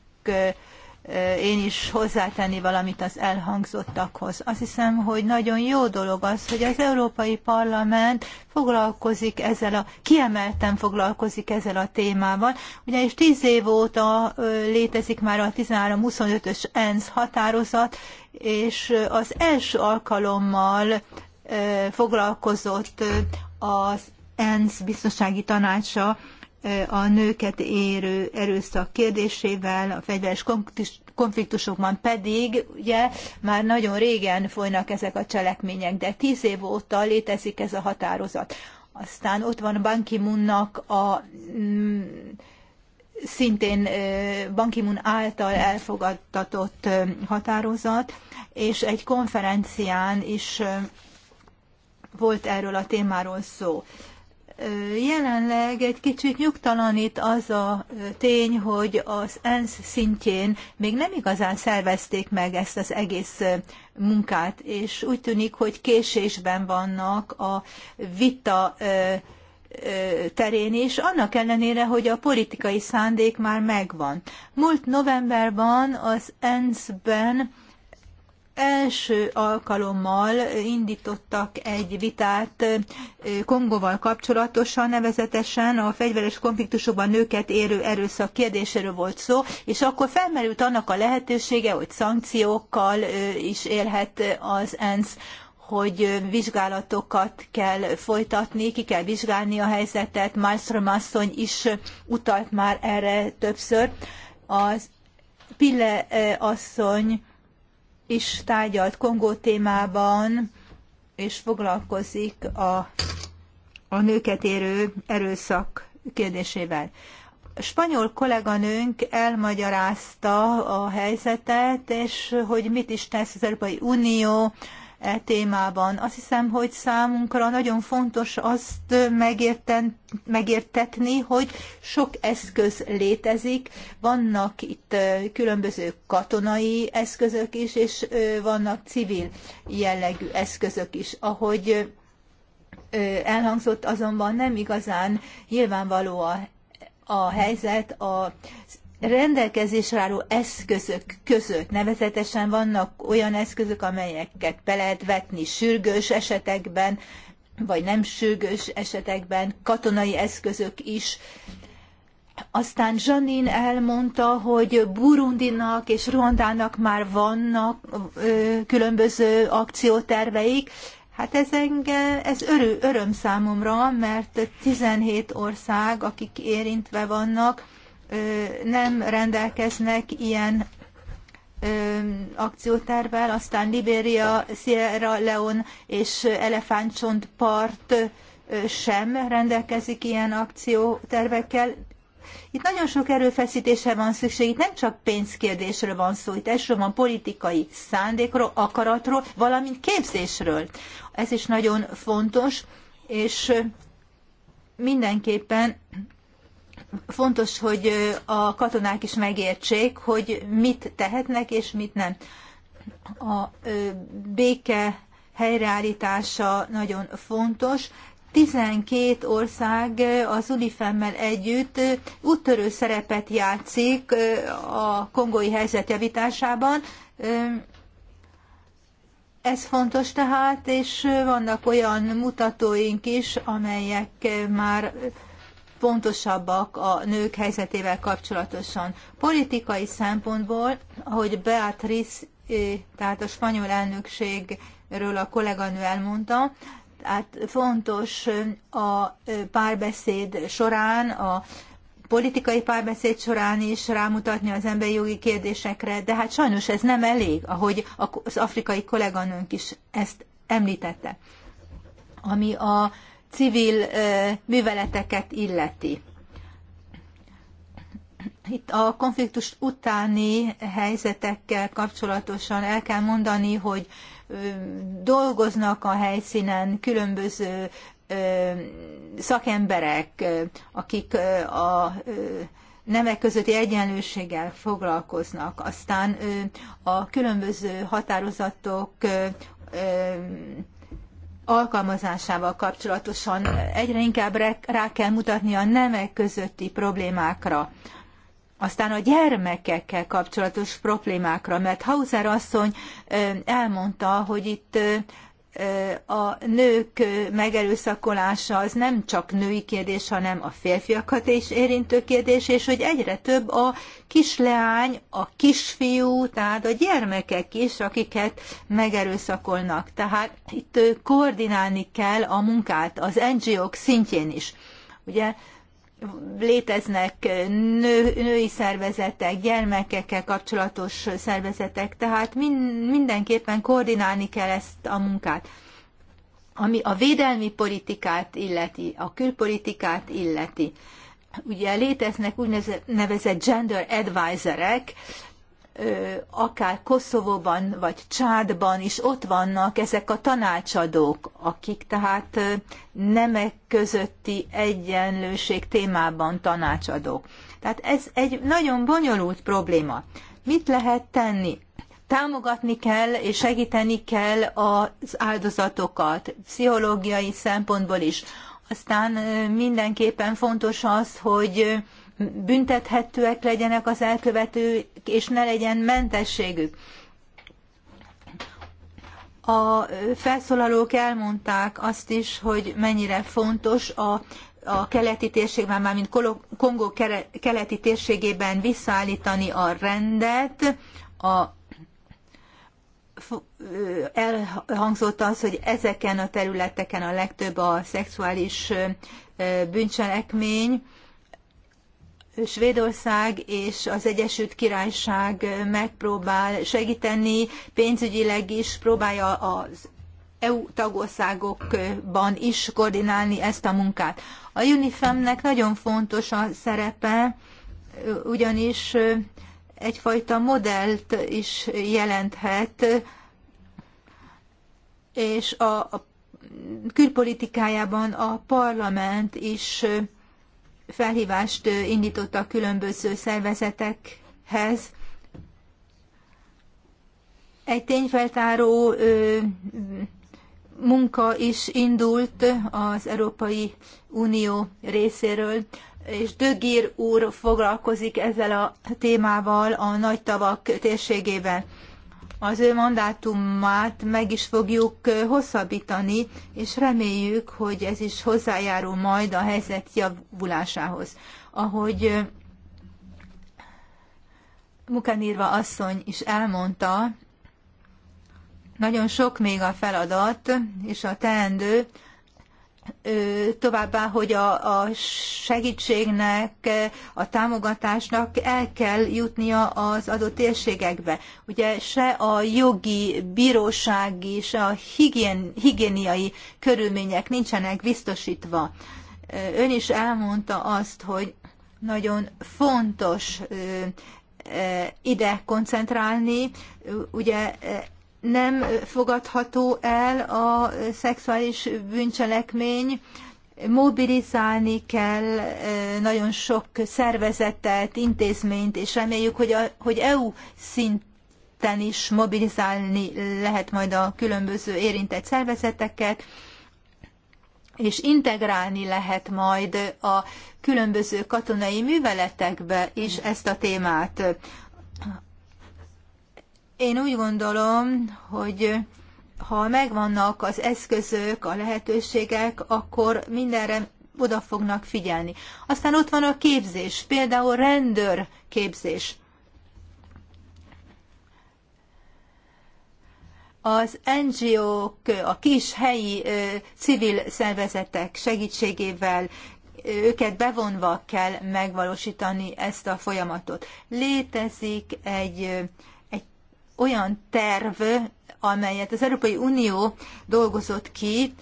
Eh, én is hozzátenni valamit az elhangzottakhoz. Azt hiszem, hogy nagyon jó dolog az, hogy az Európai Parlament foglalkozik ezzel a, kiemelten foglalkozik ezzel a témával, ugyanis tíz év óta létezik már a 13-25-ös ENSZ határozat, és az első alkalommal foglalkozott az ENSZ biztonsági tanácsa a nőket érő erőszak kérdésével, a fegyveres konfliktusokban pedig ugye már nagyon régen folynak ezek a cselekmények, de tíz év óta létezik ez a határozat. Aztán ott van Ban ki a mm, szintén Ban Ki-moon által elfogadtatott határozat, és egy konferencián is volt erről a témáról szó. Jelenleg egy kicsit nyugtalanít az a tény, hogy az ENSZ szintjén még nem igazán szervezték meg ezt az egész munkát, és úgy tűnik, hogy késésben vannak a vita terén is, annak ellenére, hogy a politikai szándék már megvan. Múlt novemberben az ENSZ-ben első alkalommal indítottak egy vitát Kongóval kapcsolatosan, nevezetesen a fegyveres konfliktusokban nőket érő erőszak kérdéséről volt szó, és akkor felmerült annak a lehetősége, hogy szankciókkal is élhet az ENSZ hogy vizsgálatokat kell folytatni, ki kell vizsgálni a helyzetet. Malmström asszony is utalt már erre többször. Az Pille asszony is tárgyalt Kongó témában, és foglalkozik a, a nőket érő erőszak kérdésével. A spanyol kolléganőnk elmagyarázta a helyzetet, és hogy mit is tesz az Európai Unió e témában. Azt hiszem, hogy számunkra nagyon fontos azt megérten, megértetni, hogy sok eszköz létezik. Vannak itt különböző katonai eszközök is, és vannak civil jellegű eszközök is. Ahogy elhangzott, azonban nem igazán nyilvánvaló a, a helyzet az rendelkezésre álló eszközök között nevezetesen vannak olyan eszközök, amelyeket be lehet vetni sürgős esetekben, vagy nem sürgős esetekben, katonai eszközök is. Aztán Janin elmondta, hogy Burundinak és Ruandának már vannak ö, különböző akcióterveik. Hát ez, engem, ez örül, öröm számomra, mert 17 ország, akik érintve vannak, nem rendelkeznek ilyen akciótervvel, aztán Liberia, Sierra Leone és Elefántcsontpart sem rendelkezik ilyen akciótervekkel. Itt nagyon sok erőfeszítése van szükség, itt nem csak pénzkérdésről van szó, itt elsősorban van politikai szándékról, akaratról, valamint képzésről. Ez is nagyon fontos, és mindenképpen fontos, hogy a katonák is megértsék, hogy mit tehetnek és mit nem. A béke helyreállítása nagyon fontos. 12 ország az UNIFEM-mel együtt úttörő szerepet játszik a kongói helyzet javításában. Ez fontos tehát, és vannak olyan mutatóink is, amelyek már pontosabbak a nők helyzetével kapcsolatosan. Politikai szempontból, ahogy Beatrice, eh, tehát a spanyol elnökségről a kolléganő elmondta, tehát fontos eh, a eh, párbeszéd során, a politikai párbeszéd során is rámutatni az emberi jogi kérdésekre, de hát sajnos ez nem elég, ahogy az afrikai kolléganőnk is ezt említette. Ami a civil műveleteket illeti. Itt a konfliktus utáni helyzetekkel kapcsolatosan el kell mondani, hogy dolgoznak a helyszínen különböző szakemberek, akik a nemek közötti egyenlőséggel foglalkoznak. Aztán a különböző határozatok alkalmazásával kapcsolatosan egyre inkább rá kell mutatni a nemek közötti problémákra. Aztán a gyermekekkel kapcsolatos problémákra, mert Hauser asszony elmondta, hogy itt a nők megerőszakolása az nem csak női kérdés, hanem a férfiakat is érintő kérdés, és hogy egyre több a kisleány, a kisfiú, tehát a gyermekek is, akiket megerőszakolnak. Tehát itt koordinálni kell a munkát az NGO-k szintjén is. Ugye léteznek nő, női szervezetek, gyermekekkel kapcsolatos szervezetek, tehát min, mindenképpen koordinálni kell ezt a munkát. Ami a védelmi politikát illeti, a külpolitikát illeti, ugye léteznek úgynevezett gender advisorek, akár Koszovóban vagy Csádban is ott vannak ezek a tanácsadók, akik tehát nemek közötti egyenlőség témában tanácsadók. Tehát ez egy nagyon bonyolult probléma. Mit lehet tenni? Támogatni kell és segíteni kell az áldozatokat, pszichológiai szempontból is. Aztán mindenképpen fontos az, hogy büntethetőek legyenek az elkövetők, és ne legyen mentességük. A felszólalók elmondták azt is, hogy mennyire fontos a, a keleti térségben, már mint Kongó keleti térségében visszaállítani a rendet, a elhangzott az, hogy ezeken a területeken a legtöbb a szexuális bűncselekmény, Svédország és az Egyesült Királyság megpróbál segíteni, pénzügyileg is próbálja az EU tagországokban is koordinálni ezt a munkát. A UNIFEM-nek nagyon fontos a szerepe, ugyanis egyfajta modellt is jelenthet, és a külpolitikájában a parlament is felhívást indítottak különböző szervezetekhez. Egy tényfeltáró munka is indult az Európai Unió részéről, és Dögír úr foglalkozik ezzel a témával a nagy tavak térségében az ő mandátumát meg is fogjuk hosszabbítani, és reméljük, hogy ez is hozzájárul majd a helyzet javulásához. Ahogy Mukanírva asszony is elmondta, nagyon sok még a feladat és a teendő, továbbá, hogy a, a segítségnek, a támogatásnak el kell jutnia az adott térségekbe. Ugye se a jogi, bírósági, se a higién, higiéniai körülmények nincsenek biztosítva. Ön is elmondta azt, hogy nagyon fontos ide koncentrálni. Ugye nem fogadható el a szexuális bűncselekmény, mobilizálni kell nagyon sok szervezetet, intézményt, és reméljük, hogy, a, hogy EU szinten is mobilizálni lehet majd a különböző érintett szervezeteket, és integrálni lehet majd a különböző katonai műveletekbe is ezt a témát. Én úgy gondolom, hogy ha megvannak az eszközök, a lehetőségek, akkor mindenre oda fognak figyelni. Aztán ott van a képzés, például rendőr képzés. Az NGO-k, a kis helyi ö, civil szervezetek segítségével őket bevonva kell megvalósítani ezt a folyamatot. Létezik egy olyan terv, amelyet az Európai Unió dolgozott ki,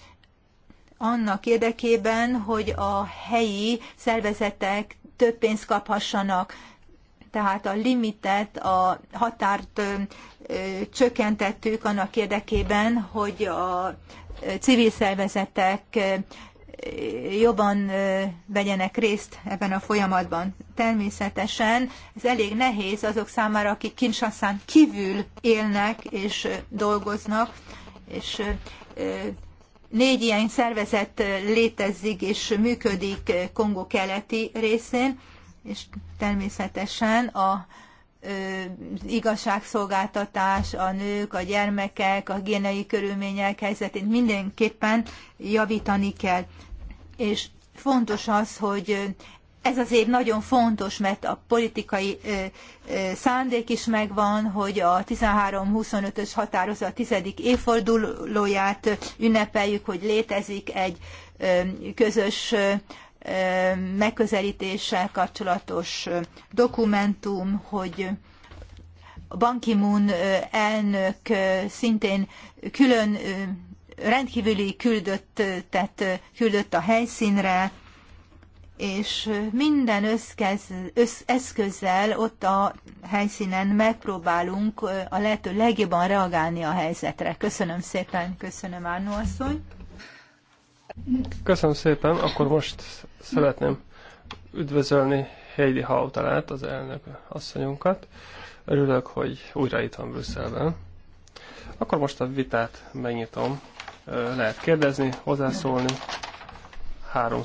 annak érdekében, hogy a helyi szervezetek több pénzt kaphassanak, tehát a limitet, a határt csökkentettük annak érdekében, hogy a civil szervezetek jobban vegyenek részt ebben a folyamatban. Természetesen ez elég nehéz azok számára, akik Kinshaszán kívül élnek és dolgoznak, és négy ilyen szervezet létezik és működik Kongó keleti részén, és természetesen a igazságszolgáltatás, a nők, a gyermekek, a génei körülmények helyzetét mindenképpen javítani kell és fontos az, hogy ez az év nagyon fontos, mert a politikai szándék is megvan, hogy a 13-25-ös határozat tizedik évfordulóját ünnepeljük, hogy létezik egy közös megközelítéssel kapcsolatos dokumentum, hogy Ban Ki-moon elnök szintén külön rendkívüli küldöttet küldött a helyszínre, és minden összkez, össz, eszközzel ott a helyszínen megpróbálunk a lehető legjobban reagálni a helyzetre. Köszönöm szépen, köszönöm Árnó asszony. Köszönöm szépen, akkor most szeretném üdvözölni Heidi Hautalát, az elnök asszonyunkat. Örülök, hogy újra itt van Brüsszelben. Akkor most a vitát megnyitom lehet kérdezni, hozzászólni. Három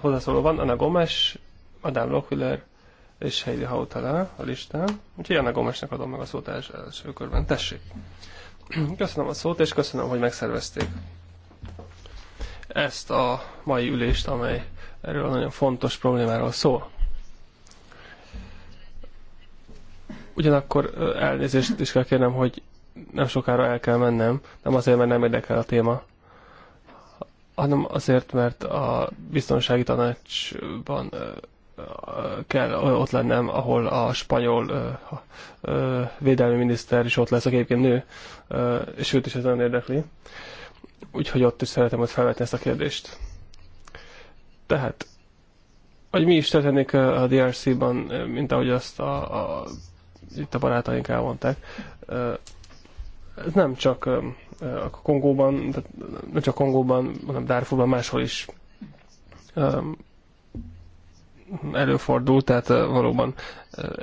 hozzászóló van, Anna Gomes, Adam Lockhiller és Heidi Hautala a listán. Úgyhogy Anna Gomesnek adom meg a szót els első körben. Tessék! Köszönöm a szót, és köszönöm, hogy megszervezték ezt a mai ülést, amely erről a nagyon fontos problémáról szól. Ugyanakkor elnézést is kell kérnem, hogy nem sokára el kell mennem, nem azért, mert nem érdekel a téma, hanem azért, mert a biztonsági tanácsban kell ott lennem, ahol a spanyol védelmi miniszter is ott lesz, aki egyébként nő, és őt is ez nagyon érdekli. Úgyhogy ott is szeretem hogy felvetni ezt a kérdést. Tehát, hogy mi is történik a DRC-ban, mint ahogy azt a, a, itt a barátaink elmondták, ez nem csak a Kongóban, nem csak Kongóban, hanem Darfurban, máshol is előfordul, tehát valóban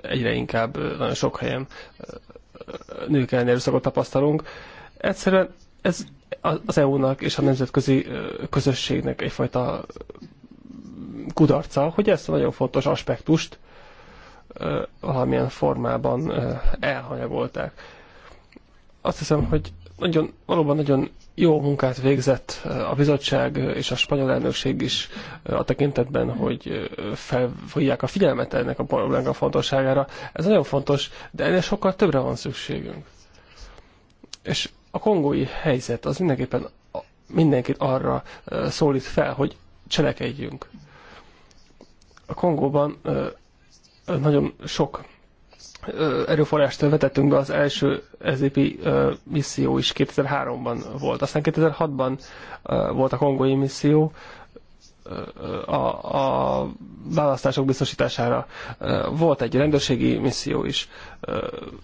egyre inkább nagyon sok helyen nők elleni erőszakot tapasztalunk. Egyszerűen ez az EU-nak és a nemzetközi közösségnek egyfajta kudarca, hogy ezt a nagyon fontos aspektust valamilyen formában elhanyagolták. Azt hiszem, hogy nagyon, valóban nagyon jó munkát végzett a bizottság és a spanyol elnökség is a tekintetben, hogy felfogják a figyelmet ennek a problémának a fontosságára. Ez nagyon fontos, de ennél sokkal többre van szükségünk. És a kongói helyzet az mindenképpen mindenkit arra szólít fel, hogy cselekedjünk. A Kongóban nagyon sok erőforrást vetettünk be, az első SZP misszió is 2003-ban volt. Aztán 2006-ban volt a kongói misszió, a, a választások biztosítására volt egy rendőrségi misszió is,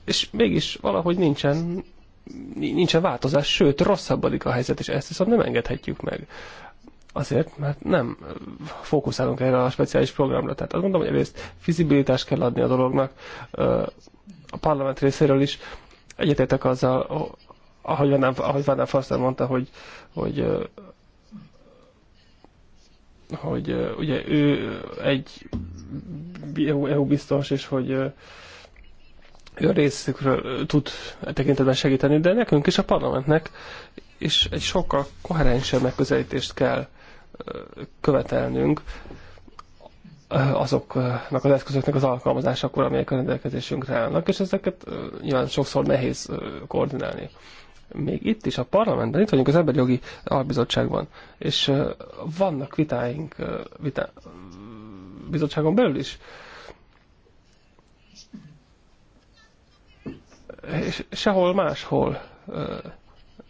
és mégis valahogy nincsen nincsen változás, sőt, rosszabbadik a helyzet, és ezt viszont nem engedhetjük meg. Azért, mert nem fókuszálunk erre a speciális programra. Tehát azt gondolom, hogy egyrészt fizibilitást kell adni a dolognak, a parlament részéről is. Egyetértek azzal, ahogy Vádán, ahogy Vádán Farszter mondta, hogy, hogy hogy ugye ő egy EU biztos, és hogy ő a részükről tud e tekintetben segíteni, de nekünk is a parlamentnek és egy sokkal koherensebb megközelítést kell követelnünk azoknak az eszközöknek az alkalmazásakor, amelyek a rendelkezésünkre állnak, és ezeket nyilván sokszor nehéz koordinálni. Még itt is a parlamentben, itt vagyunk az Emberi Jogi Albizottságban, és vannak vitáink vitá, bizottságon belül is. És sehol máshol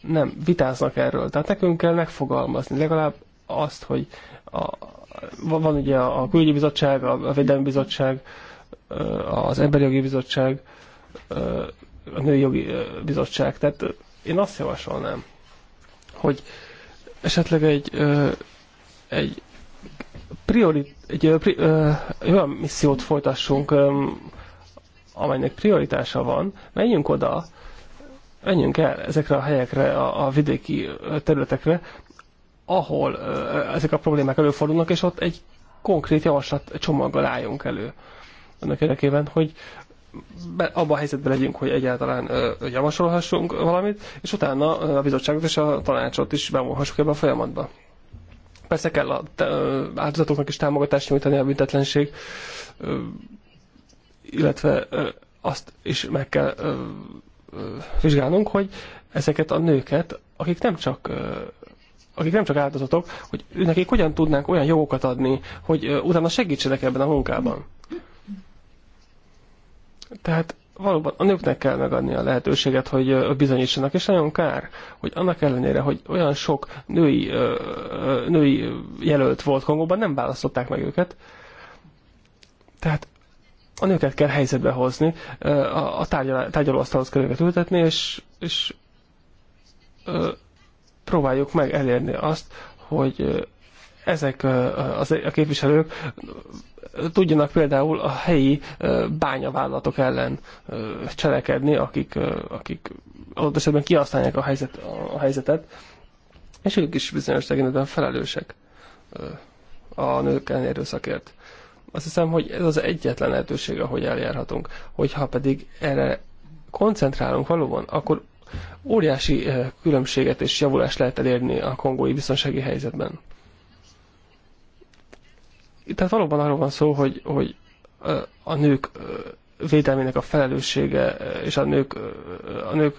nem vitáznak erről. Tehát nekünk kell megfogalmazni, legalább azt, hogy a, van ugye a külügyi bizottság, a védelmi bizottság, az emberi jogi bizottság, a női jogi bizottság. Tehát én azt javasolnám, hogy esetleg egy, egy, priori, egy egy olyan missziót folytassunk, amelynek prioritása van, menjünk oda, menjünk el ezekre a helyekre, a, a vidéki területekre, ahol ezek a problémák előfordulnak, és ott egy konkrét javaslat csomaggal álljunk elő. Annak érdekében, hogy be, abban a helyzetben legyünk, hogy egyáltalán ö, javasolhassunk valamit, és utána a bizottságot és a tanácsot is bevonhassuk ebbe a folyamatba. Persze kell a ö, áldozatoknak is támogatást nyújtani a büntetlenség, ö, illetve ö, azt is meg kell ö, ö, vizsgálnunk, hogy ezeket a nőket, akik nem csak ö, akik nem csak áldozatok, hogy nekik hogyan tudnánk olyan jogokat adni, hogy utána segítsenek ebben a munkában. Tehát valóban a nőknek kell megadni a lehetőséget, hogy bizonyítsanak, és nagyon kár, hogy annak ellenére, hogy olyan sok női, női jelölt volt Kongóban, nem választották meg őket. Tehát a nőket kell helyzetbe hozni, a tárgyalóasztalhoz kell őket ültetni, és, és próbáljuk meg elérni azt, hogy ezek a képviselők tudjanak például a helyi bányavállalatok ellen cselekedni, akik, akik adott esetben kihasználják a, helyzet, a helyzetet, és ők is bizonyos tekintetben felelősek a nők ellen erőszakért. Azt hiszem, hogy ez az egyetlen lehetőség, ahogy eljárhatunk. Hogyha pedig erre koncentrálunk valóban, akkor Óriási eh, különbséget és javulást lehet elérni a kongói biztonsági helyzetben. Tehát valóban arról van szó, hogy, hogy eh, a nők eh, védelmének a felelőssége és a nők, a nők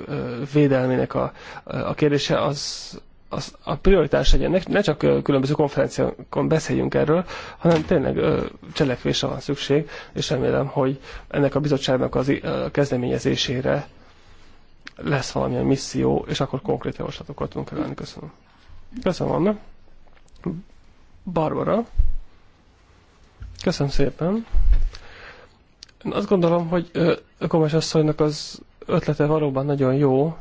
védelmének a, a kérdése az, az a prioritás legyen. Ne, ne csak különböző konferenciákon beszéljünk erről, hanem tényleg cselekvésre van szükség, és remélem, hogy ennek a bizottságnak az kezdeményezésére lesz valamilyen misszió, és akkor konkrét javaslatokat tudunk elállni. Köszönöm. Köszönöm, Anna. Barbara. Köszönöm szépen. Én azt gondolom, hogy Komás asszonynak az ötlete valóban nagyon jó,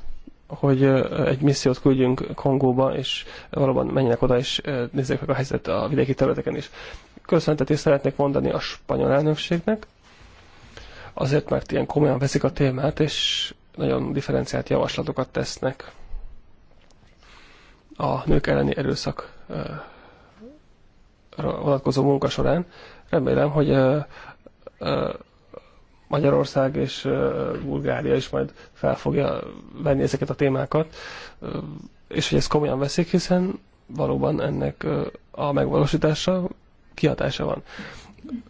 hogy egy missziót küldjünk Kongóba, és valóban menjenek oda, és nézzék meg a helyzet a vidéki területeken is. Köszönetet is szeretnék mondani a spanyol elnökségnek, azért, mert ilyen komolyan veszik a témát, és nagyon differenciált javaslatokat tesznek a nők elleni erőszak vonatkozó munka során. Remélem, hogy Magyarország és Bulgária is majd fel fogja venni ezeket a témákat, és hogy ezt komolyan veszik, hiszen valóban ennek a megvalósítása kihatása van.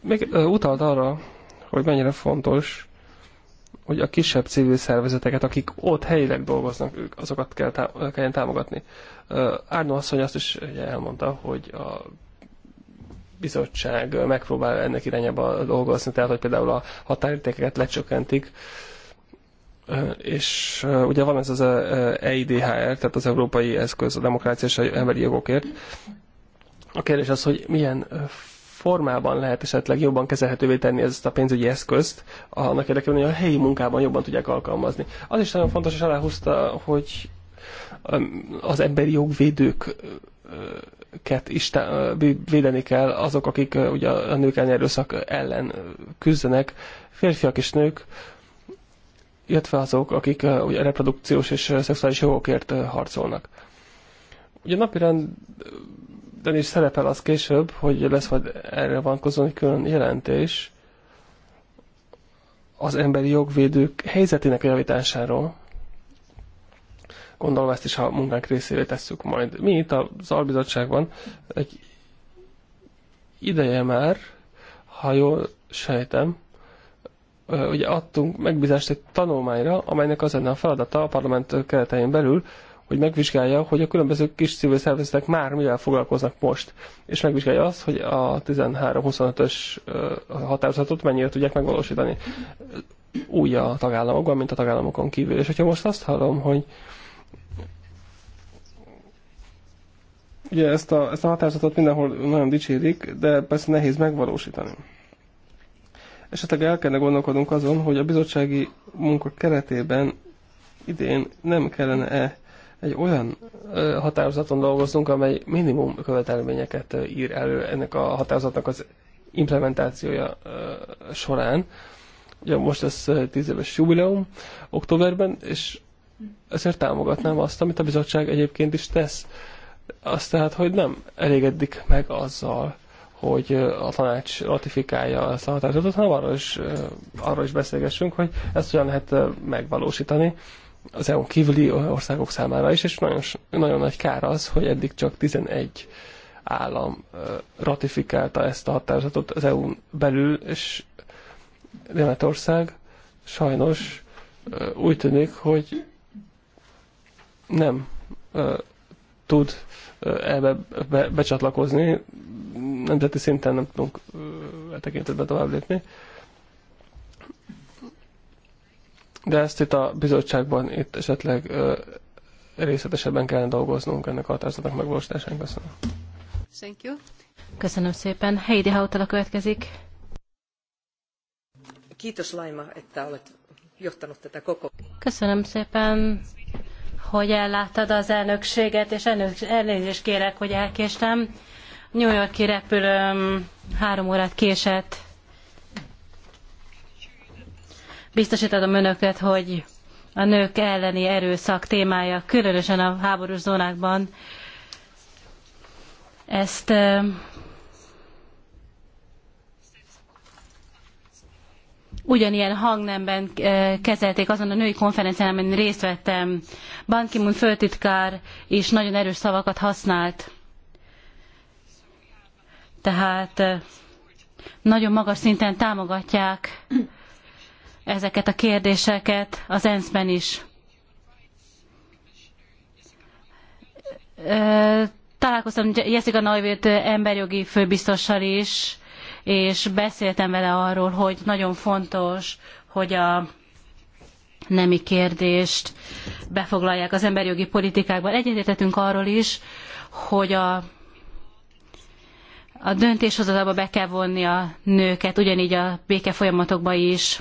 Még utalt arra, hogy mennyire fontos hogy a kisebb civil szervezeteket, akik ott helyileg dolgoznak, ők, azokat kell tá- kelljen támogatni. Árnó asszony azt is elmondta, hogy a bizottság megpróbál ennek irányába dolgozni, tehát hogy például a határértékeket lecsökkentik, és ugye van ez az EIDHR, tehát az Európai Eszköz a Demokrácia és a Emberi Jogokért. A kérdés az, hogy milyen formában lehet esetleg jobban kezelhetővé tenni ezt a pénzügyi eszközt, annak érdekében, hogy a helyi munkában jobban tudják alkalmazni. Az is nagyon fontos, és aláhúzta, hogy az emberi jogvédők ket is védeni kell azok, akik ugye a nők elleni erőszak ellen küzdenek, férfiak és nők, illetve azok, akik ugye, a reprodukciós és szexuális jogokért harcolnak. Ugye napirend de is szerepel az később, hogy lesz majd erre van egy külön jelentés az emberi jogvédők helyzetének a javításáról. Gondolom ezt is a munkánk részévé tesszük majd. Mi itt az albizottságban egy ideje már, ha jól sejtem, ugye adtunk megbízást egy tanulmányra, amelynek az lenne a feladata a parlament keretein belül, hogy megvizsgálja, hogy a különböző kis civil szervezetek már mivel foglalkoznak most, és megvizsgálja azt, hogy a 13-25-ös határozatot mennyire tudják megvalósítani új a tagállamokban, mint a tagállamokon kívül. És hogyha most azt hallom, hogy ugye ezt a, ezt a határozatot mindenhol nagyon dicsérik, de persze nehéz megvalósítani. Esetleg el kellene gondolkodnunk azon, hogy a bizottsági munka keretében idén nem kellene-e egy olyan határozaton dolgozunk, amely minimum követelményeket ír elő ennek a határozatnak az implementációja során. Ugye most lesz 10 éves jubileum októberben, és ezért támogatnám azt, amit a bizottság egyébként is tesz. Azt tehát, hogy nem elégedik meg azzal, hogy a tanács ratifikálja ezt a határozatot, hanem arról is, arról is beszélgessünk, hogy ezt hogyan lehet megvalósítani, az EU kívüli országok számára is, és nagyon, nagyon nagy kár az, hogy eddig csak 11 állam ratifikálta ezt a határozatot az EU-n belül, és Németország sajnos úgy tűnik, hogy nem tud ebbe becsatlakozni, nemzeti szinten nem tudunk e tekintetben tovább lépni. de ezt itt a bizottságban itt esetleg ö, részletesebben kellene dolgoznunk ennek a határozatnak megvalósításán. Köszönöm. Thank you. Köszönöm szépen. Heidi Hautala következik. Kítos Laima, että olet koko. Köszönöm szépen, hogy elláttad az elnökséget, és elnézést kérek, hogy elkéstem. New Yorki repülőm három órát késett, biztosítatom önöket, hogy a nők elleni erőszak témája, különösen a háborús zónákban, ezt ugyanilyen hangnemben kezelték azon a női konferencián, amin részt vettem. Ban Ki-moon főtitkár is nagyon erős szavakat használt. Tehát nagyon magas szinten támogatják ezeket a kérdéseket az ENSZ-ben is. Találkoztam Jessica Neuwirth emberjogi főbiztossal is, és beszéltem vele arról, hogy nagyon fontos, hogy a nemi kérdést befoglalják az emberjogi politikákban. Egyetértettünk arról is, hogy a, a döntéshozatalba be kell vonni a nőket, ugyanígy a békefolyamatokba is.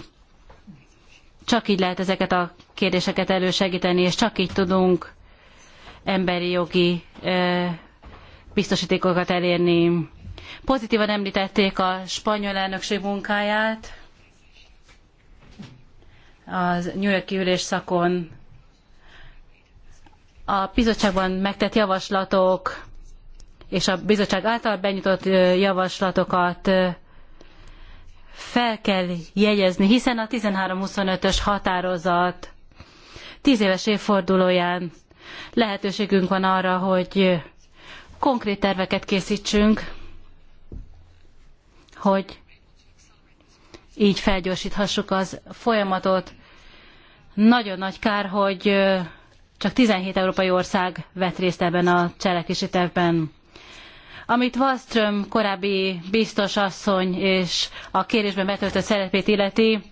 Csak így lehet ezeket a kérdéseket elősegíteni, és csak így tudunk emberi jogi biztosítékokat elérni. Pozitívan említették a spanyol elnökség munkáját az New Yorki ülésszakon. A bizottságban megtett javaslatok és a bizottság által benyújtott javaslatokat fel kell jegyezni, hiszen a 1325-ös határozat 10 éves évfordulóján lehetőségünk van arra, hogy konkrét terveket készítsünk, hogy így felgyorsíthassuk az folyamatot. Nagyon nagy kár, hogy csak 17 európai ország vett részt ebben a cselekvési tervben. Amit Wallström korábbi biztos asszony és a kérésben betöltött szerepét illeti,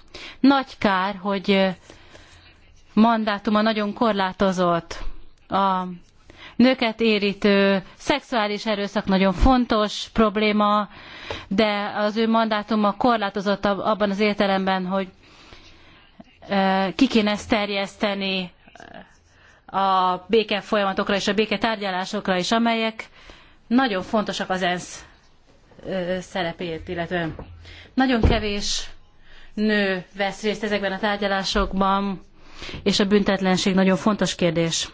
nagy kár, hogy mandátuma nagyon korlátozott. A nőket érintő szexuális erőszak nagyon fontos probléma, de az ő mandátuma korlátozott abban az értelemben, hogy e, ki kéne ezt terjeszteni a béke folyamatokra és a béke tárgyalásokra is, amelyek nagyon fontosak az ENSZ szerepét, illetve nagyon kevés nő vesz részt ezekben a tárgyalásokban, és a büntetlenség nagyon fontos kérdés.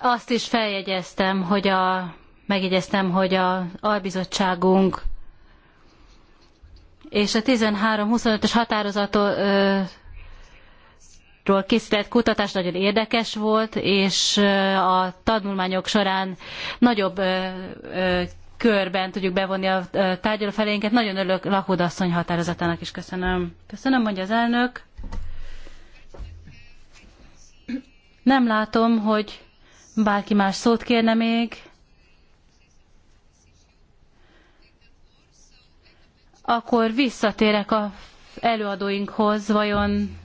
Azt is feljegyeztem, hogy a, megjegyeztem, hogy a albizottságunk és a 13-25-ös határozatot ról készített kutatás nagyon érdekes volt, és a tanulmányok során nagyobb körben tudjuk bevonni a tárgyalófelénket. Nagyon örülök Lakód asszony határozatának is köszönöm. Köszönöm, mondja az elnök. Nem látom, hogy bárki más szót kérne még. Akkor visszatérek a előadóinkhoz, vajon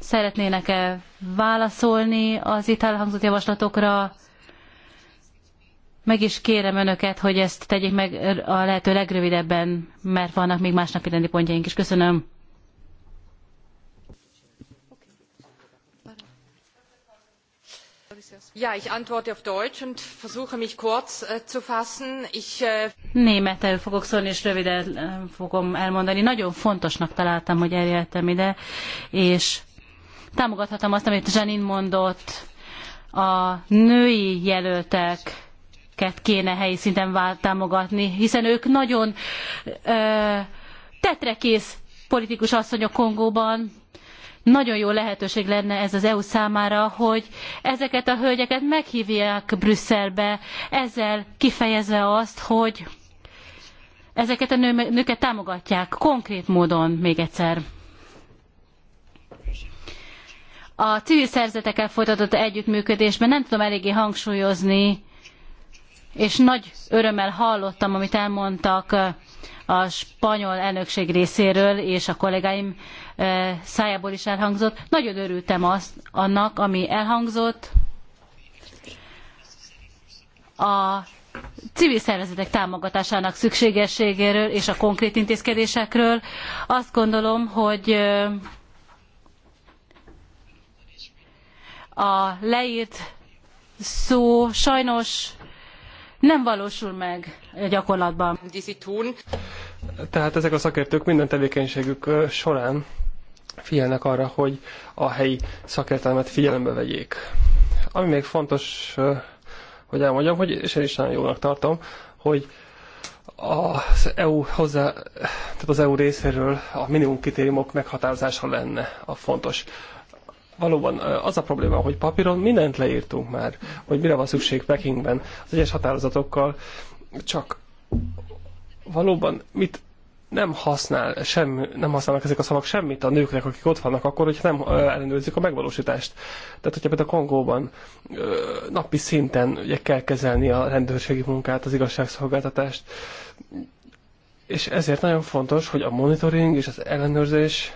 szeretnének-e válaszolni az itt elhangzott javaslatokra. Meg is kérem önöket, hogy ezt tegyék meg a lehető legrövidebben, mert vannak még más napi rendi pontjaink is. Köszönöm. Ja, ich antworte auf Deutsch und versuche mich kurz äh, zu fassen. Ich äh, Németel fogok szólni, és röviden äh, fogom elmondani. Nagyon fontosnak találtam, hogy eljöttem ide, és Támogathatom azt, amit Zsanin mondott, a női jelölteket kéne helyi szinten támogatni, hiszen ők nagyon ö, tetrekész politikus asszonyok Kongóban, nagyon jó lehetőség lenne ez az EU számára, hogy ezeket a hölgyeket meghívják Brüsszelbe, ezzel kifejezve azt, hogy ezeket a nő, nőket támogatják konkrét módon még egyszer a civil szerzetekkel folytatott együttműködésben nem tudom eléggé hangsúlyozni, és nagy örömmel hallottam, amit elmondtak a spanyol elnökség részéről, és a kollégáim szájából is elhangzott. Nagyon örültem azt, annak, ami elhangzott. A civil szervezetek támogatásának szükségességéről és a konkrét intézkedésekről. Azt gondolom, hogy a leírt szó sajnos nem valósul meg gyakorlatban. Tehát ezek a szakértők minden tevékenységük során figyelnek arra, hogy a helyi szakértelmet figyelembe vegyék. Ami még fontos, hogy elmondjam, hogy és én is nagyon jónak tartom, hogy az EU hozzá, tehát az EU részéről a minimum kritériumok meghatározása lenne a fontos valóban az a probléma, hogy papíron mindent leírtunk már, hogy mire van szükség Pekingben az egyes határozatokkal, csak valóban mit nem használ sem, nem használnak ezek a szavak semmit a nőknek, akik ott vannak akkor, hogyha nem ellenőrzik a megvalósítást. Tehát, hogyha például a Kongóban napi szinten ugye, kell kezelni a rendőrségi munkát, az igazságszolgáltatást, és ezért nagyon fontos, hogy a monitoring és az ellenőrzés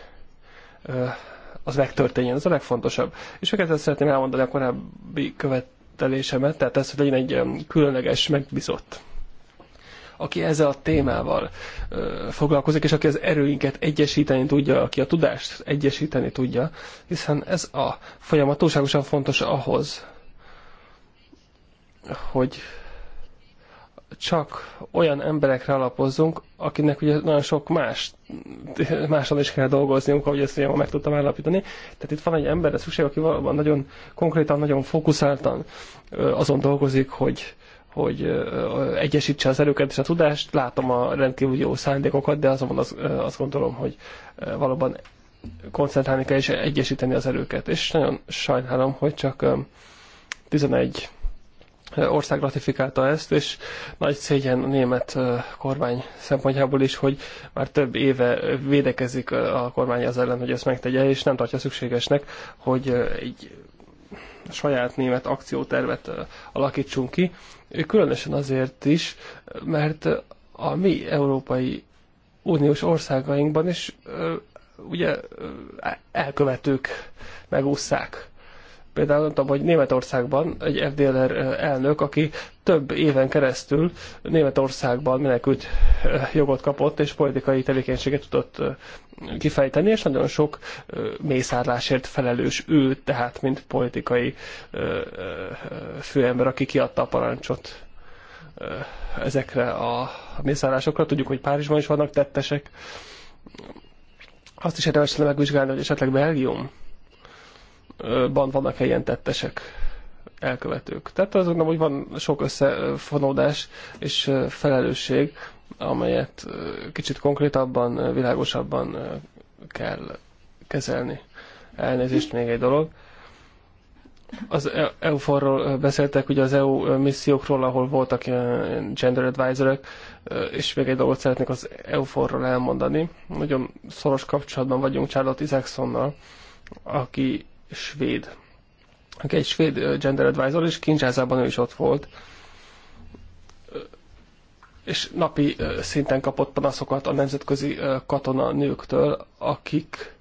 az megtörténjen, ez a legfontosabb. És őket ezt szeretném elmondani a korábbi követelésemet, tehát ez, hogy legyen egy különleges megbizott aki ezzel a témával ö, foglalkozik, és aki az erőinket egyesíteni tudja, aki a tudást egyesíteni tudja, hiszen ez a folyamat túlságosan fontos ahhoz, hogy csak olyan emberekre alapozzunk, akinek ugye nagyon sok más, máson is kell dolgozniunk, ahogy ezt ugye meg tudtam állapítani. Tehát itt van egy emberre szükség, aki valóban nagyon konkrétan, nagyon fókuszáltan azon dolgozik, hogy, hogy egyesítse az erőket és a tudást. Látom a rendkívül jó szándékokat, de azonban azt, azt gondolom, hogy valóban koncentrálni kell és egyesíteni az erőket. És nagyon sajnálom, hogy csak 11 ország ratifikálta ezt, és nagy szégyen a német kormány szempontjából is, hogy már több éve védekezik a kormány az ellen, hogy ezt megtegye, és nem tartja szükségesnek, hogy egy saját német akciótervet alakítsunk ki. Különösen azért is, mert a mi európai uniós országainkban is ugye elkövetők megúszszák Például mondtam, hogy Németországban egy FDLR elnök, aki több éven keresztül Németországban menekült jogot kapott, és politikai tevékenységet tudott kifejteni, és nagyon sok mészárlásért felelős ő, tehát mint politikai főember, aki kiadta a parancsot ezekre a mészárlásokra. Tudjuk, hogy Párizsban is vannak tettesek. Azt is érdemes lenne megvizsgálni, hogy esetleg Belgium ban vannak helyen tettesek, elkövetők. Tehát azt gondolom, hogy van sok összefonódás és felelősség, amelyet kicsit konkrétabban, világosabban kell kezelni. Elnézést még egy dolog. Az eu e forról beszéltek, ugye az EU missziókról, ahol voltak gender advisorok, és még egy dolgot szeretnék az eu forról elmondani. Nagyon szoros kapcsolatban vagyunk Charlotte Isaacsonnal, aki svéd, aki egy svéd gender advisor, és kincsázában ő is ott volt, és napi szinten kapott panaszokat a nemzetközi katona nőktől, akik,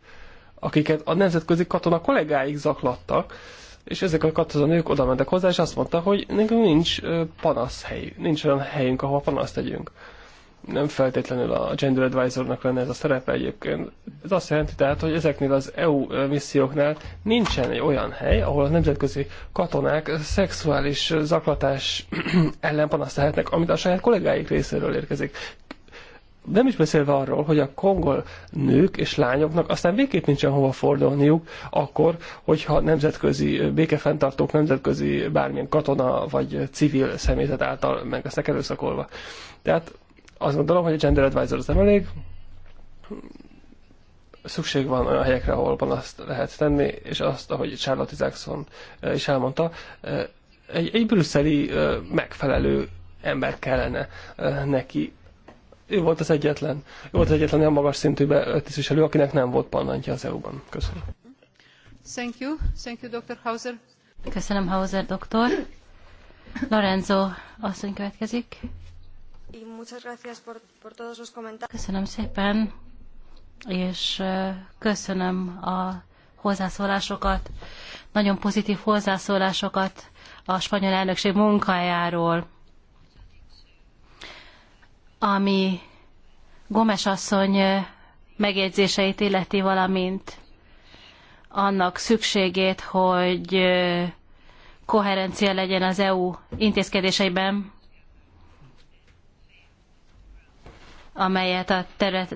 akiket a nemzetközi katona kollégáik zaklattak, és ezek a nők oda mentek hozzá, és azt mondta, hogy nekünk nincs panasz hely, nincs olyan helyünk, ahol panaszt tegyünk nem feltétlenül a Gender Advisornak lenne ez a szerepe egyébként. Ez azt jelenti tehát, hogy ezeknél az EU misszióknál nincsen egy olyan hely, ahol a nemzetközi katonák szexuális zaklatás ellen panaszt tehetnek, amit a saját kollégáik részéről érkezik. Nem is beszélve arról, hogy a kongol nők és lányoknak aztán végképp nincsen hova fordulniuk, akkor, hogyha nemzetközi békefenntartók, nemzetközi bármilyen katona vagy civil személyzet által meg lesznek erőszakolva. Tehát azt gondolom, hogy a Gender Advisor az nem elég. Szükség van olyan helyekre, ahol van azt lehet tenni, és azt, ahogy Charlotte Jackson eh, is elmondta, eh, egy, egy brüsszeli eh, megfelelő ember kellene neki. Ő volt az egyetlen, ő volt az egyetlen olyan magas szintű tisztviselő, akinek nem volt pannantja az EU-ban. Köszönöm. Thank you. Thank you, Dr. Hauser. Köszönöm, Hauser doktor. Lorenzo asszony következik. Köszönöm szépen, és köszönöm a hozzászólásokat, nagyon pozitív hozzászólásokat a spanyol elnökség munkájáról, ami Gomes asszony megjegyzéseit illeti, valamint annak szükségét, hogy koherencia legyen az EU intézkedéseiben, amelyet a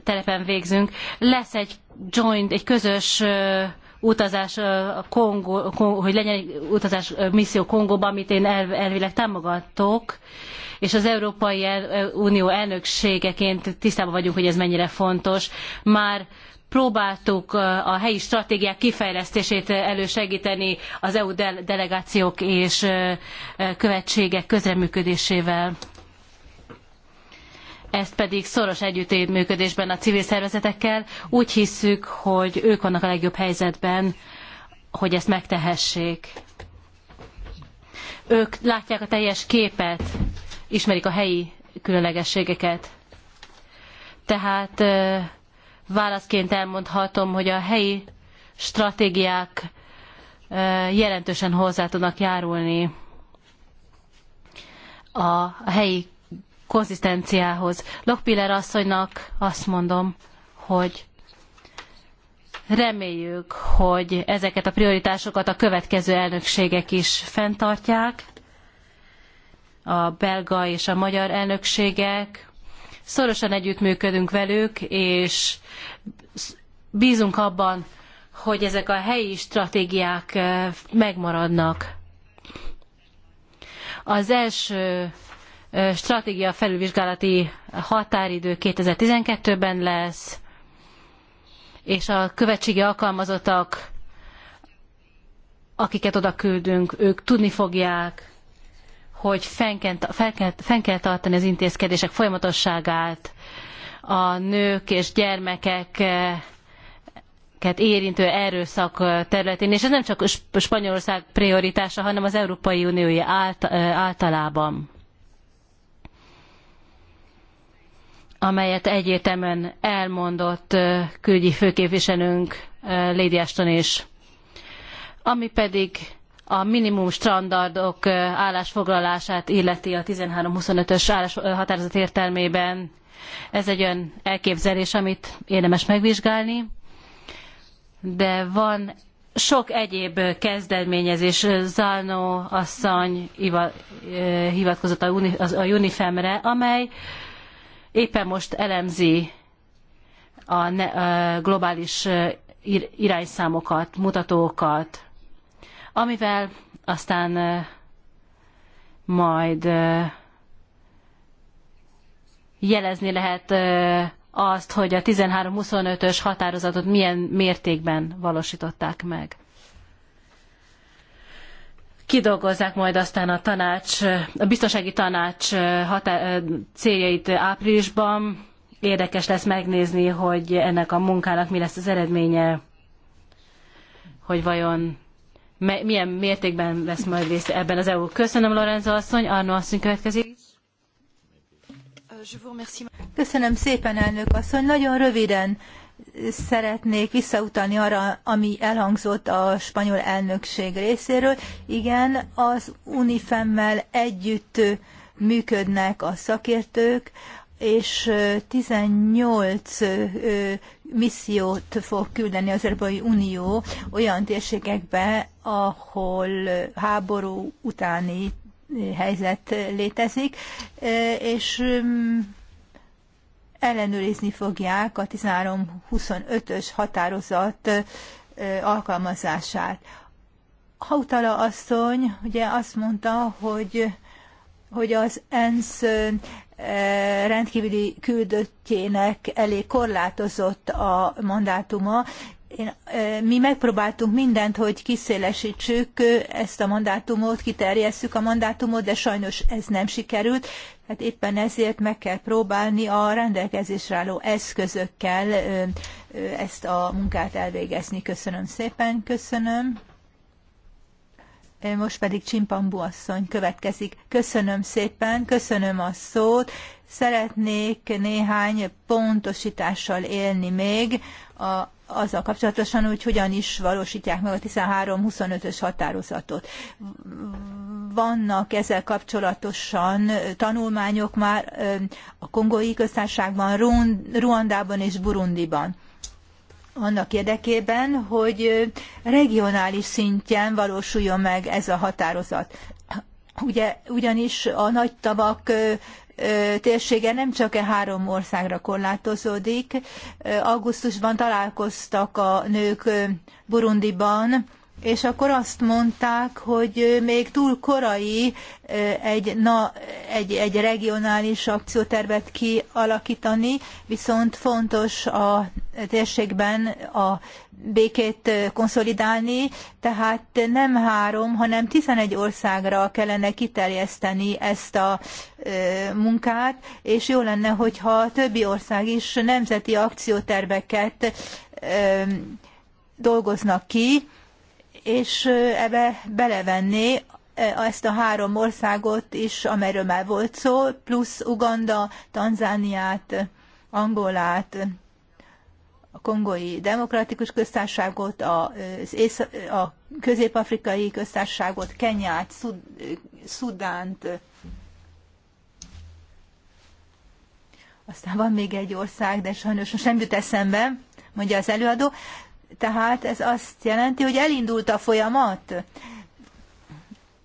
terepen végzünk. Lesz egy joint, egy közös utazás a hogy legyen egy utazás misszió Kongóba, amit én elvileg támogatok, és az Európai Unió elnökségeként tisztában vagyunk, hogy ez mennyire fontos. Már próbáltuk a helyi stratégiák kifejlesztését elősegíteni az EU delegációk és követségek közreműködésével ezt pedig szoros együttműködésben a civil szervezetekkel. Úgy hisszük, hogy ők vannak a legjobb helyzetben, hogy ezt megtehessék. Ők látják a teljes képet, ismerik a helyi különlegességeket. Tehát válaszként elmondhatom, hogy a helyi stratégiák jelentősen hozzá tudnak járulni a helyi konzisztenciához. Lokpiller asszonynak azt mondom, hogy reméljük, hogy ezeket a prioritásokat a következő elnökségek is fenntartják, a belga és a magyar elnökségek. Szorosan együttműködünk velük, és bízunk abban, hogy ezek a helyi stratégiák eh, megmaradnak. Az első stratégia felülvizsgálati határidő 2012-ben lesz, és a követségi alkalmazottak, akiket oda küldünk, ők tudni fogják, hogy fenn kell, fenn kell tartani az intézkedések folyamatosságát, a nők és gyermekek gyermekeket érintő erőszak területén, és ez nem csak Spanyolország prioritása, hanem az Európai Uniói általában. amelyet egyértelműen elmondott külügyi főképviselőnk Lady Ashton is. Ami pedig a minimum standardok állásfoglalását illeti a 13-25-ös határozat értelmében. Ez egy olyan elképzelés, amit érdemes megvizsgálni, de van sok egyéb kezdeményezés, Zalnó asszony hivatkozott a UNIFEM-re, amely éppen most elemzi a globális irányszámokat, mutatókat, amivel aztán majd jelezni lehet azt, hogy a 13-25-ös határozatot milyen mértékben valósították meg kidolgozzák majd aztán a tanács, a biztonsági tanács eh, hatá- eh, céljait áprilisban. Érdekes lesz megnézni, hogy ennek a munkának mi lesz az eredménye, hogy vajon milyen mértékben vesz majd részt ebben az EU. Köszönöm, Lorenzo asszony. Arno asszony következik. Euh, Köszönöm szépen, elnök asszony. Nagyon röviden szeretnék visszautalni arra, ami elhangzott a spanyol elnökség részéről. Igen, az UNIFEM-mel együtt működnek a szakértők, és 18 missziót fog küldeni az Európai Unió olyan térségekbe, ahol háború utáni helyzet létezik, és ellenőrizni fogják a 1325-ös határozat alkalmazását. Hautala asszony ugye azt mondta, hogy, hogy az ENSZ rendkívüli küldöttjének elég korlátozott a mandátuma, én, mi megpróbáltunk mindent, hogy kiszélesítsük ezt a mandátumot, kiterjesszük a mandátumot, de sajnos ez nem sikerült. Hát éppen ezért meg kell próbálni a rendelkezésre álló eszközökkel ezt a munkát elvégezni. Köszönöm szépen, köszönöm. Most pedig Csimpambu asszony következik. Köszönöm szépen, köszönöm a szót. Szeretnék néhány pontosítással élni még a, azzal kapcsolatosan, hogy hogyan is valósítják meg a 13-25-ös határozatot. Vannak ezzel kapcsolatosan tanulmányok már a Kongói Köztársaságban, Ruandában és Burundiban annak érdekében, hogy regionális szintjen valósuljon meg ez a határozat. Ugye, ugyanis a nagy tavak térsége nem csak e három országra korlátozódik. Augusztusban találkoztak a nők Burundiban, és akkor azt mondták, hogy még túl korai egy, na, egy, egy regionális akciótervet kialakítani, viszont fontos a térségben a békét konszolidálni, tehát nem három, hanem 11 országra kellene kiterjeszteni ezt a munkát, és jó lenne, hogyha többi ország is nemzeti akcióterveket dolgoznak ki, és ebbe belevenni ezt a három országot is, amelyről már volt szó, plusz Uganda, Tanzániát, Angolát, a kongói demokratikus köztársaságot, az ész, a közép-afrikai köztársaságot, Kenyát, Szud, Szudánt. Aztán van még egy ország, de sajnos most nem jut eszembe, mondja az előadó. Tehát ez azt jelenti, hogy elindult a folyamat.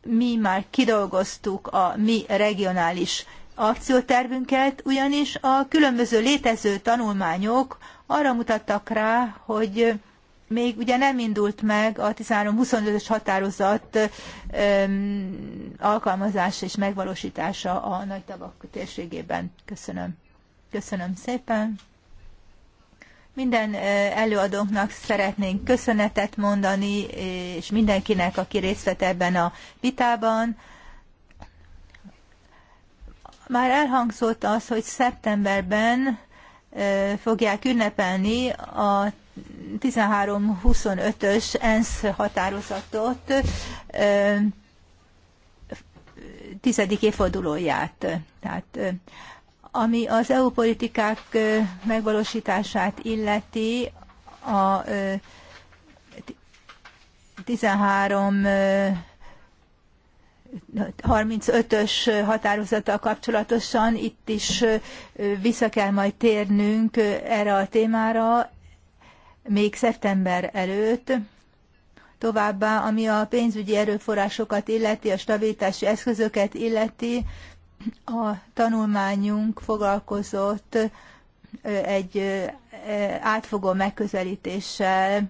Mi már kidolgoztuk a mi regionális akciótervünket, ugyanis a különböző létező tanulmányok arra mutattak rá, hogy még ugye nem indult meg a 13-25-ös határozat öm, alkalmazása és megvalósítása a nagy tabak térségében. Köszönöm. Köszönöm szépen. Minden előadónknak szeretnénk köszönetet mondani, és mindenkinek, aki részt vett ebben a vitában. Már elhangzott az, hogy szeptemberben fogják ünnepelni a 13-25-ös ENSZ határozatot tizedik évfordulóját. Tehát ami az EU politikák megvalósítását illeti, a 13 35-ös határozattal kapcsolatosan itt is vissza kell majd térnünk erre a témára még szeptember előtt. Továbbá, ami a pénzügyi erőforrásokat illeti, a stabilitási eszközöket illeti, a tanulmányunk foglalkozott egy átfogó megközelítéssel.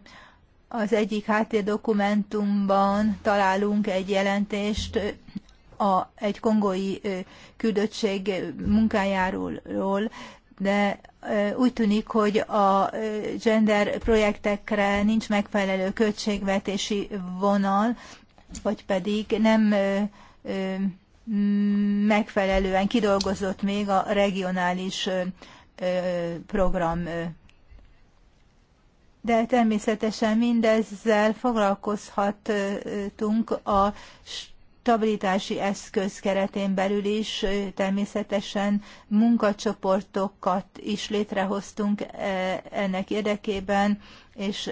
Az egyik háttérdokumentumban találunk egy jelentést a, egy kongói küldöttség munkájáról, de úgy tűnik, hogy a gender projektekre nincs megfelelő költségvetési vonal, vagy pedig nem megfelelően kidolgozott még a regionális program. De természetesen mindezzel foglalkozhatunk a stabilitási eszköz keretén belül is, természetesen munkacsoportokat is létrehoztunk e, ennek érdekében, és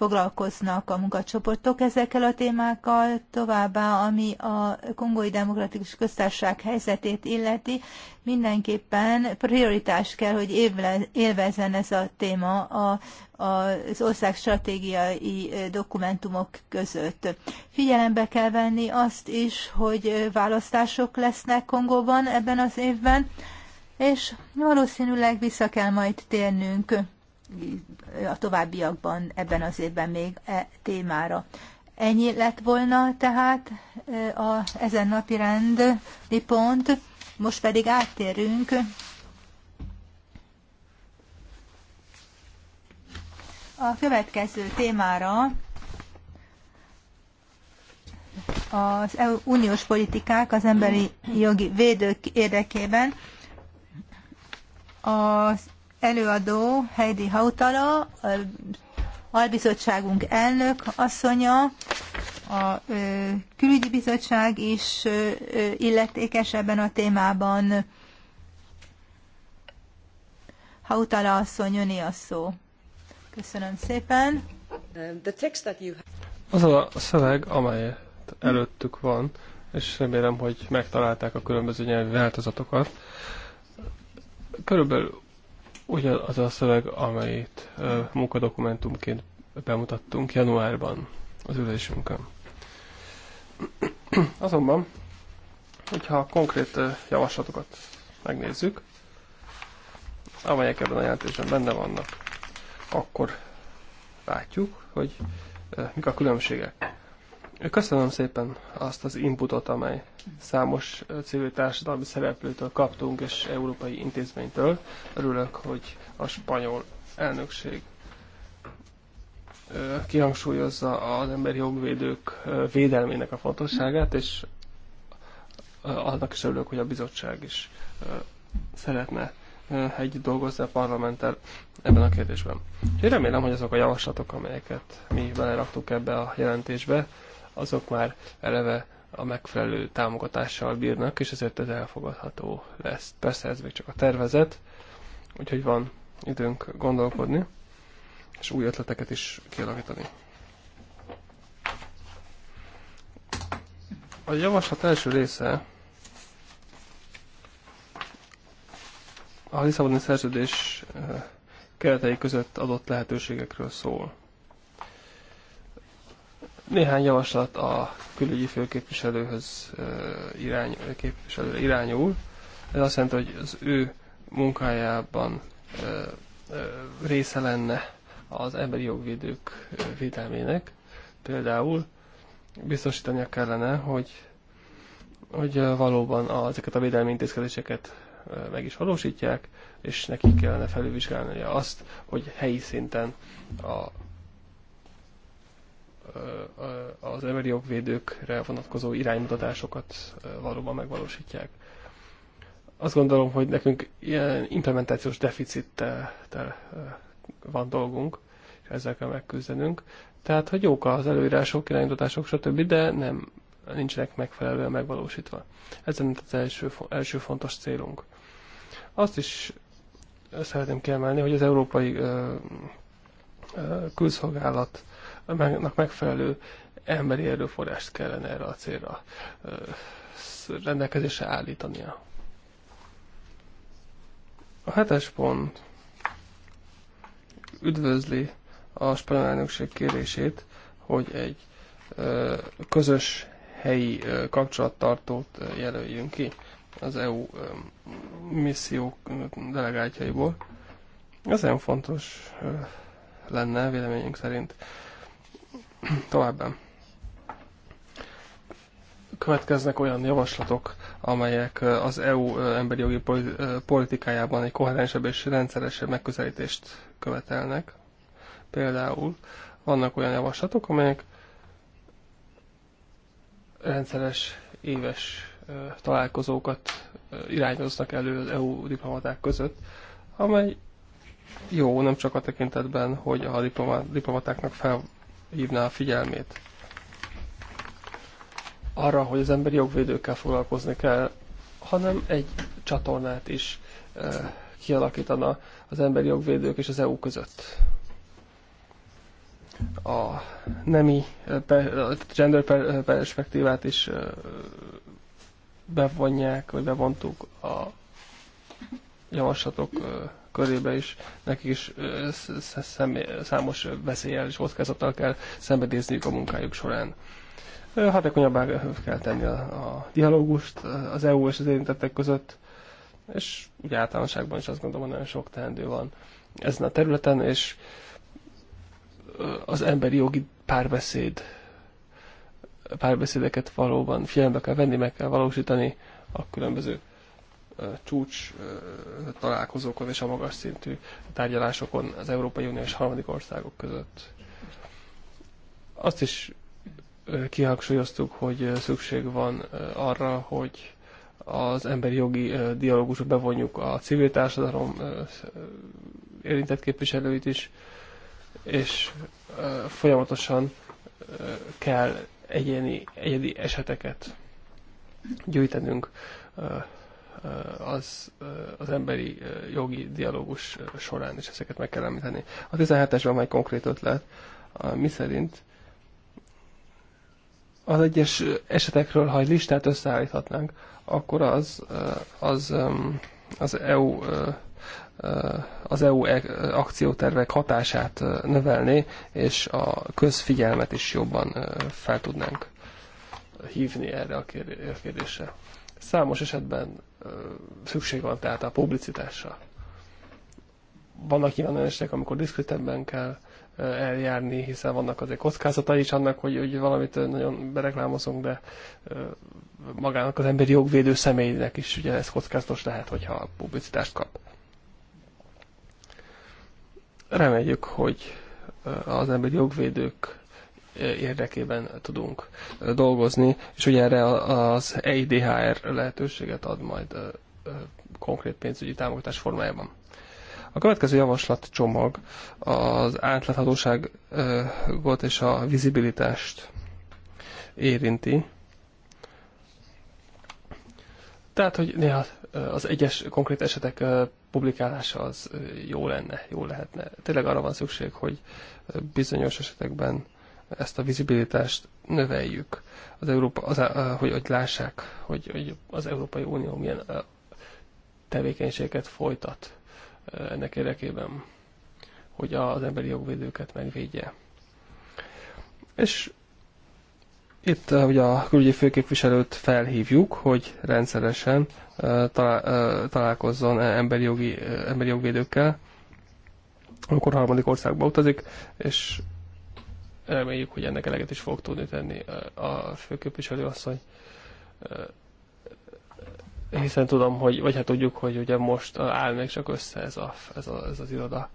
foglalkoznak a munkacsoportok ezekkel a témákkal, továbbá ami a Kongói Demokratikus Köztársaság helyzetét illeti, mindenképpen prioritás kell, hogy élvezzen ez a téma a, a, az ország stratégiai dokumentumok között. Figyelembe kell venni azt is, hogy választások lesznek Kongóban ebben az évben, és valószínűleg vissza kell majd térnünk a továbbiakban ebben az évben még e témára. Ennyi lett volna tehát e, a ezen napi rendi pont. Most pedig áttérünk a következő témára az e uniós politikák az emberi jogi védők érdekében az előadó Heidi Hautala, albizottságunk elnök asszonya, a külügyi bizottság is illetékes ebben a témában. Hautala asszony, öné a szó. Köszönöm szépen. Az a szöveg, amely előttük van, és remélem, hogy megtalálták a különböző nyelvi változatokat. Körülbelül Ugye az a szöveg, amelyet munkadokumentumként bemutattunk januárban az ülésünkön. Azonban, hogyha a konkrét javaslatokat megnézzük, amelyek ebben a jelentésben benne vannak, akkor látjuk, hogy mik a különbségek. Köszönöm szépen azt az inputot, amely számos civil társadalmi szereplőtől kaptunk, és európai intézménytől. Örülök, hogy a spanyol elnökség kihangsúlyozza az emberi jogvédők védelmének a fontosságát, és annak is örülök, hogy a bizottság is szeretne egy dolgozni a parlamenttel ebben a kérdésben. Én remélem, hogy azok a javaslatok, amelyeket mi beleraktuk ebbe a jelentésbe, azok már eleve a megfelelő támogatással bírnak, és ezért ez elfogadható lesz. Persze ez még csak a tervezet, úgyhogy van időnk gondolkodni, és új ötleteket is kialakítani. A javaslat első része a Lisszaboni szerződés eh, keretei között adott lehetőségekről szól. Néhány javaslat a külügyi főképviselőhöz irány, képviselőre irányul. Ez azt jelenti, hogy az ő munkájában része lenne az emberi jogvédők védelmének. Például biztosítania kellene, hogy, hogy valóban a, ezeket a védelmi intézkedéseket meg is valósítják, és nekik kellene felülvizsgálnia azt, hogy helyi szinten a az emberi jogvédőkre vonatkozó iránymutatásokat valóban megvalósítják. Azt gondolom, hogy nekünk ilyen implementációs deficittel van dolgunk, és ezzel kell megküzdenünk. Tehát, hogy jók az előírások, irányítások, stb., de nem nincsenek megfelelően megvalósítva. Ez nem az első, első fontos célunk. Azt is szeretném kiemelni, hogy az Európai ö, ö, Külszolgálat megfelelő emberi erőforrást kellene erre a célra rendelkezésre állítania. A hetes pont üdvözli a spanyol elnökség kérését, hogy egy közös helyi kapcsolattartót jelöljünk ki az EU missziók delegáltjaiból. Ez nagyon fontos lenne véleményünk szerint Továbbá következnek olyan javaslatok, amelyek eh, az EU eh, emberi jogi eh, politikájában egy koherensebb és rendszeresebb megközelítést követelnek. Például vannak olyan javaslatok, amelyek rendszeres éves találkozókat irányoznak elő az EU diplomaták között, amely jó nem csak a tekintetben, hogy a diplomatáknak fel hívná a figyelmét arra, hogy az emberi jogvédőkkel foglalkozni kell, hanem egy csatornát is eh, kialakítana az emberi jogvédők és az EU között. A nemi eh, gender eh, perspektívát is bevonják, vagy bevontuk a javaslatok körébe is, nekik is számos veszélyel és kockázattal kell szenvedézniük a munkájuk során. Hatékonyabbá kell tenni a, a dialógust az EU és az érintettek között, és ugye általánoságban is azt gondolom, hogy nagyon sok teendő van ezen a területen, és az emberi jogi párbeszéd párbeszédeket valóban figyelembe kell venni, meg kell valósítani a különböző csúcs találkozókon és a magas szintű tárgyalásokon az Európai Unió és harmadik országok között. Azt is kihangsúlyoztuk, hogy szükség van arra, hogy az emberi jogi dialógusok bevonjuk a civil társadalom érintett képviselőit is, és folyamatosan kell egyéni, egyedi eseteket gyűjtenünk az, az emberi jogi dialógus során is ezeket meg kell említeni. A 17-esben van egy konkrét ötlet, mi szerint az egyes esetekről, ha egy listát összeállíthatnánk, akkor az, az, az EU az EU e, akciótervek hatását növelné, és a közfigyelmet is jobban fel tudnánk hívni erre a kérdésre. Számos esetben szükség van tehát a publicitásra. Vannak ilyen esetek, amikor diszkrétebben kell eljárni, hiszen vannak azért kockázatai is annak, hogy, hogy valamit nagyon bereklámozunk, de magának az emberi jogvédő személynek is ugye ez kockázatos lehet, hogyha a publicitást kap. Reméljük, hogy az emberi jogvédők érdekében tudunk dolgozni, és ugye erre az EIDHR lehetőséget ad majd konkrét pénzügyi támogatás formájában. A következő javaslat csomag az átláthatóságot és a vizibilitást érinti. Tehát, hogy néha az egyes konkrét esetek publikálása az jó lenne, jó lehetne. Tényleg arra van szükség, hogy bizonyos esetekben ezt a vizibilitást növeljük, az Európa, az, eh, hogy, hogy lássák, hogy, hogy az Európai Unió milyen eh, tevékenységeket folytat eh, ennek érdekében, hogy az emberi jogvédőket megvédje. És itt ugye a külügyi főképviselőt felhívjuk, hogy rendszeresen találkozzon emberi, jogi, emberi jogvédőkkel, amikor harmadik országba utazik, és Reméljük, hogy ennek eleget is fog tudni tenni eh, a főképviselő asszony eh, hiszen tudom, hogy, vagy hát tudjuk, hogy ugye most áll még csak össze ez, a, ez, a, ez az iroda,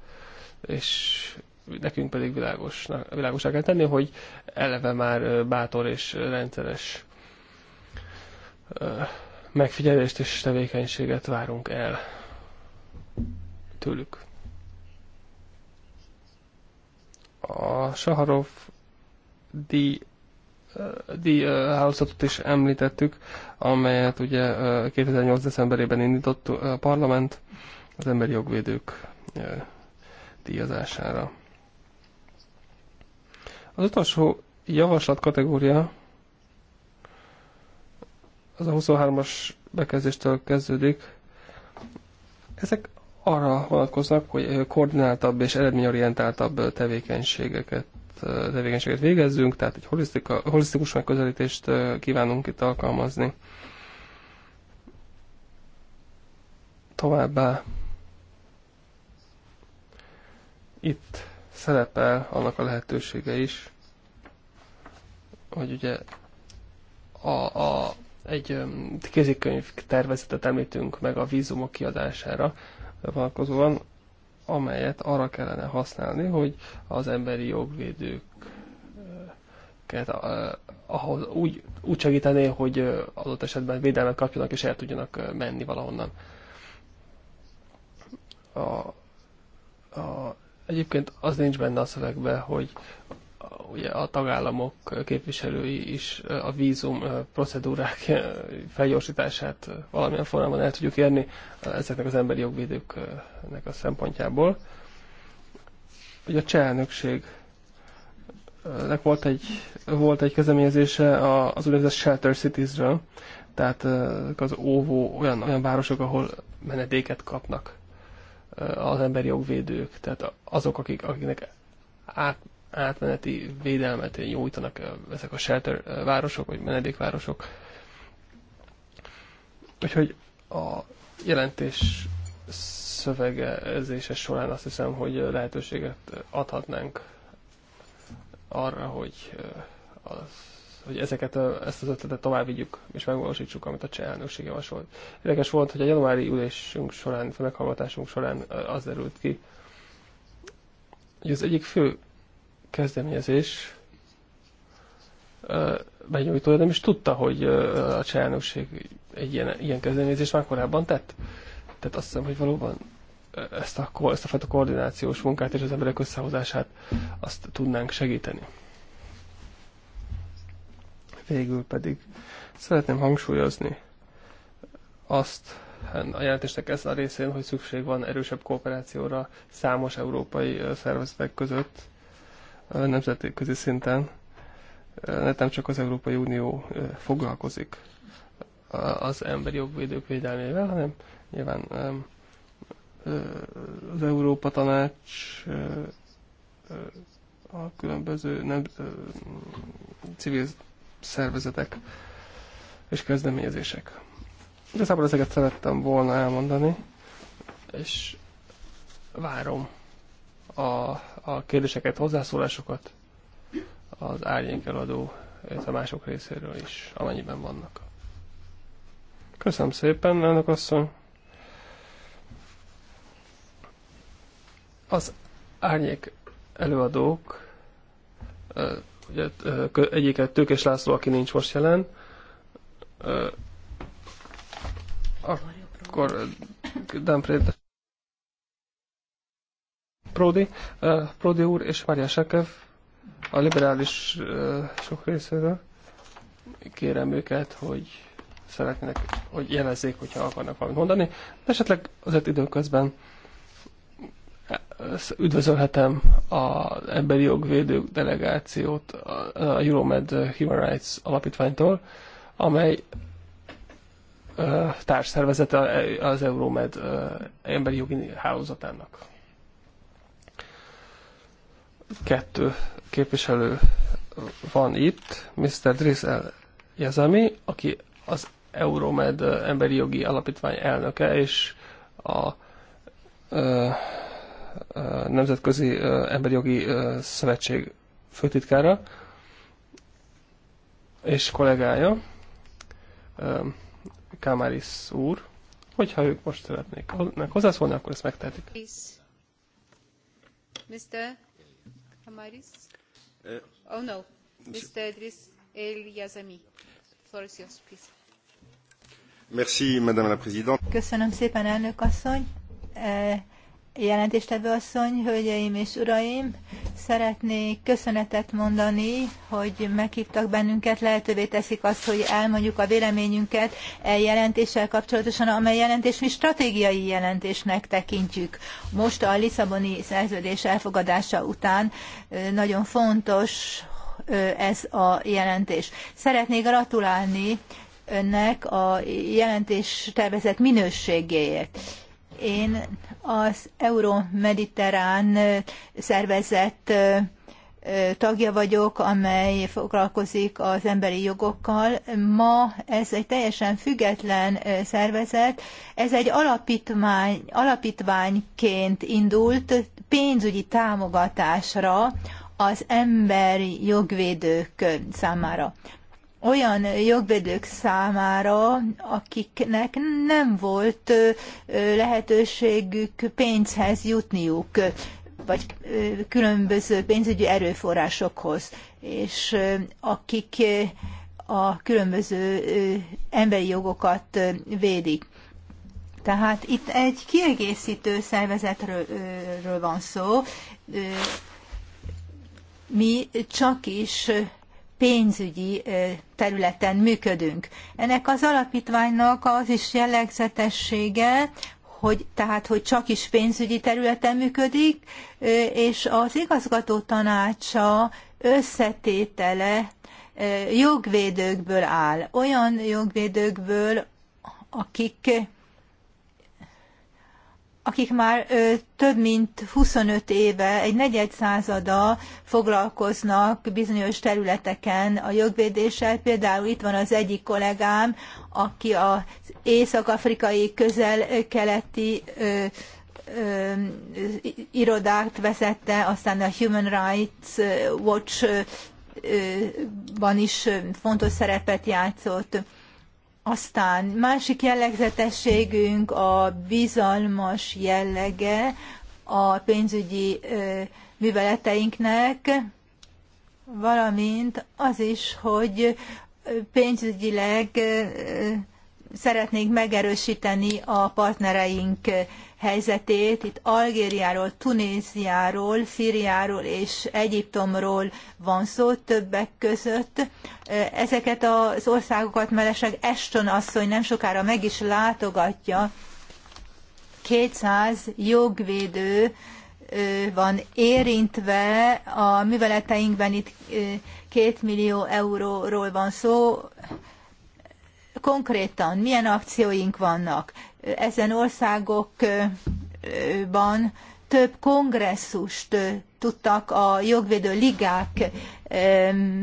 és nekünk pedig világosnak, világosá kell tenni, hogy eleve már eh, bátor és rendszeres megfigyelést és tevékenységet várunk el tőlük. a Saharov díj díjhálózatot is említettük, amelyet ugye 2008. decemberében indított a parlament az emberi jogvédők díjazására. Az utolsó javaslat kategória az a 23-as bekezdéstől kezdődik. Ezek arra vonatkoznak, hogy koordináltabb és eredményorientáltabb tevékenységeket tevékenységet végezzünk, tehát egy holisztikus megközelítést kívánunk itt alkalmazni. Továbbá itt szerepel annak a lehetősége is, hogy ugye a, a, egy kézikönyv tervezetet említünk meg a vízumok kiadására, vonatkozóan, amelyet arra kellene használni, hogy az emberi jogvédőket ahhoz úgy, úgy segítené, hogy adott esetben védelmet kapjanak és el tudjanak menni valahonnan. A, a, egyébként az nincs benne a szövegbe, hogy ugye a tagállamok képviselői is a vízum procedúrák felgyorsítását valamilyen formában el tudjuk érni ezeknek az emberi jogvédőknek a szempontjából. Ugye a cseh elnökségnek volt egy, volt egy kezdeményezése az úgynevezett Shelter Cities-ről, tehát az óvó olyan, olyan városok, ahol menedéket kapnak az emberi jogvédők, tehát azok, akik, akiknek át, átmeneti védelmet nyújtanak ezek a shelter városok, vagy menedékvárosok. Úgyhogy a jelentés szövegezése során azt hiszem, hogy lehetőséget adhatnánk arra, hogy, az, hogy ezeket, ezt az ötletet tovább vigyük és megvalósítsuk, amit a cseh elnökség javasolt. Érdekes volt, hogy a januári ülésünk során, a meghallgatásunk során az derült ki, hogy az egyik fő kezdeményezés benyújtója nem is tudta, hogy a cselnökség egy ilyen, ilyen kezdeményezést már korábban tett. Tehát azt hiszem, hogy valóban ezt a, ezt a fajta koordinációs munkát és az emberek összehozását azt tudnánk segíteni. Végül pedig szeretném hangsúlyozni azt hát a jelentésnek ezt a részén, hogy szükség van erősebb kooperációra számos európai szervezetek között, nemzetközi szinten, nem csak az Európai Unió foglalkozik az emberi jogvédők védelmével, hanem nyilván az Európa Tanács a különböző nem, civil szervezetek és kezdeményezések. Igazából ezeket szerettem volna elmondani, és várom a, a kérdéseket, hozzászólásokat az árnyék eladó a mások részéről is, amennyiben vannak. Köszönöm szépen, elnök asszony! Az árnyék előadók, ugye, egyiket Tőkés László, aki nincs most jelen, akkor Prédes. Prodi, uh, Prodi úr és Mária Sekev a liberális uh, sok részéről. Kérem őket, hogy szeretnének, hogy jelezzék, hogyha akarnak valamit mondani. De esetleg azért időközben üdvözölhetem az emberi jogvédő delegációt a Euromed Human Rights alapítványtól, amely társszervezete az Euromed emberi jogi hálózatának kettő képviselő van itt, Mr. Drizel Jezami, aki az Euromed Emberi Jogi Alapítvány elnöke, és a ö, ö, Nemzetközi ö, Emberi Jogi ö, Szövetség főtitkára, és kollégája, ö, Kamaris úr. Hogyha ők most szeretnék hozzászólni, akkor ezt megtehetik. Mr. Hamaris? Uh, eh. oh, Mr. Idriss El Yazami. floor is Madame la Présidente. Köszönöm szépen, elnök asszony. Uh, jelentéstevő asszony, hölgyeim és uraim! Szeretnék köszönetet mondani, hogy meghívtak bennünket, lehetővé teszik azt, hogy elmondjuk a véleményünket e jelentéssel kapcsolatosan, amely jelentés mi stratégiai jelentésnek tekintjük. Most a Lisszaboni szerződés elfogadása után nagyon fontos ez a jelentés. Szeretnék gratulálni önnek a jelentés tervezett minőségéért én az Euró-Mediterrán szervezet tagja vagyok, amely foglalkozik az emberi jogokkal. Ma ez egy teljesen független szervezet, ez egy alapítvány, alapítványként indult pénzügyi támogatásra az emberi jogvédők számára olyan jogvédők számára, akiknek nem volt lehetőségük pénzhez jutniuk, vagy különböző pénzügyi erőforrásokhoz, és akik a különböző emberi jogokat védik. Tehát itt egy kiegészítő szervezetről van szó. Mi csak is pénzügyi területen működünk. Ennek az alapítványnak az is jellegzetessége, hogy tehát, hogy csak is pénzügyi területen működik, és az igazgató tanácsa összetétele jogvédőkből áll. Olyan jogvédőkből, akik akik már több mint 25 éve, egy negyed százada foglalkoznak bizonyos területeken a jogvédéssel. Például itt van az egyik kollégám, aki az észak-afrikai közel-keleti irodát vezette, aztán a Human Rights Watch-ban is fontos szerepet játszott. Aztán másik jellegzetességünk a bizalmas jellege a pénzügyi műveleteinknek, valamint az is, hogy pénzügyileg szeretnénk megerősíteni a partnereink helyzetét. Itt Algériáról, Tunéziáról, szriáról és Egyiptomról van szó többek között. Ezeket az országokat mellesleg ashton asszony nem sokára meg is látogatja. 200 jogvédő van érintve a műveleteinkben itt két millió euróról van szó, konkrétan milyen akcióink vannak. Ezen országokban több kongresszust tudtak a jogvédő ligák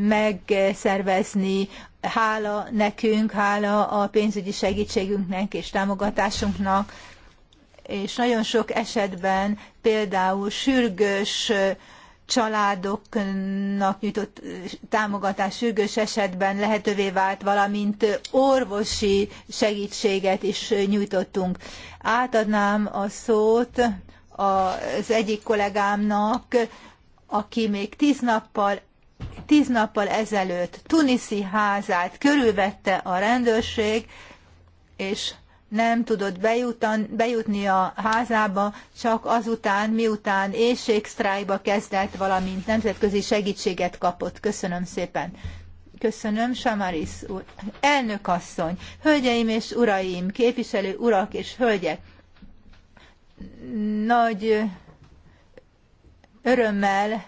megszervezni, hála nekünk, hála a pénzügyi segítségünknek és támogatásunknak, és nagyon sok esetben például sürgős családoknak nyújtott támogatás sürgős esetben lehetővé vált, valamint orvosi segítséget is nyújtottunk. Átadnám a szót az egyik kollégámnak, aki még tíz nappal, tíz nappal ezelőtt tuniszi házát körülvette a rendőrség, és nem tudott bejutan, bejutni a házába, csak azután, miután éjségsztrájba kezdett, valamint nemzetközi segítséget kapott. Köszönöm szépen. Köszönöm, Samaris úr. Elnök asszony, hölgyeim és uraim, képviselő urak és hölgyek, nagy örömmel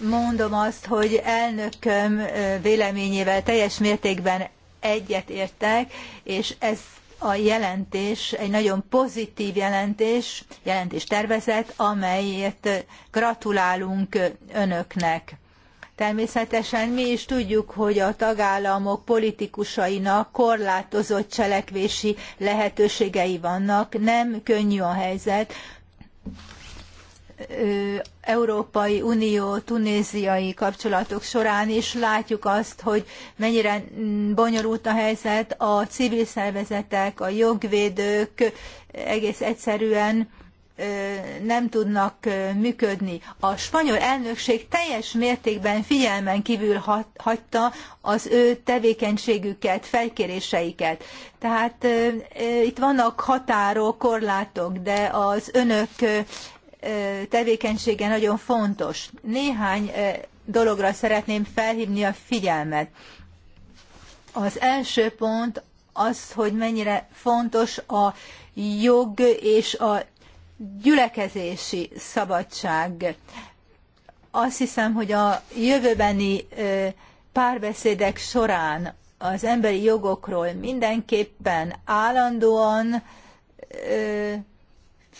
mondom azt, hogy elnököm véleményével teljes mértékben egyetértek, és ez a jelentés egy nagyon pozitív jelentés, jelentés tervezet, amelyet gratulálunk önöknek. Természetesen mi is tudjuk, hogy a tagállamok politikusainak korlátozott cselekvési lehetőségei vannak, nem könnyű a helyzet, Európai Unió-tunéziai kapcsolatok során is látjuk azt, hogy mennyire bonyolult a helyzet, a civil szervezetek, a jogvédők egész egyszerűen nem tudnak működni. A spanyol elnökség teljes mértékben figyelmen kívül hagyta az ő tevékenységüket, felkéréseiket. Tehát itt vannak határok, korlátok, de az önök tevékenysége nagyon fontos. Néhány dologra szeretném felhívni a figyelmet. Az első pont az, hogy mennyire fontos a jog és a gyülekezési szabadság. Azt hiszem, hogy a jövőbeni párbeszédek során az emberi jogokról mindenképpen állandóan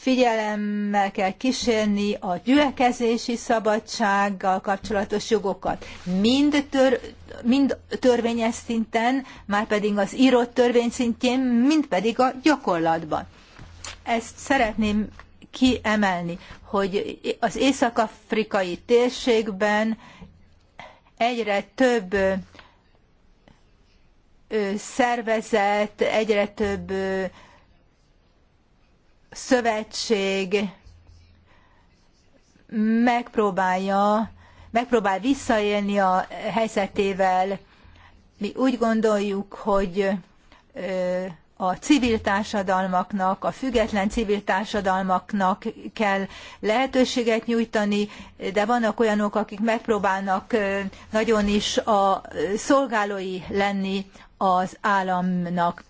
figyelemmel kell kísérni a gyülekezési szabadsággal kapcsolatos jogokat. Mind, tör, mind törvényes szinten, már pedig az írott törvény szintjén, mind pedig a gyakorlatban. Ezt szeretném kiemelni, hogy az észak-afrikai térségben egyre több szervezet, egyre több szövetség megpróbálja, megpróbál visszaélni a helyzetével. Mi úgy gondoljuk, hogy a civil társadalmaknak, a független civil társadalmaknak kell lehetőséget nyújtani, de vannak olyanok, akik megpróbálnak nagyon is a szolgálói lenni az államnak.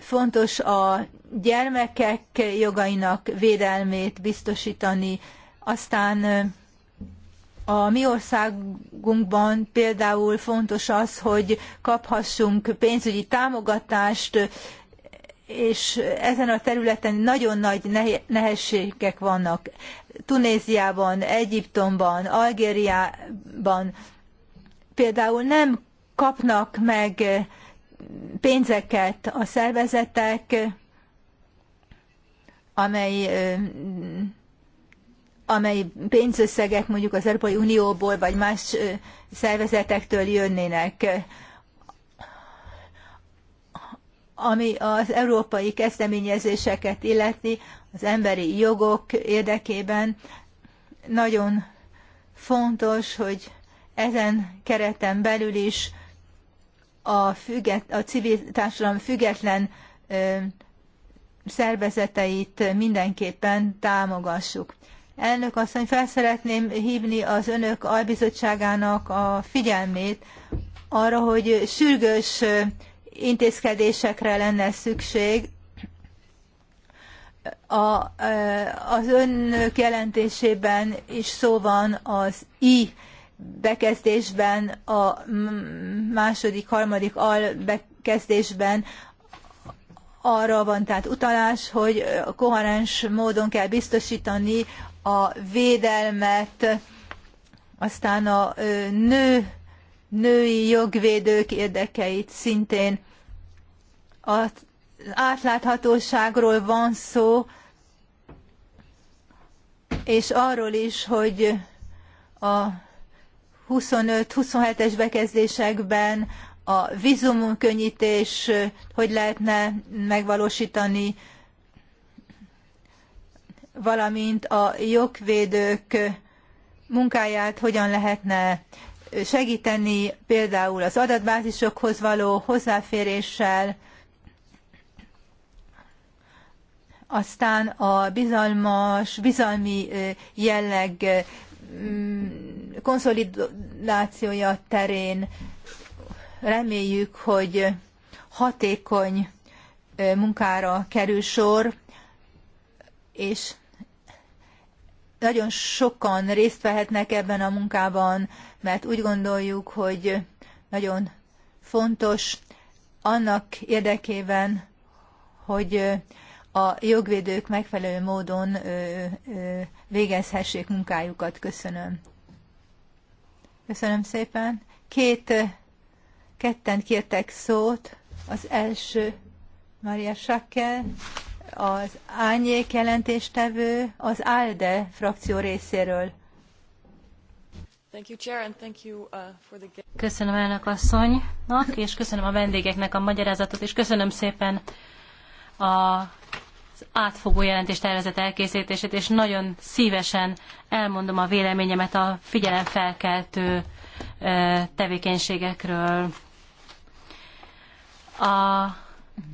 Fontos a gyermekek jogainak védelmét biztosítani, aztán a mi országunkban például fontos az, hogy kaphassunk pénzügyi támogatást, és ezen a területen nagyon nagy nehézségek vannak. Tunéziában, Egyiptomban, Algériában például nem kapnak meg pénzeket a szervezetek, amely amely pénzösszegek mondjuk az Európai Unióból vagy más szervezetektől jönnének. Ami az európai kezdeményezéseket illeti, az emberi jogok érdekében nagyon fontos, hogy ezen kereten belül is a, függet, a civil társadalom független szervezeteit mindenképpen támogassuk. Elnök asszony, fel szeretném hívni az önök albizottságának a figyelmét arra, hogy sürgős intézkedésekre lenne szükség. A, az önök jelentésében is szó van az i bekezdésben, a második, harmadik al bekezdésben arra van tehát utalás, hogy koherens módon kell biztosítani a védelmet, aztán a nő, női jogvédők érdekeit szintén. Az átláthatóságról van szó, és arról is, hogy a 25-27-es bekezdésekben a vzumkönnytés hogy lehetne megvalósítani, valamint a jogvédők munkáját hogyan lehetne segíteni, például az adatbázisokhoz való hozzáféréssel, aztán a bizalmas, bizalmi jelleg mm, konszolidációja terén Reméljük, hogy hatékony munkára kerül sor, és nagyon sokan részt vehetnek ebben a munkában, mert úgy gondoljuk, hogy nagyon fontos annak érdekében, hogy a jogvédők megfelelő módon végezhessék munkájukat. Köszönöm. Köszönöm szépen. Két Ketten kértek szót. Az első Maria Schackel, az Ányék jelentéstevő, az ALDE frakció részéről. Uh, köszönöm elnök asszonynak, és köszönöm a vendégeknek a magyarázatot, és köszönöm szépen az átfogó jelentés tervezet elkészítését, és nagyon szívesen elmondom a véleményemet a figyelemfelkeltő tevékenységekről a,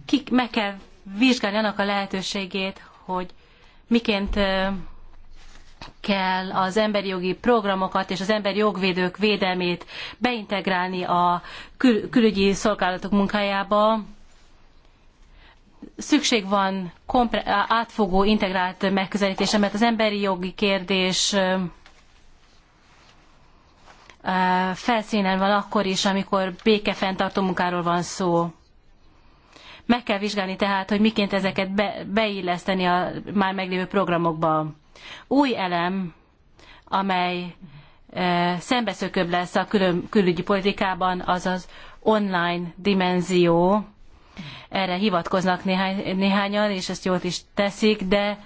kik, meg kell vizsgálni annak a lehetőségét, hogy miként kell az emberi jogi programokat és az emberi jogvédők védelmét beintegrálni a kül- külügyi szolgálatok munkájába. Szükség van átfogó, integrált megközelítésre, mert az emberi jogi kérdés felszínen van akkor is, amikor békefenntartó munkáról van szó. Meg kell vizsgálni tehát, hogy miként ezeket be, beilleszteni a már meglévő programokba. Új elem, amely e, szembeszökőbb lesz a külön, külügyi politikában, az az online dimenzió. Erre hivatkoznak néhány, néhányan, és ezt jól is teszik, de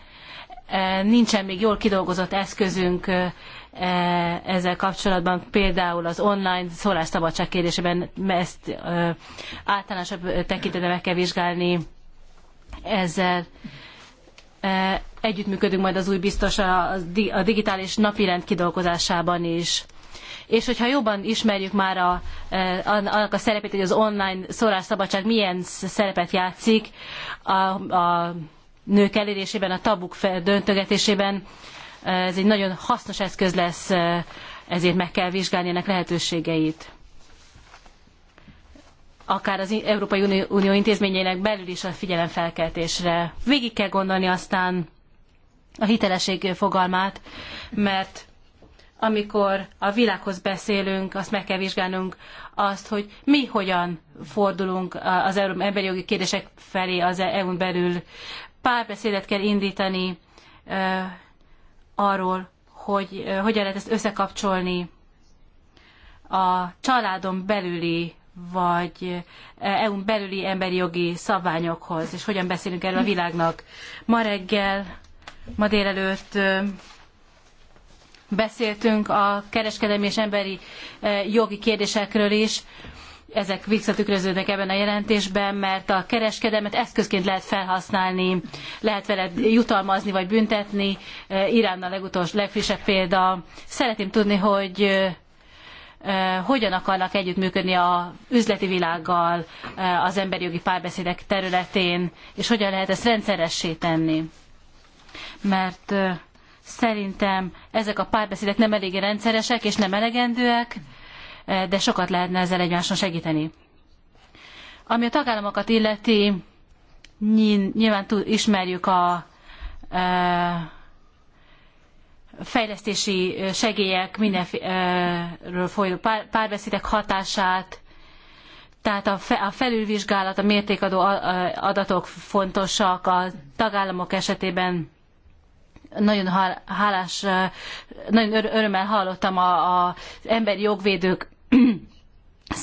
e, nincsen még jól kidolgozott eszközünk e, E, ezzel kapcsolatban, például az online szólásszabadság kérdésében ezt e, általánosabb tekintetben meg kell vizsgálni ezzel. E, együttműködünk majd az új biztos a digitális napirend kidolgozásában is. És hogyha jobban ismerjük már a, annak a szerepét, hogy az online szólásszabadság milyen szerepet játszik a, a nők elérésében, a tabuk döntögetésében, ez egy nagyon hasznos eszköz lesz, ezért meg kell vizsgálni ennek lehetőségeit. Akár az Európai Unió intézményeinek belül is a figyelemfelkeltésre. Végig kell gondolni aztán a hitelesség fogalmát, mert amikor a világhoz beszélünk, azt meg kell vizsgálnunk azt, hogy mi hogyan fordulunk az emberi jogi kérdések felé az e- EU-n belül. Párbeszédet kell indítani arról, hogy hogyan lehet ezt összekapcsolni a családon belüli vagy EU-n belüli emberi jogi szabványokhoz, és hogyan beszélünk erről a világnak. Ma reggel, ma délelőtt beszéltünk a kereskedelmi és emberi jogi kérdésekről is, ezek visszatükröződnek ebben a jelentésben, mert a kereskedelmet eszközként lehet felhasználni, lehet vele jutalmazni vagy büntetni. Eh, Irán a legutolsó, legfrissebb példa. Szeretném tudni, hogy eh, eh, hogyan akarnak együttműködni a üzleti világgal az emberi jogi párbeszédek területén, és hogyan lehet ezt rendszeressé tenni. Mert szerintem ezek a párbeszédek nem eléggé rendszeresek és nem elegendőek, de sokat lehetne ezzel egymáson segíteni. Ami a tagállamokat illeti, nyilván ismerjük a fejlesztési segélyek mindenről folyó párbeszédek hatását, tehát a felülvizsgálat, a mértékadó adatok fontosak a tagállamok esetében. Nagyon hálás, nagyon örömmel hallottam az emberi jogvédők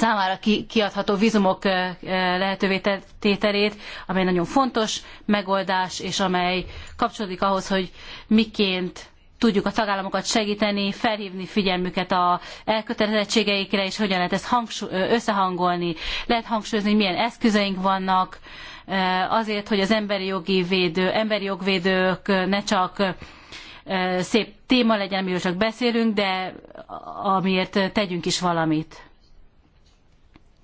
számára kiadható vízumok lehetővé tételét, amely nagyon fontos megoldás, és amely kapcsolódik ahhoz, hogy miként tudjuk a tagállamokat segíteni, felhívni figyelmüket a elkötelezettségeikre, és hogyan lehet ezt összehangolni. Lehet hangsúlyozni, milyen eszközeink vannak, azért, hogy az emberi jogi védő, emberi jogvédők ne csak szép téma legyen, amiről csak beszélünk, de amiért tegyünk is valamit.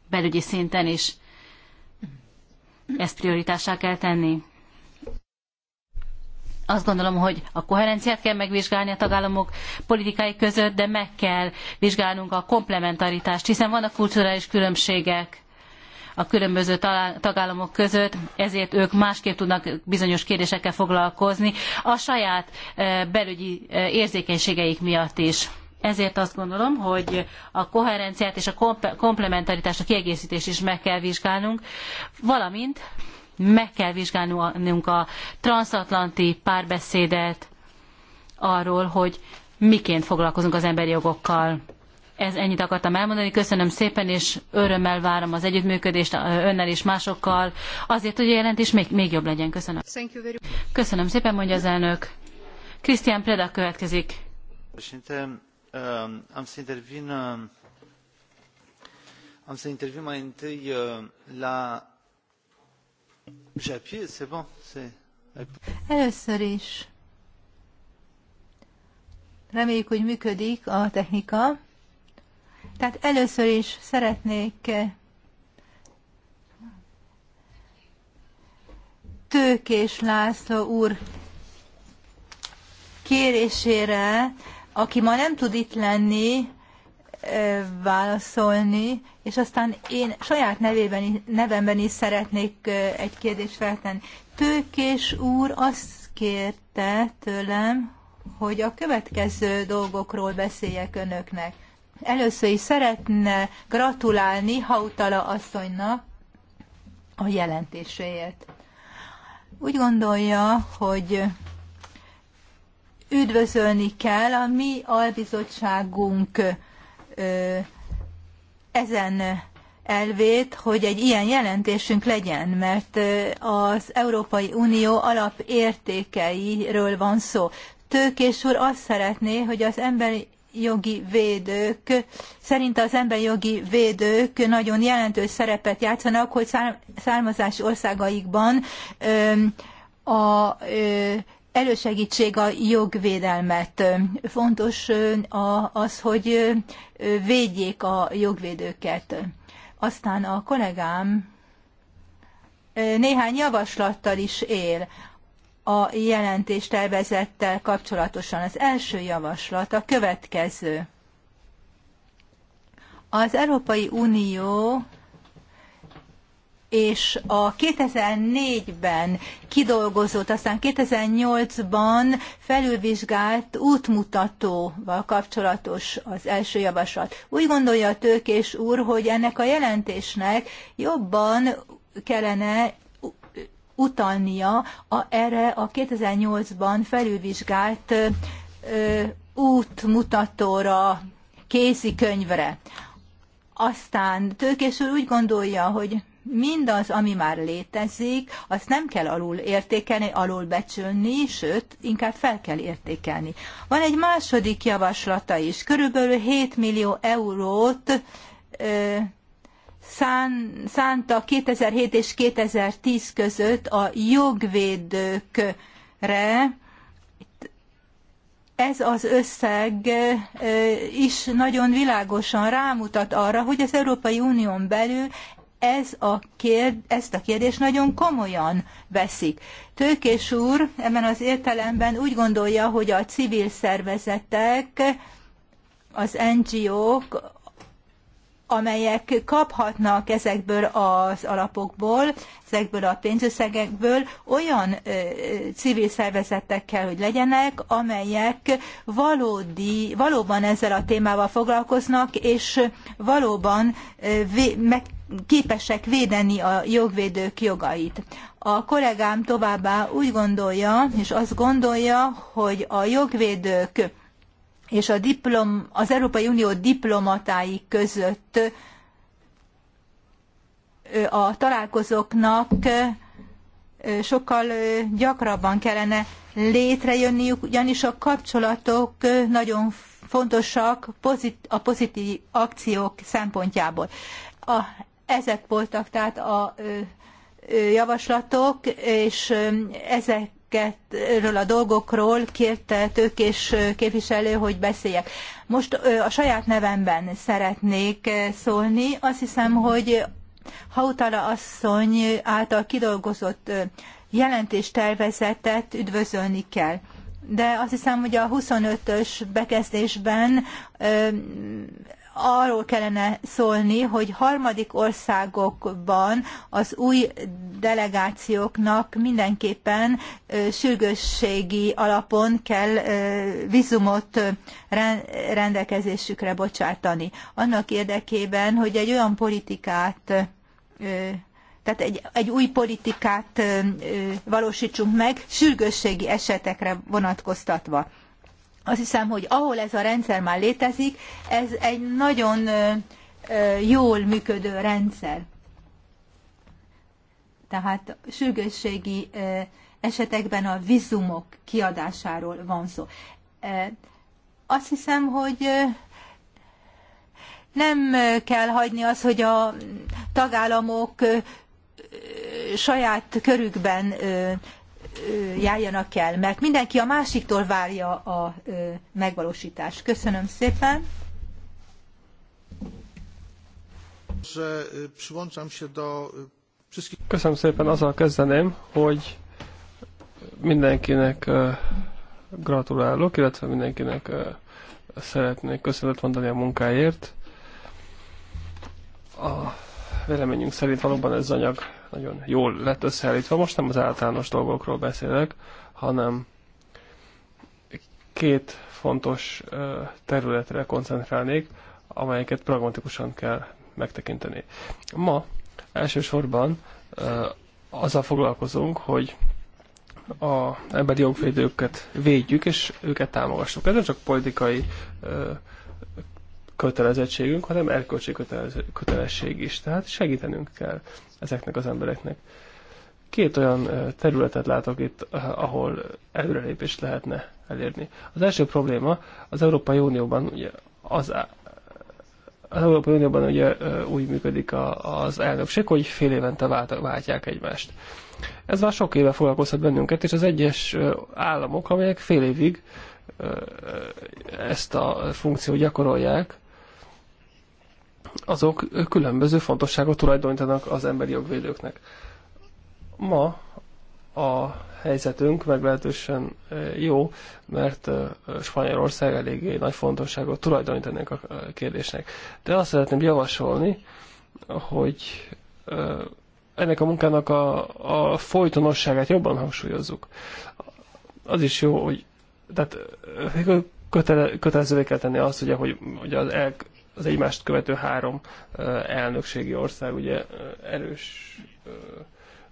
Belügyi szinten is. Ezt prioritássá kell tenni. Azt gondolom, hogy a koherenciát kell megvizsgálni a tagállamok politikái között, de meg kell vizsgálnunk a komplementaritást, hiszen vannak kulturális különbségek a különböző tagállamok között, ezért ők másképp tudnak bizonyos kérdésekkel foglalkozni, a saját e, belügyi e, érzékenységeik miatt is. Ezért azt gondolom, hogy a koherenciát és a komplementaritást, a kiegészítést is meg kell vizsgálnunk, valamint meg kell vizsgálnunk a transatlanti párbeszédet arról, hogy miként foglalkozunk az emberi jogokkal. Ez ennyit akartam elmondani. Köszönöm szépen, és örömmel várom az együttműködést önnel és másokkal, azért, hogy a jelentés még, még jobb legyen. Köszönöm. Köszönöm szépen, mondja az elnök. Krisztián Preda következik. Um, am să intervin, um, am să intervin mai întâi uh, la... J'appuie, c'est bon, Először is. Reméljük, hogy működik a technika. Tehát először is szeretnék eh, Tőkés László úr kérésére, aki ma nem tud itt lenni, eh, válaszolni, és aztán én saját nevében, nevemben is szeretnék eh, egy kérdést feltenni. Tőkés úr azt kérte tőlem, hogy a következő dolgokról beszéljek önöknek először is szeretne gratulálni Hautala asszonynak a jelentéséért. Úgy gondolja, hogy üdvözölni kell a mi albizottságunk ezen elvét, hogy egy ilyen jelentésünk legyen, mert az Európai Unió alapértékeiről van szó. Tőkés úr azt szeretné, hogy az emberi jogi védők, szerint az emberi jogi védők nagyon jelentős szerepet játszanak, hogy származás országaikban a elősegítsék a jogvédelmet. Fontos az, hogy védjék a jogvédőket. Aztán a kollégám néhány javaslattal is él a jelentés tervezettel kapcsolatosan. Az első javaslat a következő. Az Európai Unió és a 2004-ben kidolgozott, aztán 2008-ban felülvizsgált útmutatóval kapcsolatos az első javaslat. Úgy gondolja a tőkés úr, hogy ennek a jelentésnek jobban kellene utalnia a, erre a 2008-ban felülvizsgált ö, útmutatóra, könyvre. Aztán Tőkés úr úgy gondolja, hogy mindaz, ami már létezik, azt nem kell alul értékelni, alul becsülni, sőt, inkább fel kell értékelni. Van egy második javaslata is, körülbelül 7 millió eurót ö, szán, szánta 2007 és 2010 között a jogvédőkre. Ez az összeg is nagyon világosan rámutat arra, hogy az Európai Unión belül ez a kérd, ezt a kérdést nagyon komolyan veszik. Tőkés úr ebben az értelemben úgy gondolja, hogy a civil szervezetek, az NGO-k, amelyek kaphatnak ezekből az alapokból, ezekből a pénzösszegekből olyan civil szervezetek kell, hogy legyenek, amelyek valódi, valóban ezzel a témával foglalkoznak, és valóban meg képesek védeni a jogvédők jogait. A kollégám továbbá úgy gondolja, és azt gondolja, hogy a jogvédők és a diplom, az Európai Unió diplomatái között a találkozóknak sokkal gyakrabban kellene létrejönniük, ugyanis a kapcsolatok nagyon fontosak a pozitív akciók szempontjából. A, ezek voltak tehát a javaslatok, és ezek ezekről a dolgokról kérte tőkés képviselő, hogy beszéljek. Most a saját nevemben szeretnék szólni. Azt hiszem, hogy Hautala asszony által kidolgozott jelentéstervezetet üdvözölni kell. De azt hiszem, hogy a 25-ös bekezdésben arról kellene szólni, hogy harmadik országokban az új delegációknak mindenképpen sürgősségi alapon kell vizumot rendelkezésükre bocsátani. Annak érdekében, hogy egy olyan politikát tehát egy, egy új politikát valósítsunk meg, sürgősségi esetekre vonatkoztatva. Azt hiszem, hogy ahol ez a rendszer már létezik, ez egy nagyon jól működő rendszer. Tehát sürgősségi esetekben a vizumok kiadásáról van szó. Azt hiszem, hogy nem kell hagyni az, hogy a tagállamok saját körükben járjanak el, mert mindenki a másiktól várja a megvalósítást. Köszönöm szépen! Köszönöm szépen, azzal kezdeném, hogy mindenkinek gratulálok, illetve mindenkinek szeretnék köszönet mondani a munkáért. A véleményünk szerint valóban ez anyag nagyon jól lett összeállítva. Most nem az általános dolgokról beszélek, hanem két fontos területre koncentrálnék, amelyeket pragmatikusan kell megtekinteni. Ma elsősorban azzal foglalkozunk, hogy a emberi jogvédőket védjük, és őket támogassuk. Ez nem csak politikai kötelezettségünk, hanem erkölcsi kötelesség is. Tehát segítenünk kell ezeknek az embereknek. Két olyan területet látok itt, ahol előrelépést lehetne elérni. Az első probléma az Európai Unióban ugye az az Európai Unióban ugye úgy működik a, az elnökség, hogy fél évente váltják egymást. Ez már sok éve foglalkoztat bennünket, és az egyes államok, amelyek fél évig ezt a funkciót gyakorolják, azok különböző fontosságot tulajdonítanak az emberi jogvédőknek. Ma a helyzetünk meglehetősen eh, jó, mert eh, Spanyolország eléggé nagy fontosságot tulajdonít ennek a eh, kérdésnek. De azt szeretném javasolni, hogy ennek a munkának a, a folytonosságát jobban hangsúlyozzuk. Az is jó, hogy tehát kötele, kötelezővé kell tenni azt, ugye, hogy, hogy az el, az egymást követő három elnökségi ország ugye erős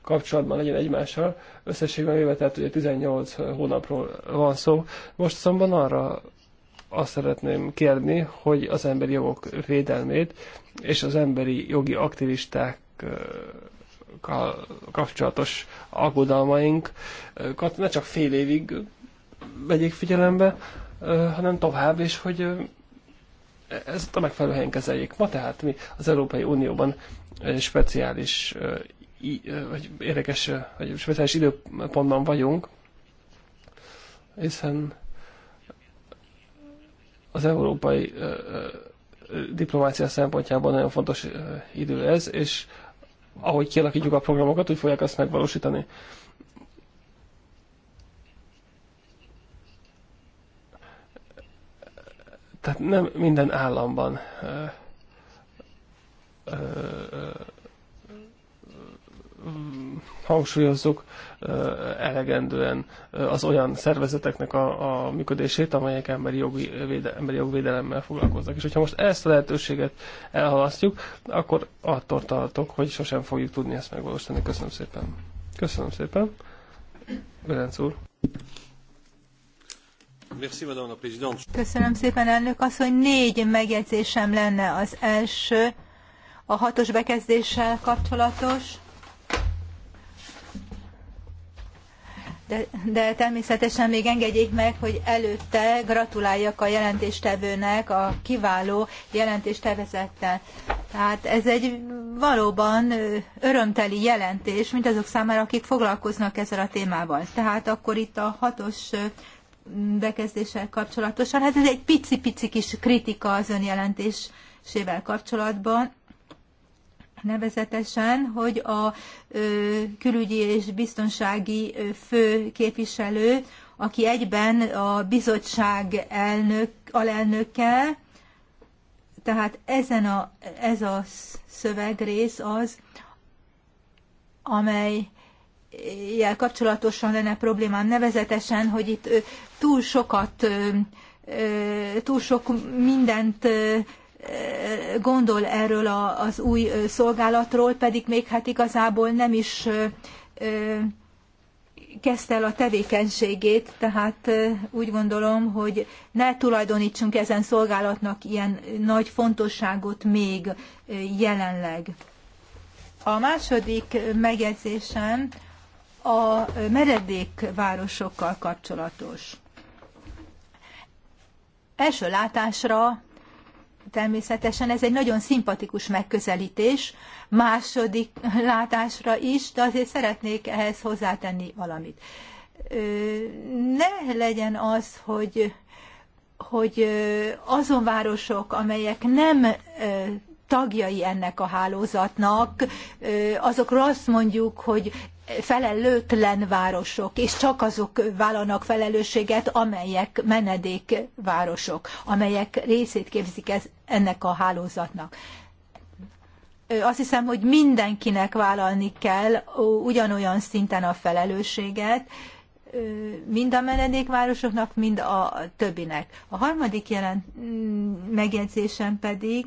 kapcsolatban legyen egymással. Összességben véve, tehát ugye 18 hónapról van szó. Most azonban arra azt szeretném kérni, hogy az emberi jogok védelmét és az emberi jogi aktivistákkal kapcsolatos aggodalmainkat ne csak fél évig vegyék figyelembe, hanem tovább, és hogy ezt a megfelelő helyen kezeljék. Ma tehát mi az Európai Unióban speciális, vagy érdekes, vagy speciális időpontban vagyunk, hiszen az európai diplomácia szempontjából nagyon fontos idő ez, és ahogy kialakítjuk a programokat, úgy fogják azt megvalósítani. Tehát nem minden államban ö, ö, hangsúlyozzuk elegendően az olyan szervezeteknek a, a működését, amelyek emberi, jogi, véde, emberi jogvédelemmel foglalkoznak. És hogyha most ezt a lehetőséget elhalasztjuk, akkor attól tartok, hogy sosem fogjuk tudni ezt megvalósítani. Köszönöm szépen. Köszönöm szépen. Berenc úr. Köszönöm szépen, elnök asszony. Négy megjegyzésem lenne. Az első a hatos bekezdéssel kapcsolatos. De, de természetesen még engedjék meg, hogy előtte gratuláljak a jelentéstevőnek a kiváló jelentéstervezettel. Tehát ez egy valóban örömteli jelentés, mint azok számára, akik foglalkoznak ezzel a témával. Tehát akkor itt a hatos bekezdéssel kapcsolatosan. Hát ez egy pici-pici kis kritika az önjelentésével kapcsolatban, nevezetesen, hogy a külügyi és biztonsági fő képviselő, aki egyben a bizottság elnök, alelnöke, tehát ezen a, ez a szövegrész az, amely jel kapcsolatosan lenne problémám, nevezetesen, hogy itt túl sokat, túl sok mindent gondol erről az új szolgálatról, pedig még hát igazából nem is kezdte el a tevékenységét, tehát úgy gondolom, hogy ne tulajdonítsunk ezen szolgálatnak ilyen nagy fontosságot még jelenleg. A második megjegyzésem a meredékvárosokkal kapcsolatos. Első látásra természetesen ez egy nagyon szimpatikus megközelítés, második látásra is, de azért szeretnék ehhez hozzátenni valamit. Ne legyen az, hogy, hogy azon városok, amelyek nem tagjai ennek a hálózatnak, azokról azt mondjuk, hogy felelőtlen városok, és csak azok vállalnak felelősséget, amelyek menedékvárosok, amelyek részét képzik ez, ennek a hálózatnak. Azt hiszem, hogy mindenkinek vállalni kell ugyanolyan szinten a felelősséget, mind a menedékvárosoknak, mind a többinek. A harmadik jelent, megjegyzésem pedig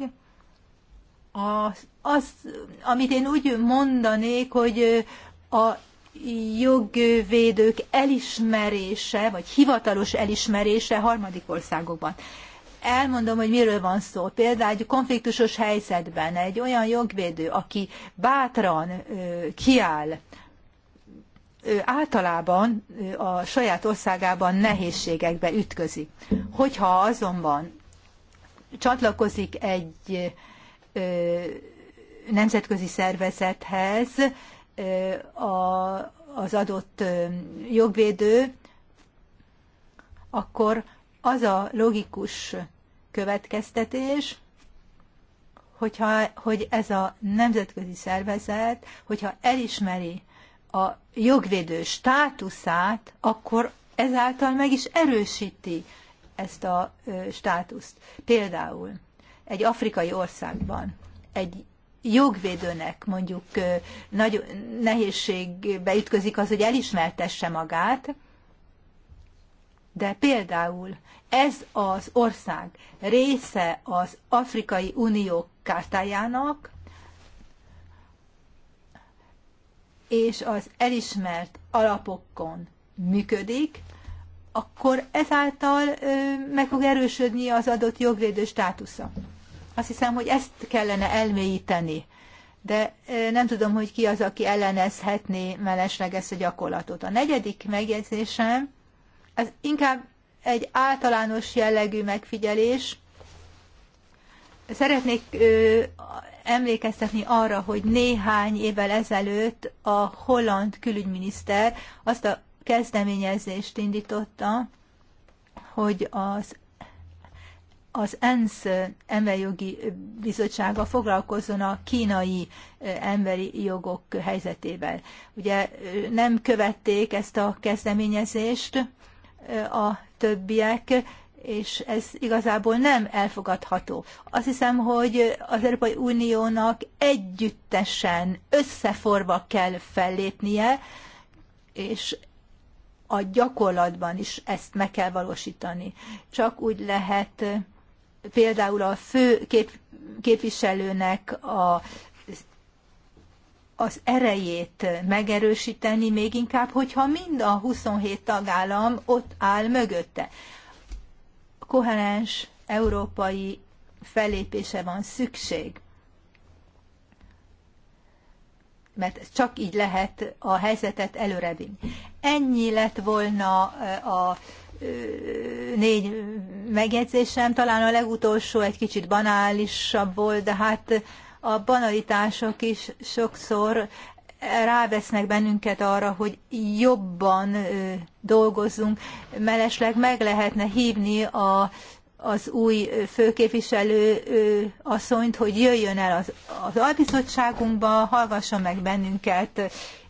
az, az, amit én úgy mondanék, hogy a jogvédők elismerése, vagy hivatalos elismerése harmadik országokban. Elmondom, hogy miről van szó. Például egy konfliktusos helyzetben egy olyan jogvédő, aki bátran ö, kiáll, ő általában a saját országában nehézségekbe ütközik. Hogyha azonban csatlakozik egy ö, nemzetközi szervezethez, a, az adott jogvédő, akkor az a logikus következtetés, hogyha, hogy ez a nemzetközi szervezet, hogyha elismeri a jogvédő státuszát, akkor ezáltal meg is erősíti ezt a ö, státuszt. Például egy afrikai országban egy jogvédőnek mondjuk nagy nehézségbe ütközik az, hogy elismertesse magát, de például ez az ország része az Afrikai Unió kártájának, és az elismert alapokon működik, akkor ezáltal meg fog erősödni az adott jogvédő státusza. Azt hiszem, hogy ezt kellene elmélyíteni. De nem tudom, hogy ki az, aki ellenezhetné mellesleg ezt a gyakorlatot. A negyedik megjegyzésem, ez inkább egy általános jellegű megfigyelés. Szeretnék ö, emlékeztetni arra, hogy néhány évvel ezelőtt a holland külügyminiszter azt a kezdeményezést indította, hogy az az ENSZ emberjogi bizottsága foglalkozzon a kínai emberi jogok helyzetével. Ugye nem követték ezt a kezdeményezést a többiek, és ez igazából nem elfogadható. Azt hiszem, hogy az Európai Uniónak együttesen, összeforva kell fellépnie, és a gyakorlatban is ezt meg kell valósítani. Csak úgy lehet például a fő kép, képviselőnek a az erejét megerősíteni, még inkább, hogyha mind a 27 tagállam ott áll mögötte. Koherens európai fellépése van szükség, mert csak így lehet a helyzetet előrevinni. Ennyi lett volna a négy megjegyzésem, talán a legutolsó egy kicsit banálisabb volt, de hát a banalitások is sokszor rávesznek bennünket arra, hogy jobban dolgozzunk. Melesleg meg lehetne hívni a, az új főképviselő asszonyt, hogy jöjjön el az, az albizottságunkba, hallgassa meg bennünket,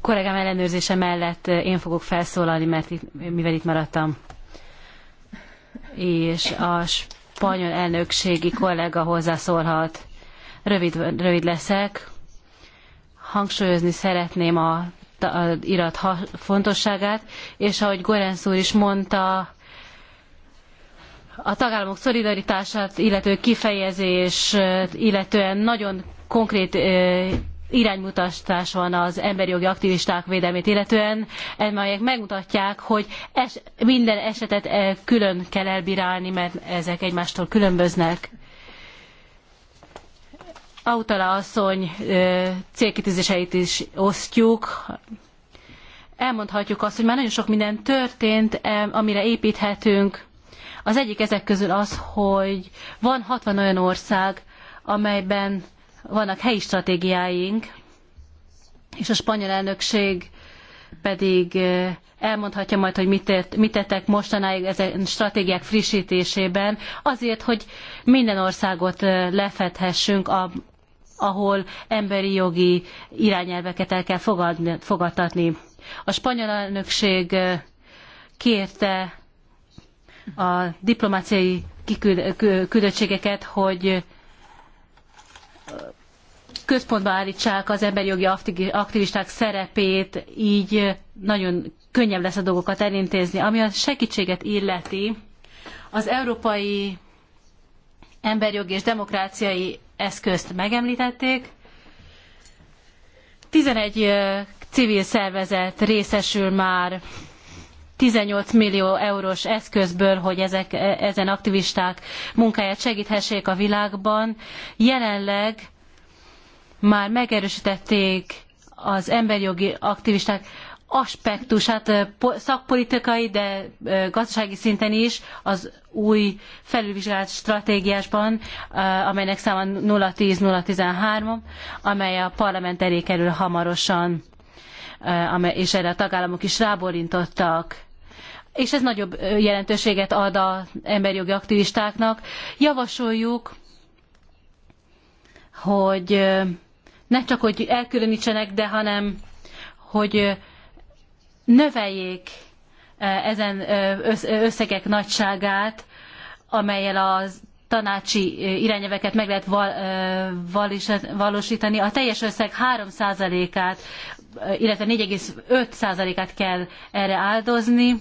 kollégám ellenőrzése mellett eh, én fogok felszólalni, mert itt, mivel itt maradtam. És a spanyol elnökségi kollega hozzászólhat. Rövid, rövid leszek. Hangsúlyozni szeretném a, irat fontosságát, és ahogy Gorenc úr is mondta, a tagállamok szolidaritását illető kifejezés, eh, illetően nagyon konkrét eh, iránymutatás van az emberi jogi aktivisták védelmét illetően, amelyek megmutatják, hogy es, minden esetet eh, külön kell elbírálni, mert ezek egymástól különböznek. Autala asszony eh, célkitűzéseit is osztjuk. Elmondhatjuk azt, hogy már nagyon sok minden történt, amire építhetünk. Az egyik ezek közül az, hogy van 60 olyan ország, amelyben vannak helyi stratégiáink, és a spanyol elnökség pedig eh, elmondhatja majd, hogy mit, mit tettek mostanáig ezen stratégiák frissítésében, azért, hogy minden országot eh, lefedhessünk, a, ahol emberi jogi irányelveket el kell fogadni, fogadtatni. A spanyol elnökség eh, kérte a diplomáciai küldöttségeket, hogy központba állítsák az emberi jogi aktivisták szerepét, így nagyon könnyebb lesz a dolgokat elintézni. Ami a segítséget illeti, az Európai Emberjogi és Demokráciai Eszközt megemlítették. 11 civil szervezet részesül már 18 millió eurós eszközből, hogy ezek, e, ezen aktivisták munkáját segíthessék a világban. Jelenleg már megerősítették az emberjogi aktivisták aspektusát eh, szakpolitikai, de eh, gazdasági szinten is az új felülvizsgált stratégiásban, eh, amelynek száma 010-013, amely a parlament elé kerül hamarosan, és erre a tagállamok is ráborintottak és ez nagyobb jelentőséget ad az emberjogi aktivistáknak. Javasoljuk, hogy ne csak hogy elkülönítsenek, de hanem hogy növeljék ezen összegek nagyságát, amelyel a tanácsi irányelveket meg lehet valósítani. A teljes összeg 3%-át, illetve 4,5%-át kell erre áldozni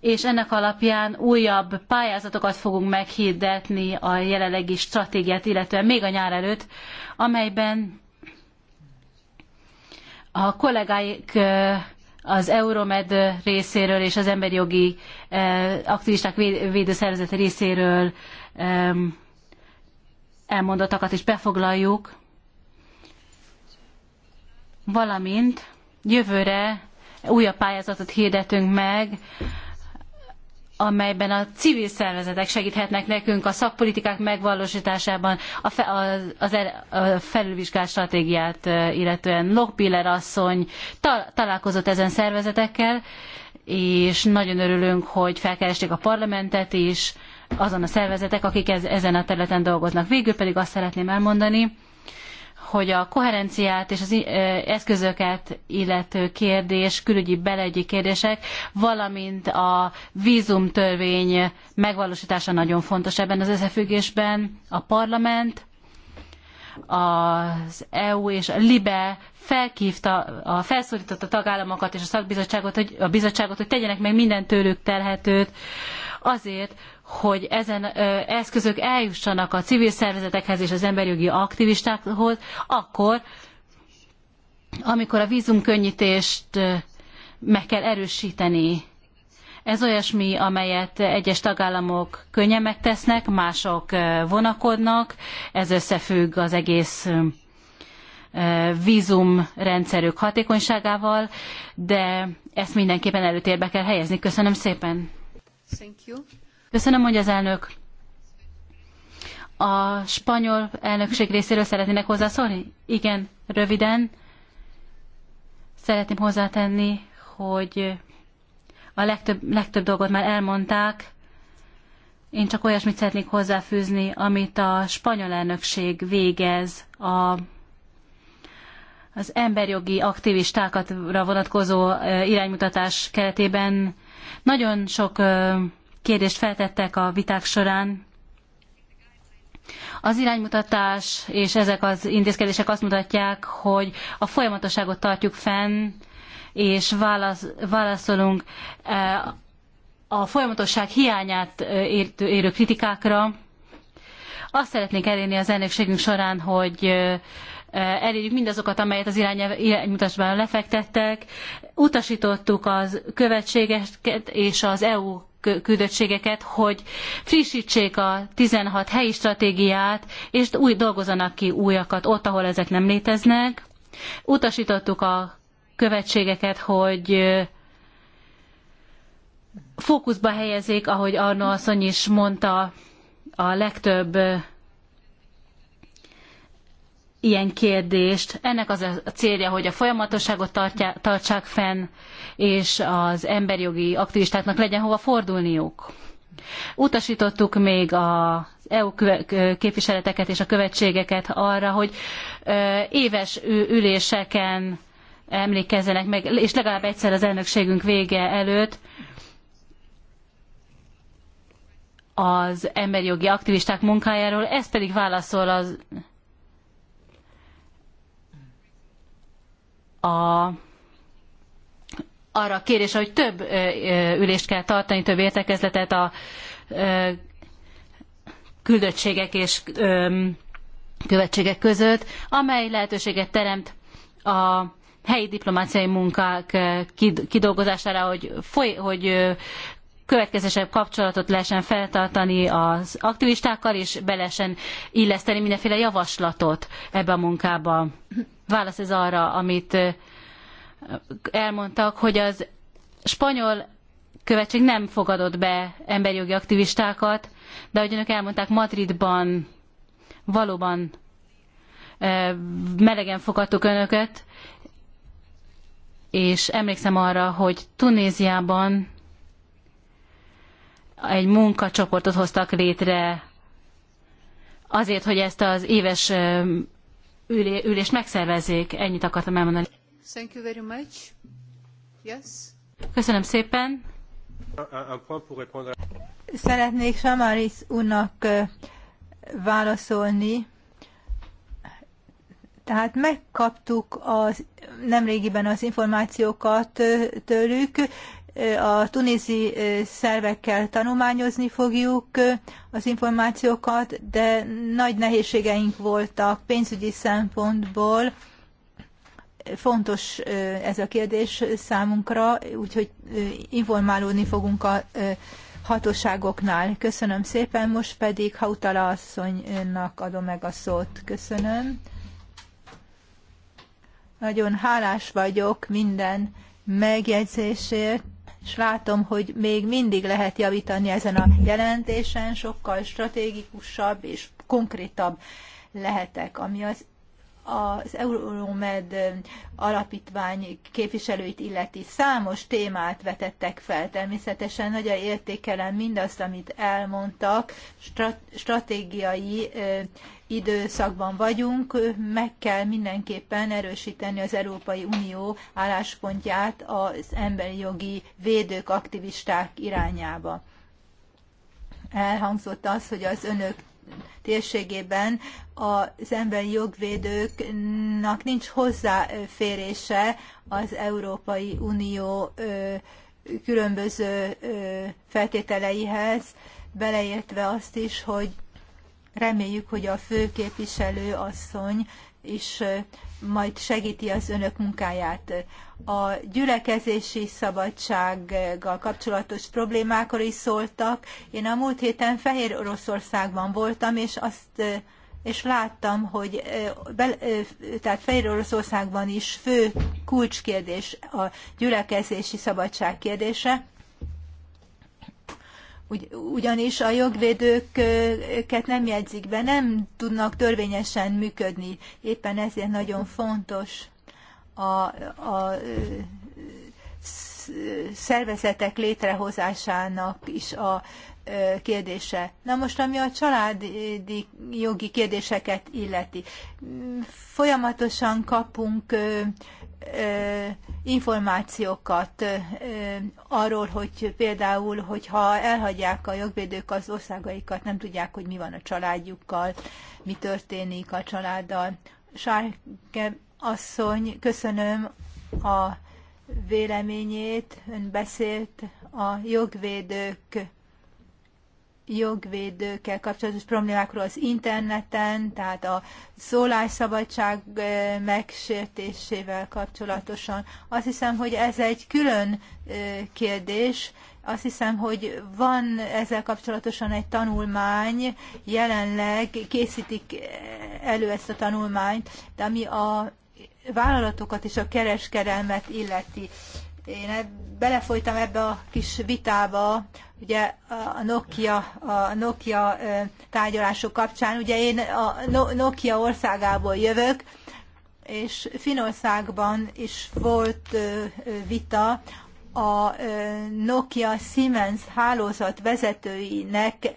és ennek alapján újabb pályázatokat fogunk meghirdetni a jelenlegi stratégiát, illetve még a nyár előtt, amelyben a kollégáik az Euromed részéről és az emberi jogi aktivisták védőszervezete részéről elmondottakat is befoglaljuk, valamint jövőre újabb pályázatot hirdetünk meg amelyben a civil szervezetek segíthetnek nekünk a szakpolitikák megvalósításában, a, fe, az, er- az felülvizsgált stratégiát illetően. Lockbiller asszony tal, találkozott ezen szervezetekkel, és nagyon örülünk, hogy felkeresték a parlamentet is, azon a szervezetek, akik ez, ezen a területen dolgoznak. Végül pedig azt szeretném elmondani, hogy a koherenciát és az eszközöket illető kérdés, külügyi belügyi kérdések, valamint a vízumtörvény megvalósítása nagyon fontos ebben az összefüggésben. A parlament, az EU és a LIBE felkívta, a, felszólította a tagállamokat és a szakbizottságot, hogy, a bizottságot, hogy tegyenek meg minden tőlük telhetőt azért, hogy ezen eszközök eljussanak a civil szervezetekhez és az emberi jogi aktivistákhoz, akkor, amikor a vízumkönnyítést meg kell erősíteni. Ez olyasmi, amelyet egyes tagállamok könnyen megtesznek, mások vonakodnak, ez összefügg az egész vízumrendszerük hatékonyságával, de ezt mindenképpen előtérbe kell helyezni. Köszönöm szépen! Thank you. Köszönöm, hogy az elnök. A spanyol elnökség részéről szeretnének hozzászólni? Igen, röviden. Szeretném hozzátenni, hogy a legtöbb, legtöbb dolgot már elmondták. Én csak olyasmit szeretnék hozzáfűzni, amit a spanyol elnökség végez a az emberjogi aktivistákra vonatkozó iránymutatás keretében nagyon sok kérdést feltettek a viták során. Az iránymutatás és ezek az intézkedések azt mutatják, hogy a folyamatosságot tartjuk fenn, és válasz, válaszolunk eh, a folyamatosság hiányát eh, érő kritikákra. Azt szeretnénk elérni az elnökségünk során, hogy eh, elérjük mindazokat, amelyet az iránymutatásban lefektettek. Utasítottuk az követségeket és az EU küldöttségeket, hogy frissítsék a 16 helyi stratégiát, és új dolgozanak ki újakat ott, ahol ezek nem léteznek. Utasítottuk a követségeket, hogy fókuszba helyezik, ahogy Arno asszony is mondta, a legtöbb ilyen kérdést. Ennek az a célja, hogy a folyamatosságot tartja, tartsák fenn, és az emberi jogi aktivistáknak legyen hova fordulniuk. Utasítottuk még az EU képviseleteket és a követségeket arra, hogy éves üléseken emlékezzenek meg, és legalább egyszer az elnökségünk vége előtt az emberi jogi aktivisták munkájáról. Ez pedig válaszol az a arra a kérésre, hogy több ülést kell tartani, több értekezletet a küldöttségek és követségek között, amely lehetőséget teremt a helyi diplomáciai munkák kidolgozására, hogy, foly, hogy következesebb kapcsolatot lehessen feltartani az aktivistákkal, és be lehessen illeszteni mindenféle javaslatot ebbe a munkába. Válasz ez arra, amit elmondtak, hogy az spanyol követség nem fogadott be emberi jogi aktivistákat, de ahogy önök elmondták, Madridban valóban melegen fogadtuk önöket, és emlékszem arra, hogy Tunéziában egy munkacsoportot hoztak létre azért, hogy ezt az éves ülést megszervezzék. Ennyit akartam elmondani. Thank you very much. Yes. Köszönöm szépen. Szeretnék Samaris úrnak válaszolni. Tehát megkaptuk az, nemrégiben az információkat tőlük, a tunézi szervekkel tanulmányozni fogjuk az információkat, de nagy nehézségeink voltak pénzügyi szempontból. Fontos ez a kérdés számunkra, úgyhogy informálódni fogunk a hatóságoknál. Köszönöm szépen, most pedig Hautala asszonynak adom meg a szót. Köszönöm. Nagyon hálás vagyok minden megjegyzésért, és látom, hogy még mindig lehet javítani ezen a jelentésen, sokkal stratégikusabb és konkrétabb lehetek, ami az az Euromed alapítvány képviselőit illeti számos témát vetettek fel. Természetesen nagyon értékelem mindazt, amit elmondtak, strat- stratégiai időszakban vagyunk, meg kell mindenképpen erősíteni az Európai Unió álláspontját az emberi jogi védők, aktivisták irányába. Elhangzott az, hogy az önök térségében az emberi jogvédőknek nincs hozzáférése az Európai Unió különböző feltételeihez, beleértve azt is, hogy Reméljük, hogy a főképviselő asszony is majd segíti az önök munkáját. A gyülekezési szabadsággal kapcsolatos problémákról is szóltak. Én a múlt héten Fehér Oroszországban voltam, és azt és láttam, hogy be, tehát Fehér Oroszországban is fő kulcskérdés a gyülekezési szabadság kérdése. Ugy, ugyanis a jogvédőket nem jegyzik be, nem tudnak törvényesen működni. Éppen ezért nagyon fontos a, a szervezetek létrehozásának is a kérdése. Na most, ami a családi jogi kérdéseket illeti. Folyamatosan kapunk információkat arról, hogy például, hogyha elhagyják a jogvédők az országaikat, nem tudják, hogy mi van a családjukkal, mi történik a családdal. Sárke asszony, köszönöm a véleményét, ön beszélt a jogvédők jogvédőkkel kapcsolatos problémákról az interneten, tehát a szólásszabadság megsértésével kapcsolatosan. Azt hiszem, hogy ez egy külön kérdés. Azt hiszem, hogy van ezzel kapcsolatosan egy tanulmány, jelenleg készítik elő ezt a tanulmányt, de ami a vállalatokat és a kereskedelmet illeti. Én belefolytam ebbe a kis vitába, ugye a Nokia, a Nokia tárgyalások kapcsán. Ugye én a Nokia országából jövök, és Finországban is volt vita a Nokia Siemens hálózat vezetőinek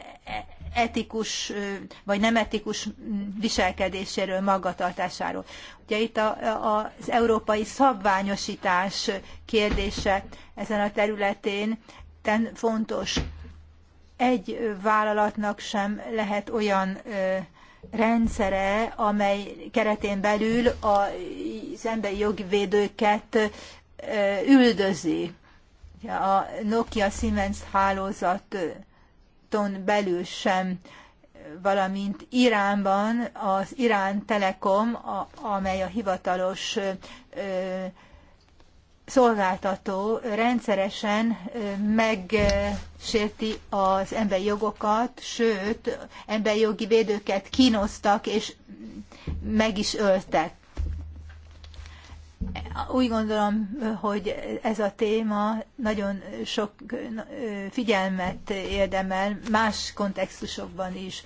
etikus vagy nem etikus viselkedéséről, magatartásáról. Ugye itt a, a, az európai szabványosítás kérdése ezen a területén fontos. Egy vállalatnak sem lehet olyan ö, rendszere, amely keretén belül az emberi jogvédőket üldözi. A Nokia Siemens hálózat Egyipton belül sem, valamint Iránban az Irán Telekom, a, amely a hivatalos ö, szolgáltató rendszeresen megsérti az emberi jogokat, sőt, emberi jogi védőket kínoztak és meg is öltek. Úgy gondolom, hogy ez a téma nagyon sok figyelmet érdemel más kontextusokban is.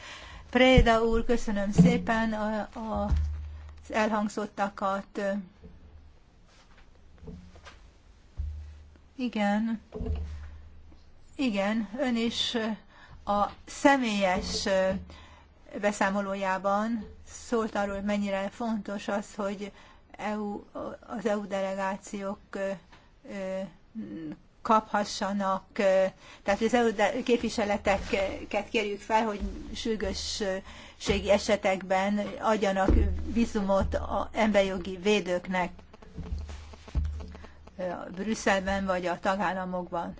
Préda úr, köszönöm szépen a, az elhangzottakat. Igen, igen, ön is a személyes beszámolójában szólt arról, hogy mennyire fontos az, hogy EU, az EU delegációk kaphassanak, tehát az EU képviseleteket kérjük fel, hogy sürgősségi esetekben adjanak vízumot a emberjogi védőknek Brüsszelben vagy a tagállamokban.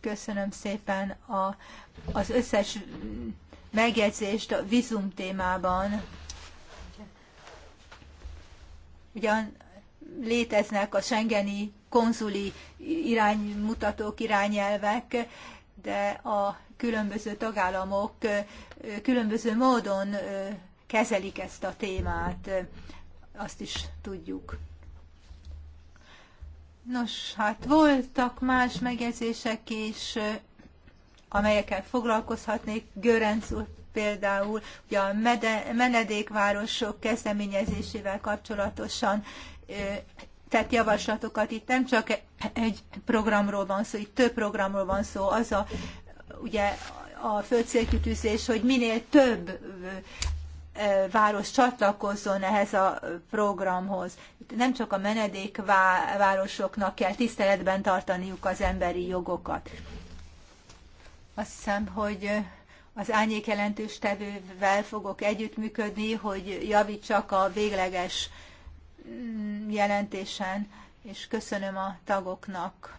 Köszönöm szépen a, az összes megjegyzést a vízum témában. Ugyan léteznek a Schengeni konzuli iránymutatók, irányelvek, de a különböző tagállamok különböző módon kezelik ezt a témát, azt is tudjuk. Nos, hát voltak más megjegyzések is, amelyekkel foglalkozhatnék. Görenc úr például ugye a menedékvárosok kezdeményezésével kapcsolatosan tett javaslatokat. Itt nem csak egy programról van szó, itt több programról van szó. Az a, ugye a földcélkütűzés, hogy minél több város csatlakozzon ehhez a programhoz. nem csak a menedékvárosoknak kell tiszteletben tartaniuk az emberi jogokat. Azt hiszem, hogy az árnyék jelentős tevővel fogok együttműködni, hogy javítsak a végleges mm, jelentésen, és köszönöm a tagoknak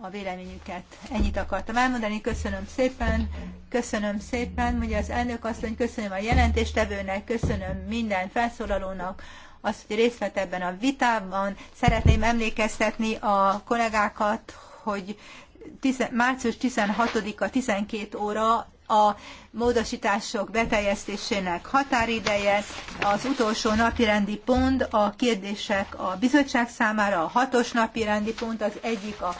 a véleményüket. Ennyit akartam elmondani, köszönöm szépen, köszönöm szépen, ugye az elnök asszony, köszönöm a jelentéstevőnek, köszönöm minden felszólalónak, azt, hogy részt vett ebben a vitában. Szeretném emlékeztetni a kollégákat, hogy március 16-a 12 óra a módosítások beteljesztésének határideje, az utolsó napirendi pont, a kérdések a bizottság számára, a hatos napirendi pont, az egyik a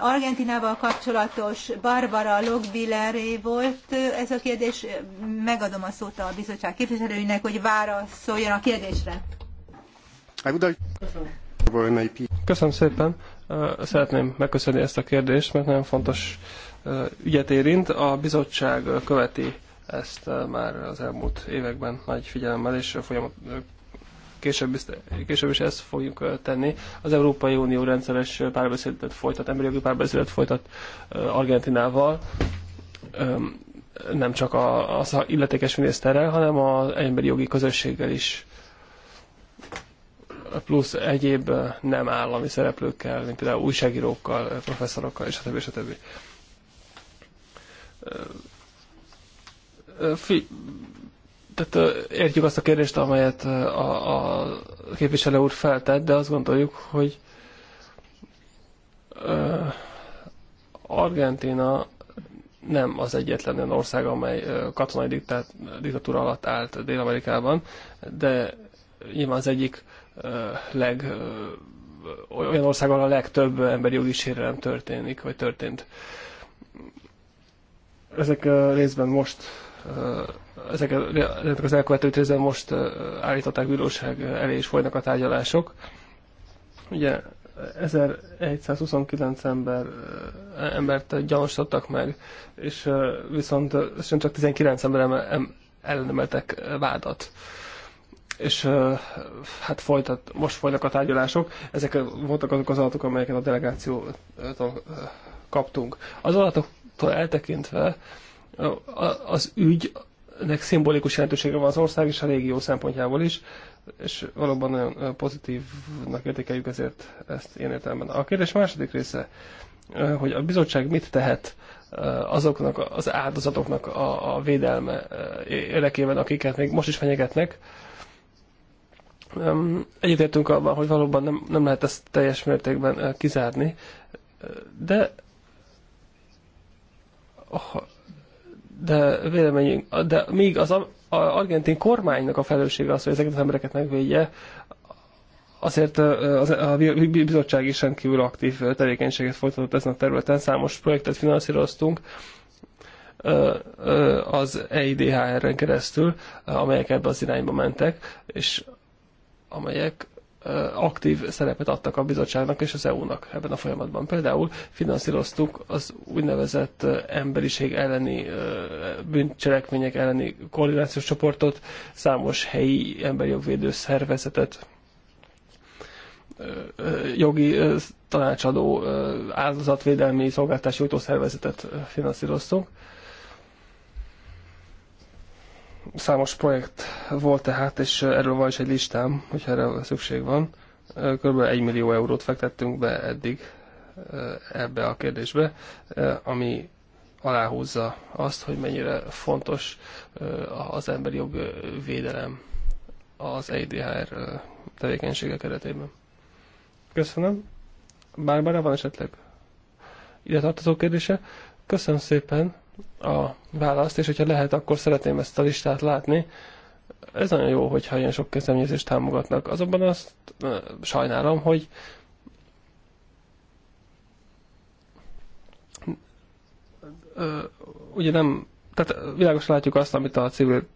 Argentinával kapcsolatos Barbara Logbilleré volt ez a kérdés. Megadom a szót a bizottság képviselőinek, hogy válaszoljon a kérdésre. Köszönöm szépen. Szeretném megköszönni ezt a kérdést, mert nagyon fontos ügyet érint. A bizottság követi ezt már az elmúlt években nagy figyelemmel, és folyamat, később, később is ezt fogjuk tenni. Az Európai Unió rendszeres párbeszédet folytat, emberi jogi párbeszédet folytat Argentinával, nem csak az illetékes miniszterrel, hanem az emberi jogi közösséggel is plusz egyéb nem állami szereplőkkel, mint például újságírókkal, professzorokkal, stb. stb. stb fi, tehát értjük azt a kérdést, amelyet a, a képviselő úr feltett, de azt gondoljuk, hogy Argentina nem az egyetlen olyan ország, amely katonai diktát, diktatúra alatt állt Dél-Amerikában, de nyilván az egyik leg, olyan ország, ahol a legtöbb emberi jogi sérelem történik, vagy történt ezek részben most eh, ezek, ezek az elkövetőt részben most eh, állították bíróság elé, és folynak a tárgyalások. Ugye 1129 ember, eh, embert gyanúsítottak meg, és viszont csak 19 ember ellenemeltek vádat. És hát folytat, most folynak a tárgyalások. Ezek voltak azok az adatok, amelyeket a delegációtól kaptunk. Az adatok Szóval eltekintve az ügynek szimbolikus jelentősége van az ország és a régió szempontjából is, és valóban nagyon pozitívnak értékeljük ezért ezt én értelemben. A kérdés második része, hogy a bizottság mit tehet azoknak az áldozatoknak a, a védelme érdekében, akiket hát még most is fenyegetnek. Egyetértünk abban, hogy valóban nem, nem lehet ezt teljes mértékben kizárni, de de véleményünk, de míg az a, a argentin kormánynak a felelőssége az, hogy ezeket az embereket megvédje, azért az, a bizottság is rendkívül aktív tevékenységet folytatott ezen a területen, számos projektet finanszíroztunk az EIDHR-en keresztül, amelyek ebbe az irányba mentek, és amelyek aktív szerepet adtak a bizottságnak és az EU-nak ebben a folyamatban. Például finanszíroztuk az úgynevezett emberiség elleni bűncselekmények elleni koordinációs csoportot, számos helyi emberjogvédő szervezetet, jogi tanácsadó áldozatvédelmi szolgáltási szervezetet finanszíroztunk. Számos projekt volt tehát, és erről van is egy listám, hogyha erre szükség van. Körülbelül 1 millió eurót fektettünk be eddig ebbe a kérdésbe, ami aláhúzza azt, hogy mennyire fontos az emberi jog védelem az EIDHR tevékenysége keretében. Köszönöm. Bárbara van esetleg ide tartozó kérdése. Köszönöm szépen a választ, és hogyha lehet, akkor szeretném ezt a listát látni. Ez nagyon jó, hogyha ilyen sok kezdeményezést támogatnak. Azonban azt sajnálom, hogy ugye nem, tehát világosan látjuk azt, amit a civil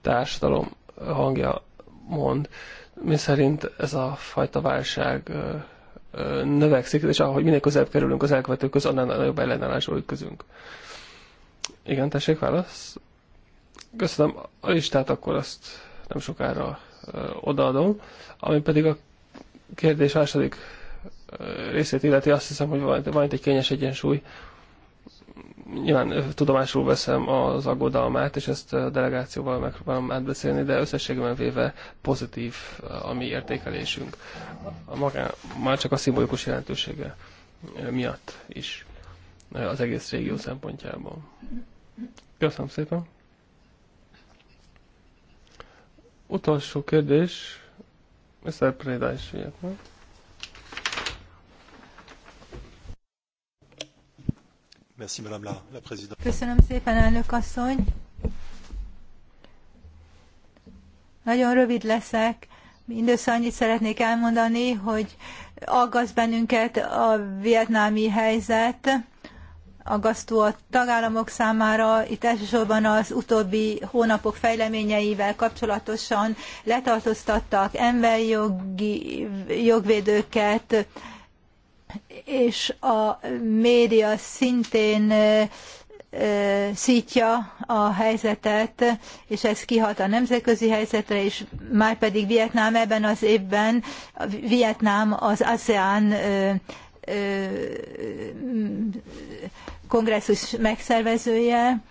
társadalom hangja mond, mi szerint ez a fajta válság növekszik, és ahogy minél közebb kerülünk az elkövetőköz, annál nagyobb ellenállásba ütközünk. Igen, tessék válasz. Köszönöm. A listát akkor azt nem sokára ö, odaadom. Ami pedig a kérdés második ö, részét illeti, azt hiszem, hogy van, van itt egy kényes egyensúly. Nyilván tudomásul veszem az aggodalmát, és ezt a delegációval megpróbálom átbeszélni, de összességében véve pozitív a mi értékelésünk. A magá, már csak a szimbolikus jelentősége miatt is az egész régió szempontjából. Köszönöm szépen. Utolsó kérdés. Mr. Preda is Vietnam. Merci, Madame la, la Présidente. Köszönöm szépen, elnök asszony. Nagyon rövid leszek. Mindössze annyit szeretnék elmondani, hogy aggaszt bennünket a vietnámi helyzet aggasztó a tagállamok számára. Itt elsősorban az utóbbi hónapok fejleményeivel kapcsolatosan letartóztattak emberi jogi, jogvédőket, és a média szintén szítja a helyzetet, és ez kihat a nemzetközi helyzetre, és már pedig Vietnám ebben az évben, Vietnám az ASEAN kongresszus megszervezője.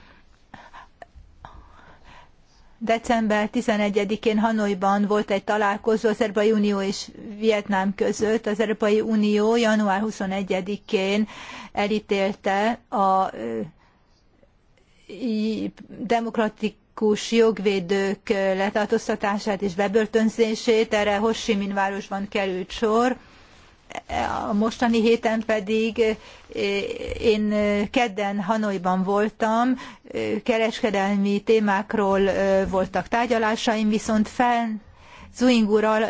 December 11-én Hanoiban volt egy találkozó az Európai Unió és Vietnám között. Az Európai Unió január 21-én elítélte a demokratikus jogvédők letartóztatását és bebörtönzését. Erre Ho Minh városban került sor a mostani héten pedig eh, én eh, kedden Hanoiban voltam, eh, kereskedelmi témákról voltak tárgyalásaim, viszont fel Zuing úrral,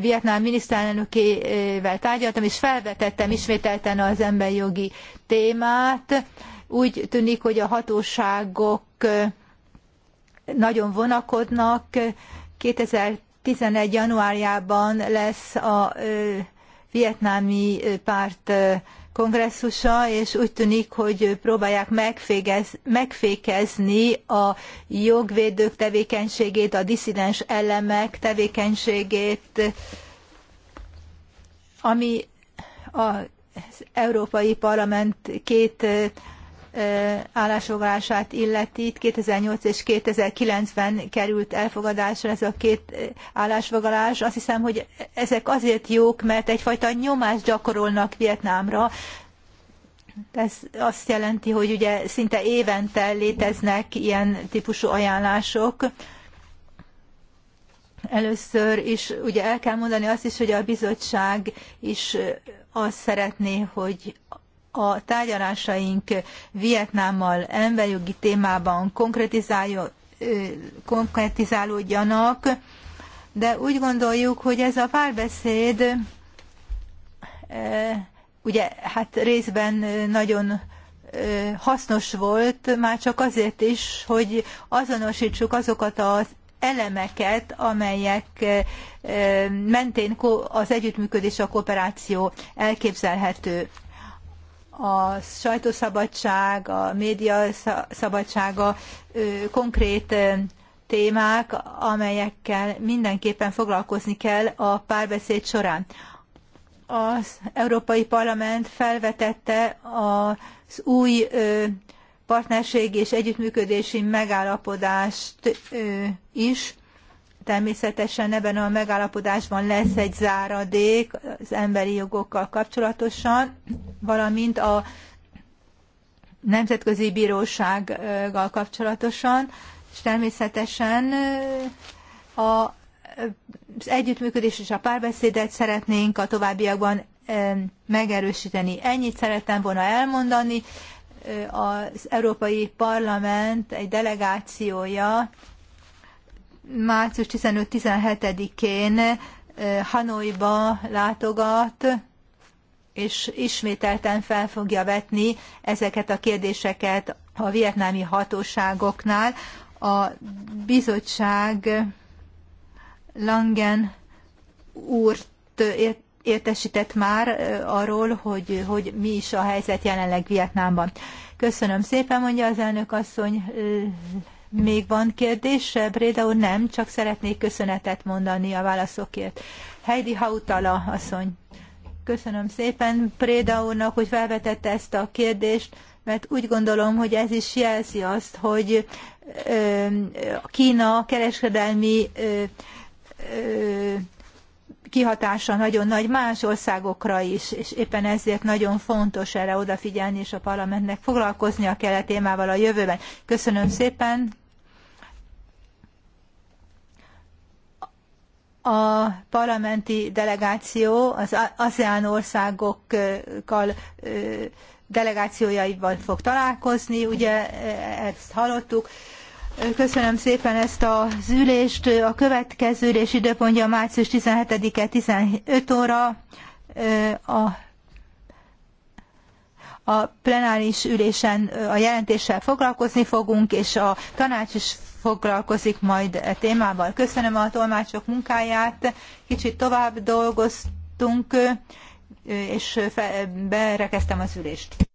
vietnám miniszterelnökével tárgyaltam, és felvetettem ismételten az emberi jogi témát. Úgy tűnik, hogy a hatóságok nagyon vonakodnak. 2011. januárjában lesz a vietnámi párt kongresszusa, és úgy tűnik, hogy próbálják megfégez, megfékezni a jogvédők tevékenységét, a diszidens elemek tevékenységét, ami az Európai Parlament két állásfoglalását illeti. 2008 és 2090 ben került elfogadásra ez a két állásfoglalás. Azt hiszem, hogy ezek azért jók, mert egyfajta nyomást gyakorolnak Vietnámra, ez azt jelenti, hogy ugye szinte évente léteznek ilyen típusú ajánlások. Először is ugye el kell mondani azt is, hogy a bizottság is azt szeretné, hogy a tárgyalásaink Vietnámmal emberjogi témában konkretizálódjanak, de úgy gondoljuk, hogy ez a párbeszéd ugye hát részben nagyon hasznos volt, már csak azért is, hogy azonosítsuk azokat az elemeket, amelyek mentén az együttműködés, a kooperáció elképzelhető a sajtószabadság, a média szabadsága konkrét témák, amelyekkel mindenképpen foglalkozni kell a párbeszéd során. Az Európai Parlament felvetette az új partnerségi és együttműködési megállapodást is, Természetesen ebben a megállapodásban lesz egy záradék az emberi jogokkal kapcsolatosan, valamint a Nemzetközi Bírósággal kapcsolatosan, és természetesen a, az együttműködés és a párbeszédet szeretnénk a továbbiakban megerősíteni. Ennyit szerettem volna elmondani. Az Európai Parlament egy delegációja március 15-17-én eh, Hanoiba látogat, és ismételten fel fogja vetni ezeket a kérdéseket a vietnámi hatóságoknál. A bizottság Langen úrt értesített már eh, arról, hogy, hogy mi is a helyzet jelenleg Vietnámban. Köszönöm szépen, mondja az elnök asszony. Még van kérdés? Bréda úr, nem, csak szeretnék köszönetet mondani a válaszokért. Heidi Hautala asszony. Köszönöm szépen Préda úrnak, hogy felvetette ezt a kérdést, mert úgy gondolom, hogy ez is jelzi azt, hogy Kína kereskedelmi kihatása nagyon nagy más országokra is, és éppen ezért nagyon fontos erre odafigyelni, és a parlamentnek foglalkoznia kell a témával a jövőben. Köszönöm szépen! a parlamenti delegáció az ASEAN országokkal delegációjaival fog találkozni, ugye ezt hallottuk. Köszönöm szépen ezt az ülést. A következő ülés időpontja március 17-e 15 óra. A, a plenáris ülésen a jelentéssel foglalkozni fogunk, és a tanács is foglalkozik majd e témával. Köszönöm a tolmácsok munkáját, kicsit tovább dolgoztunk, és berekeztem az ülést.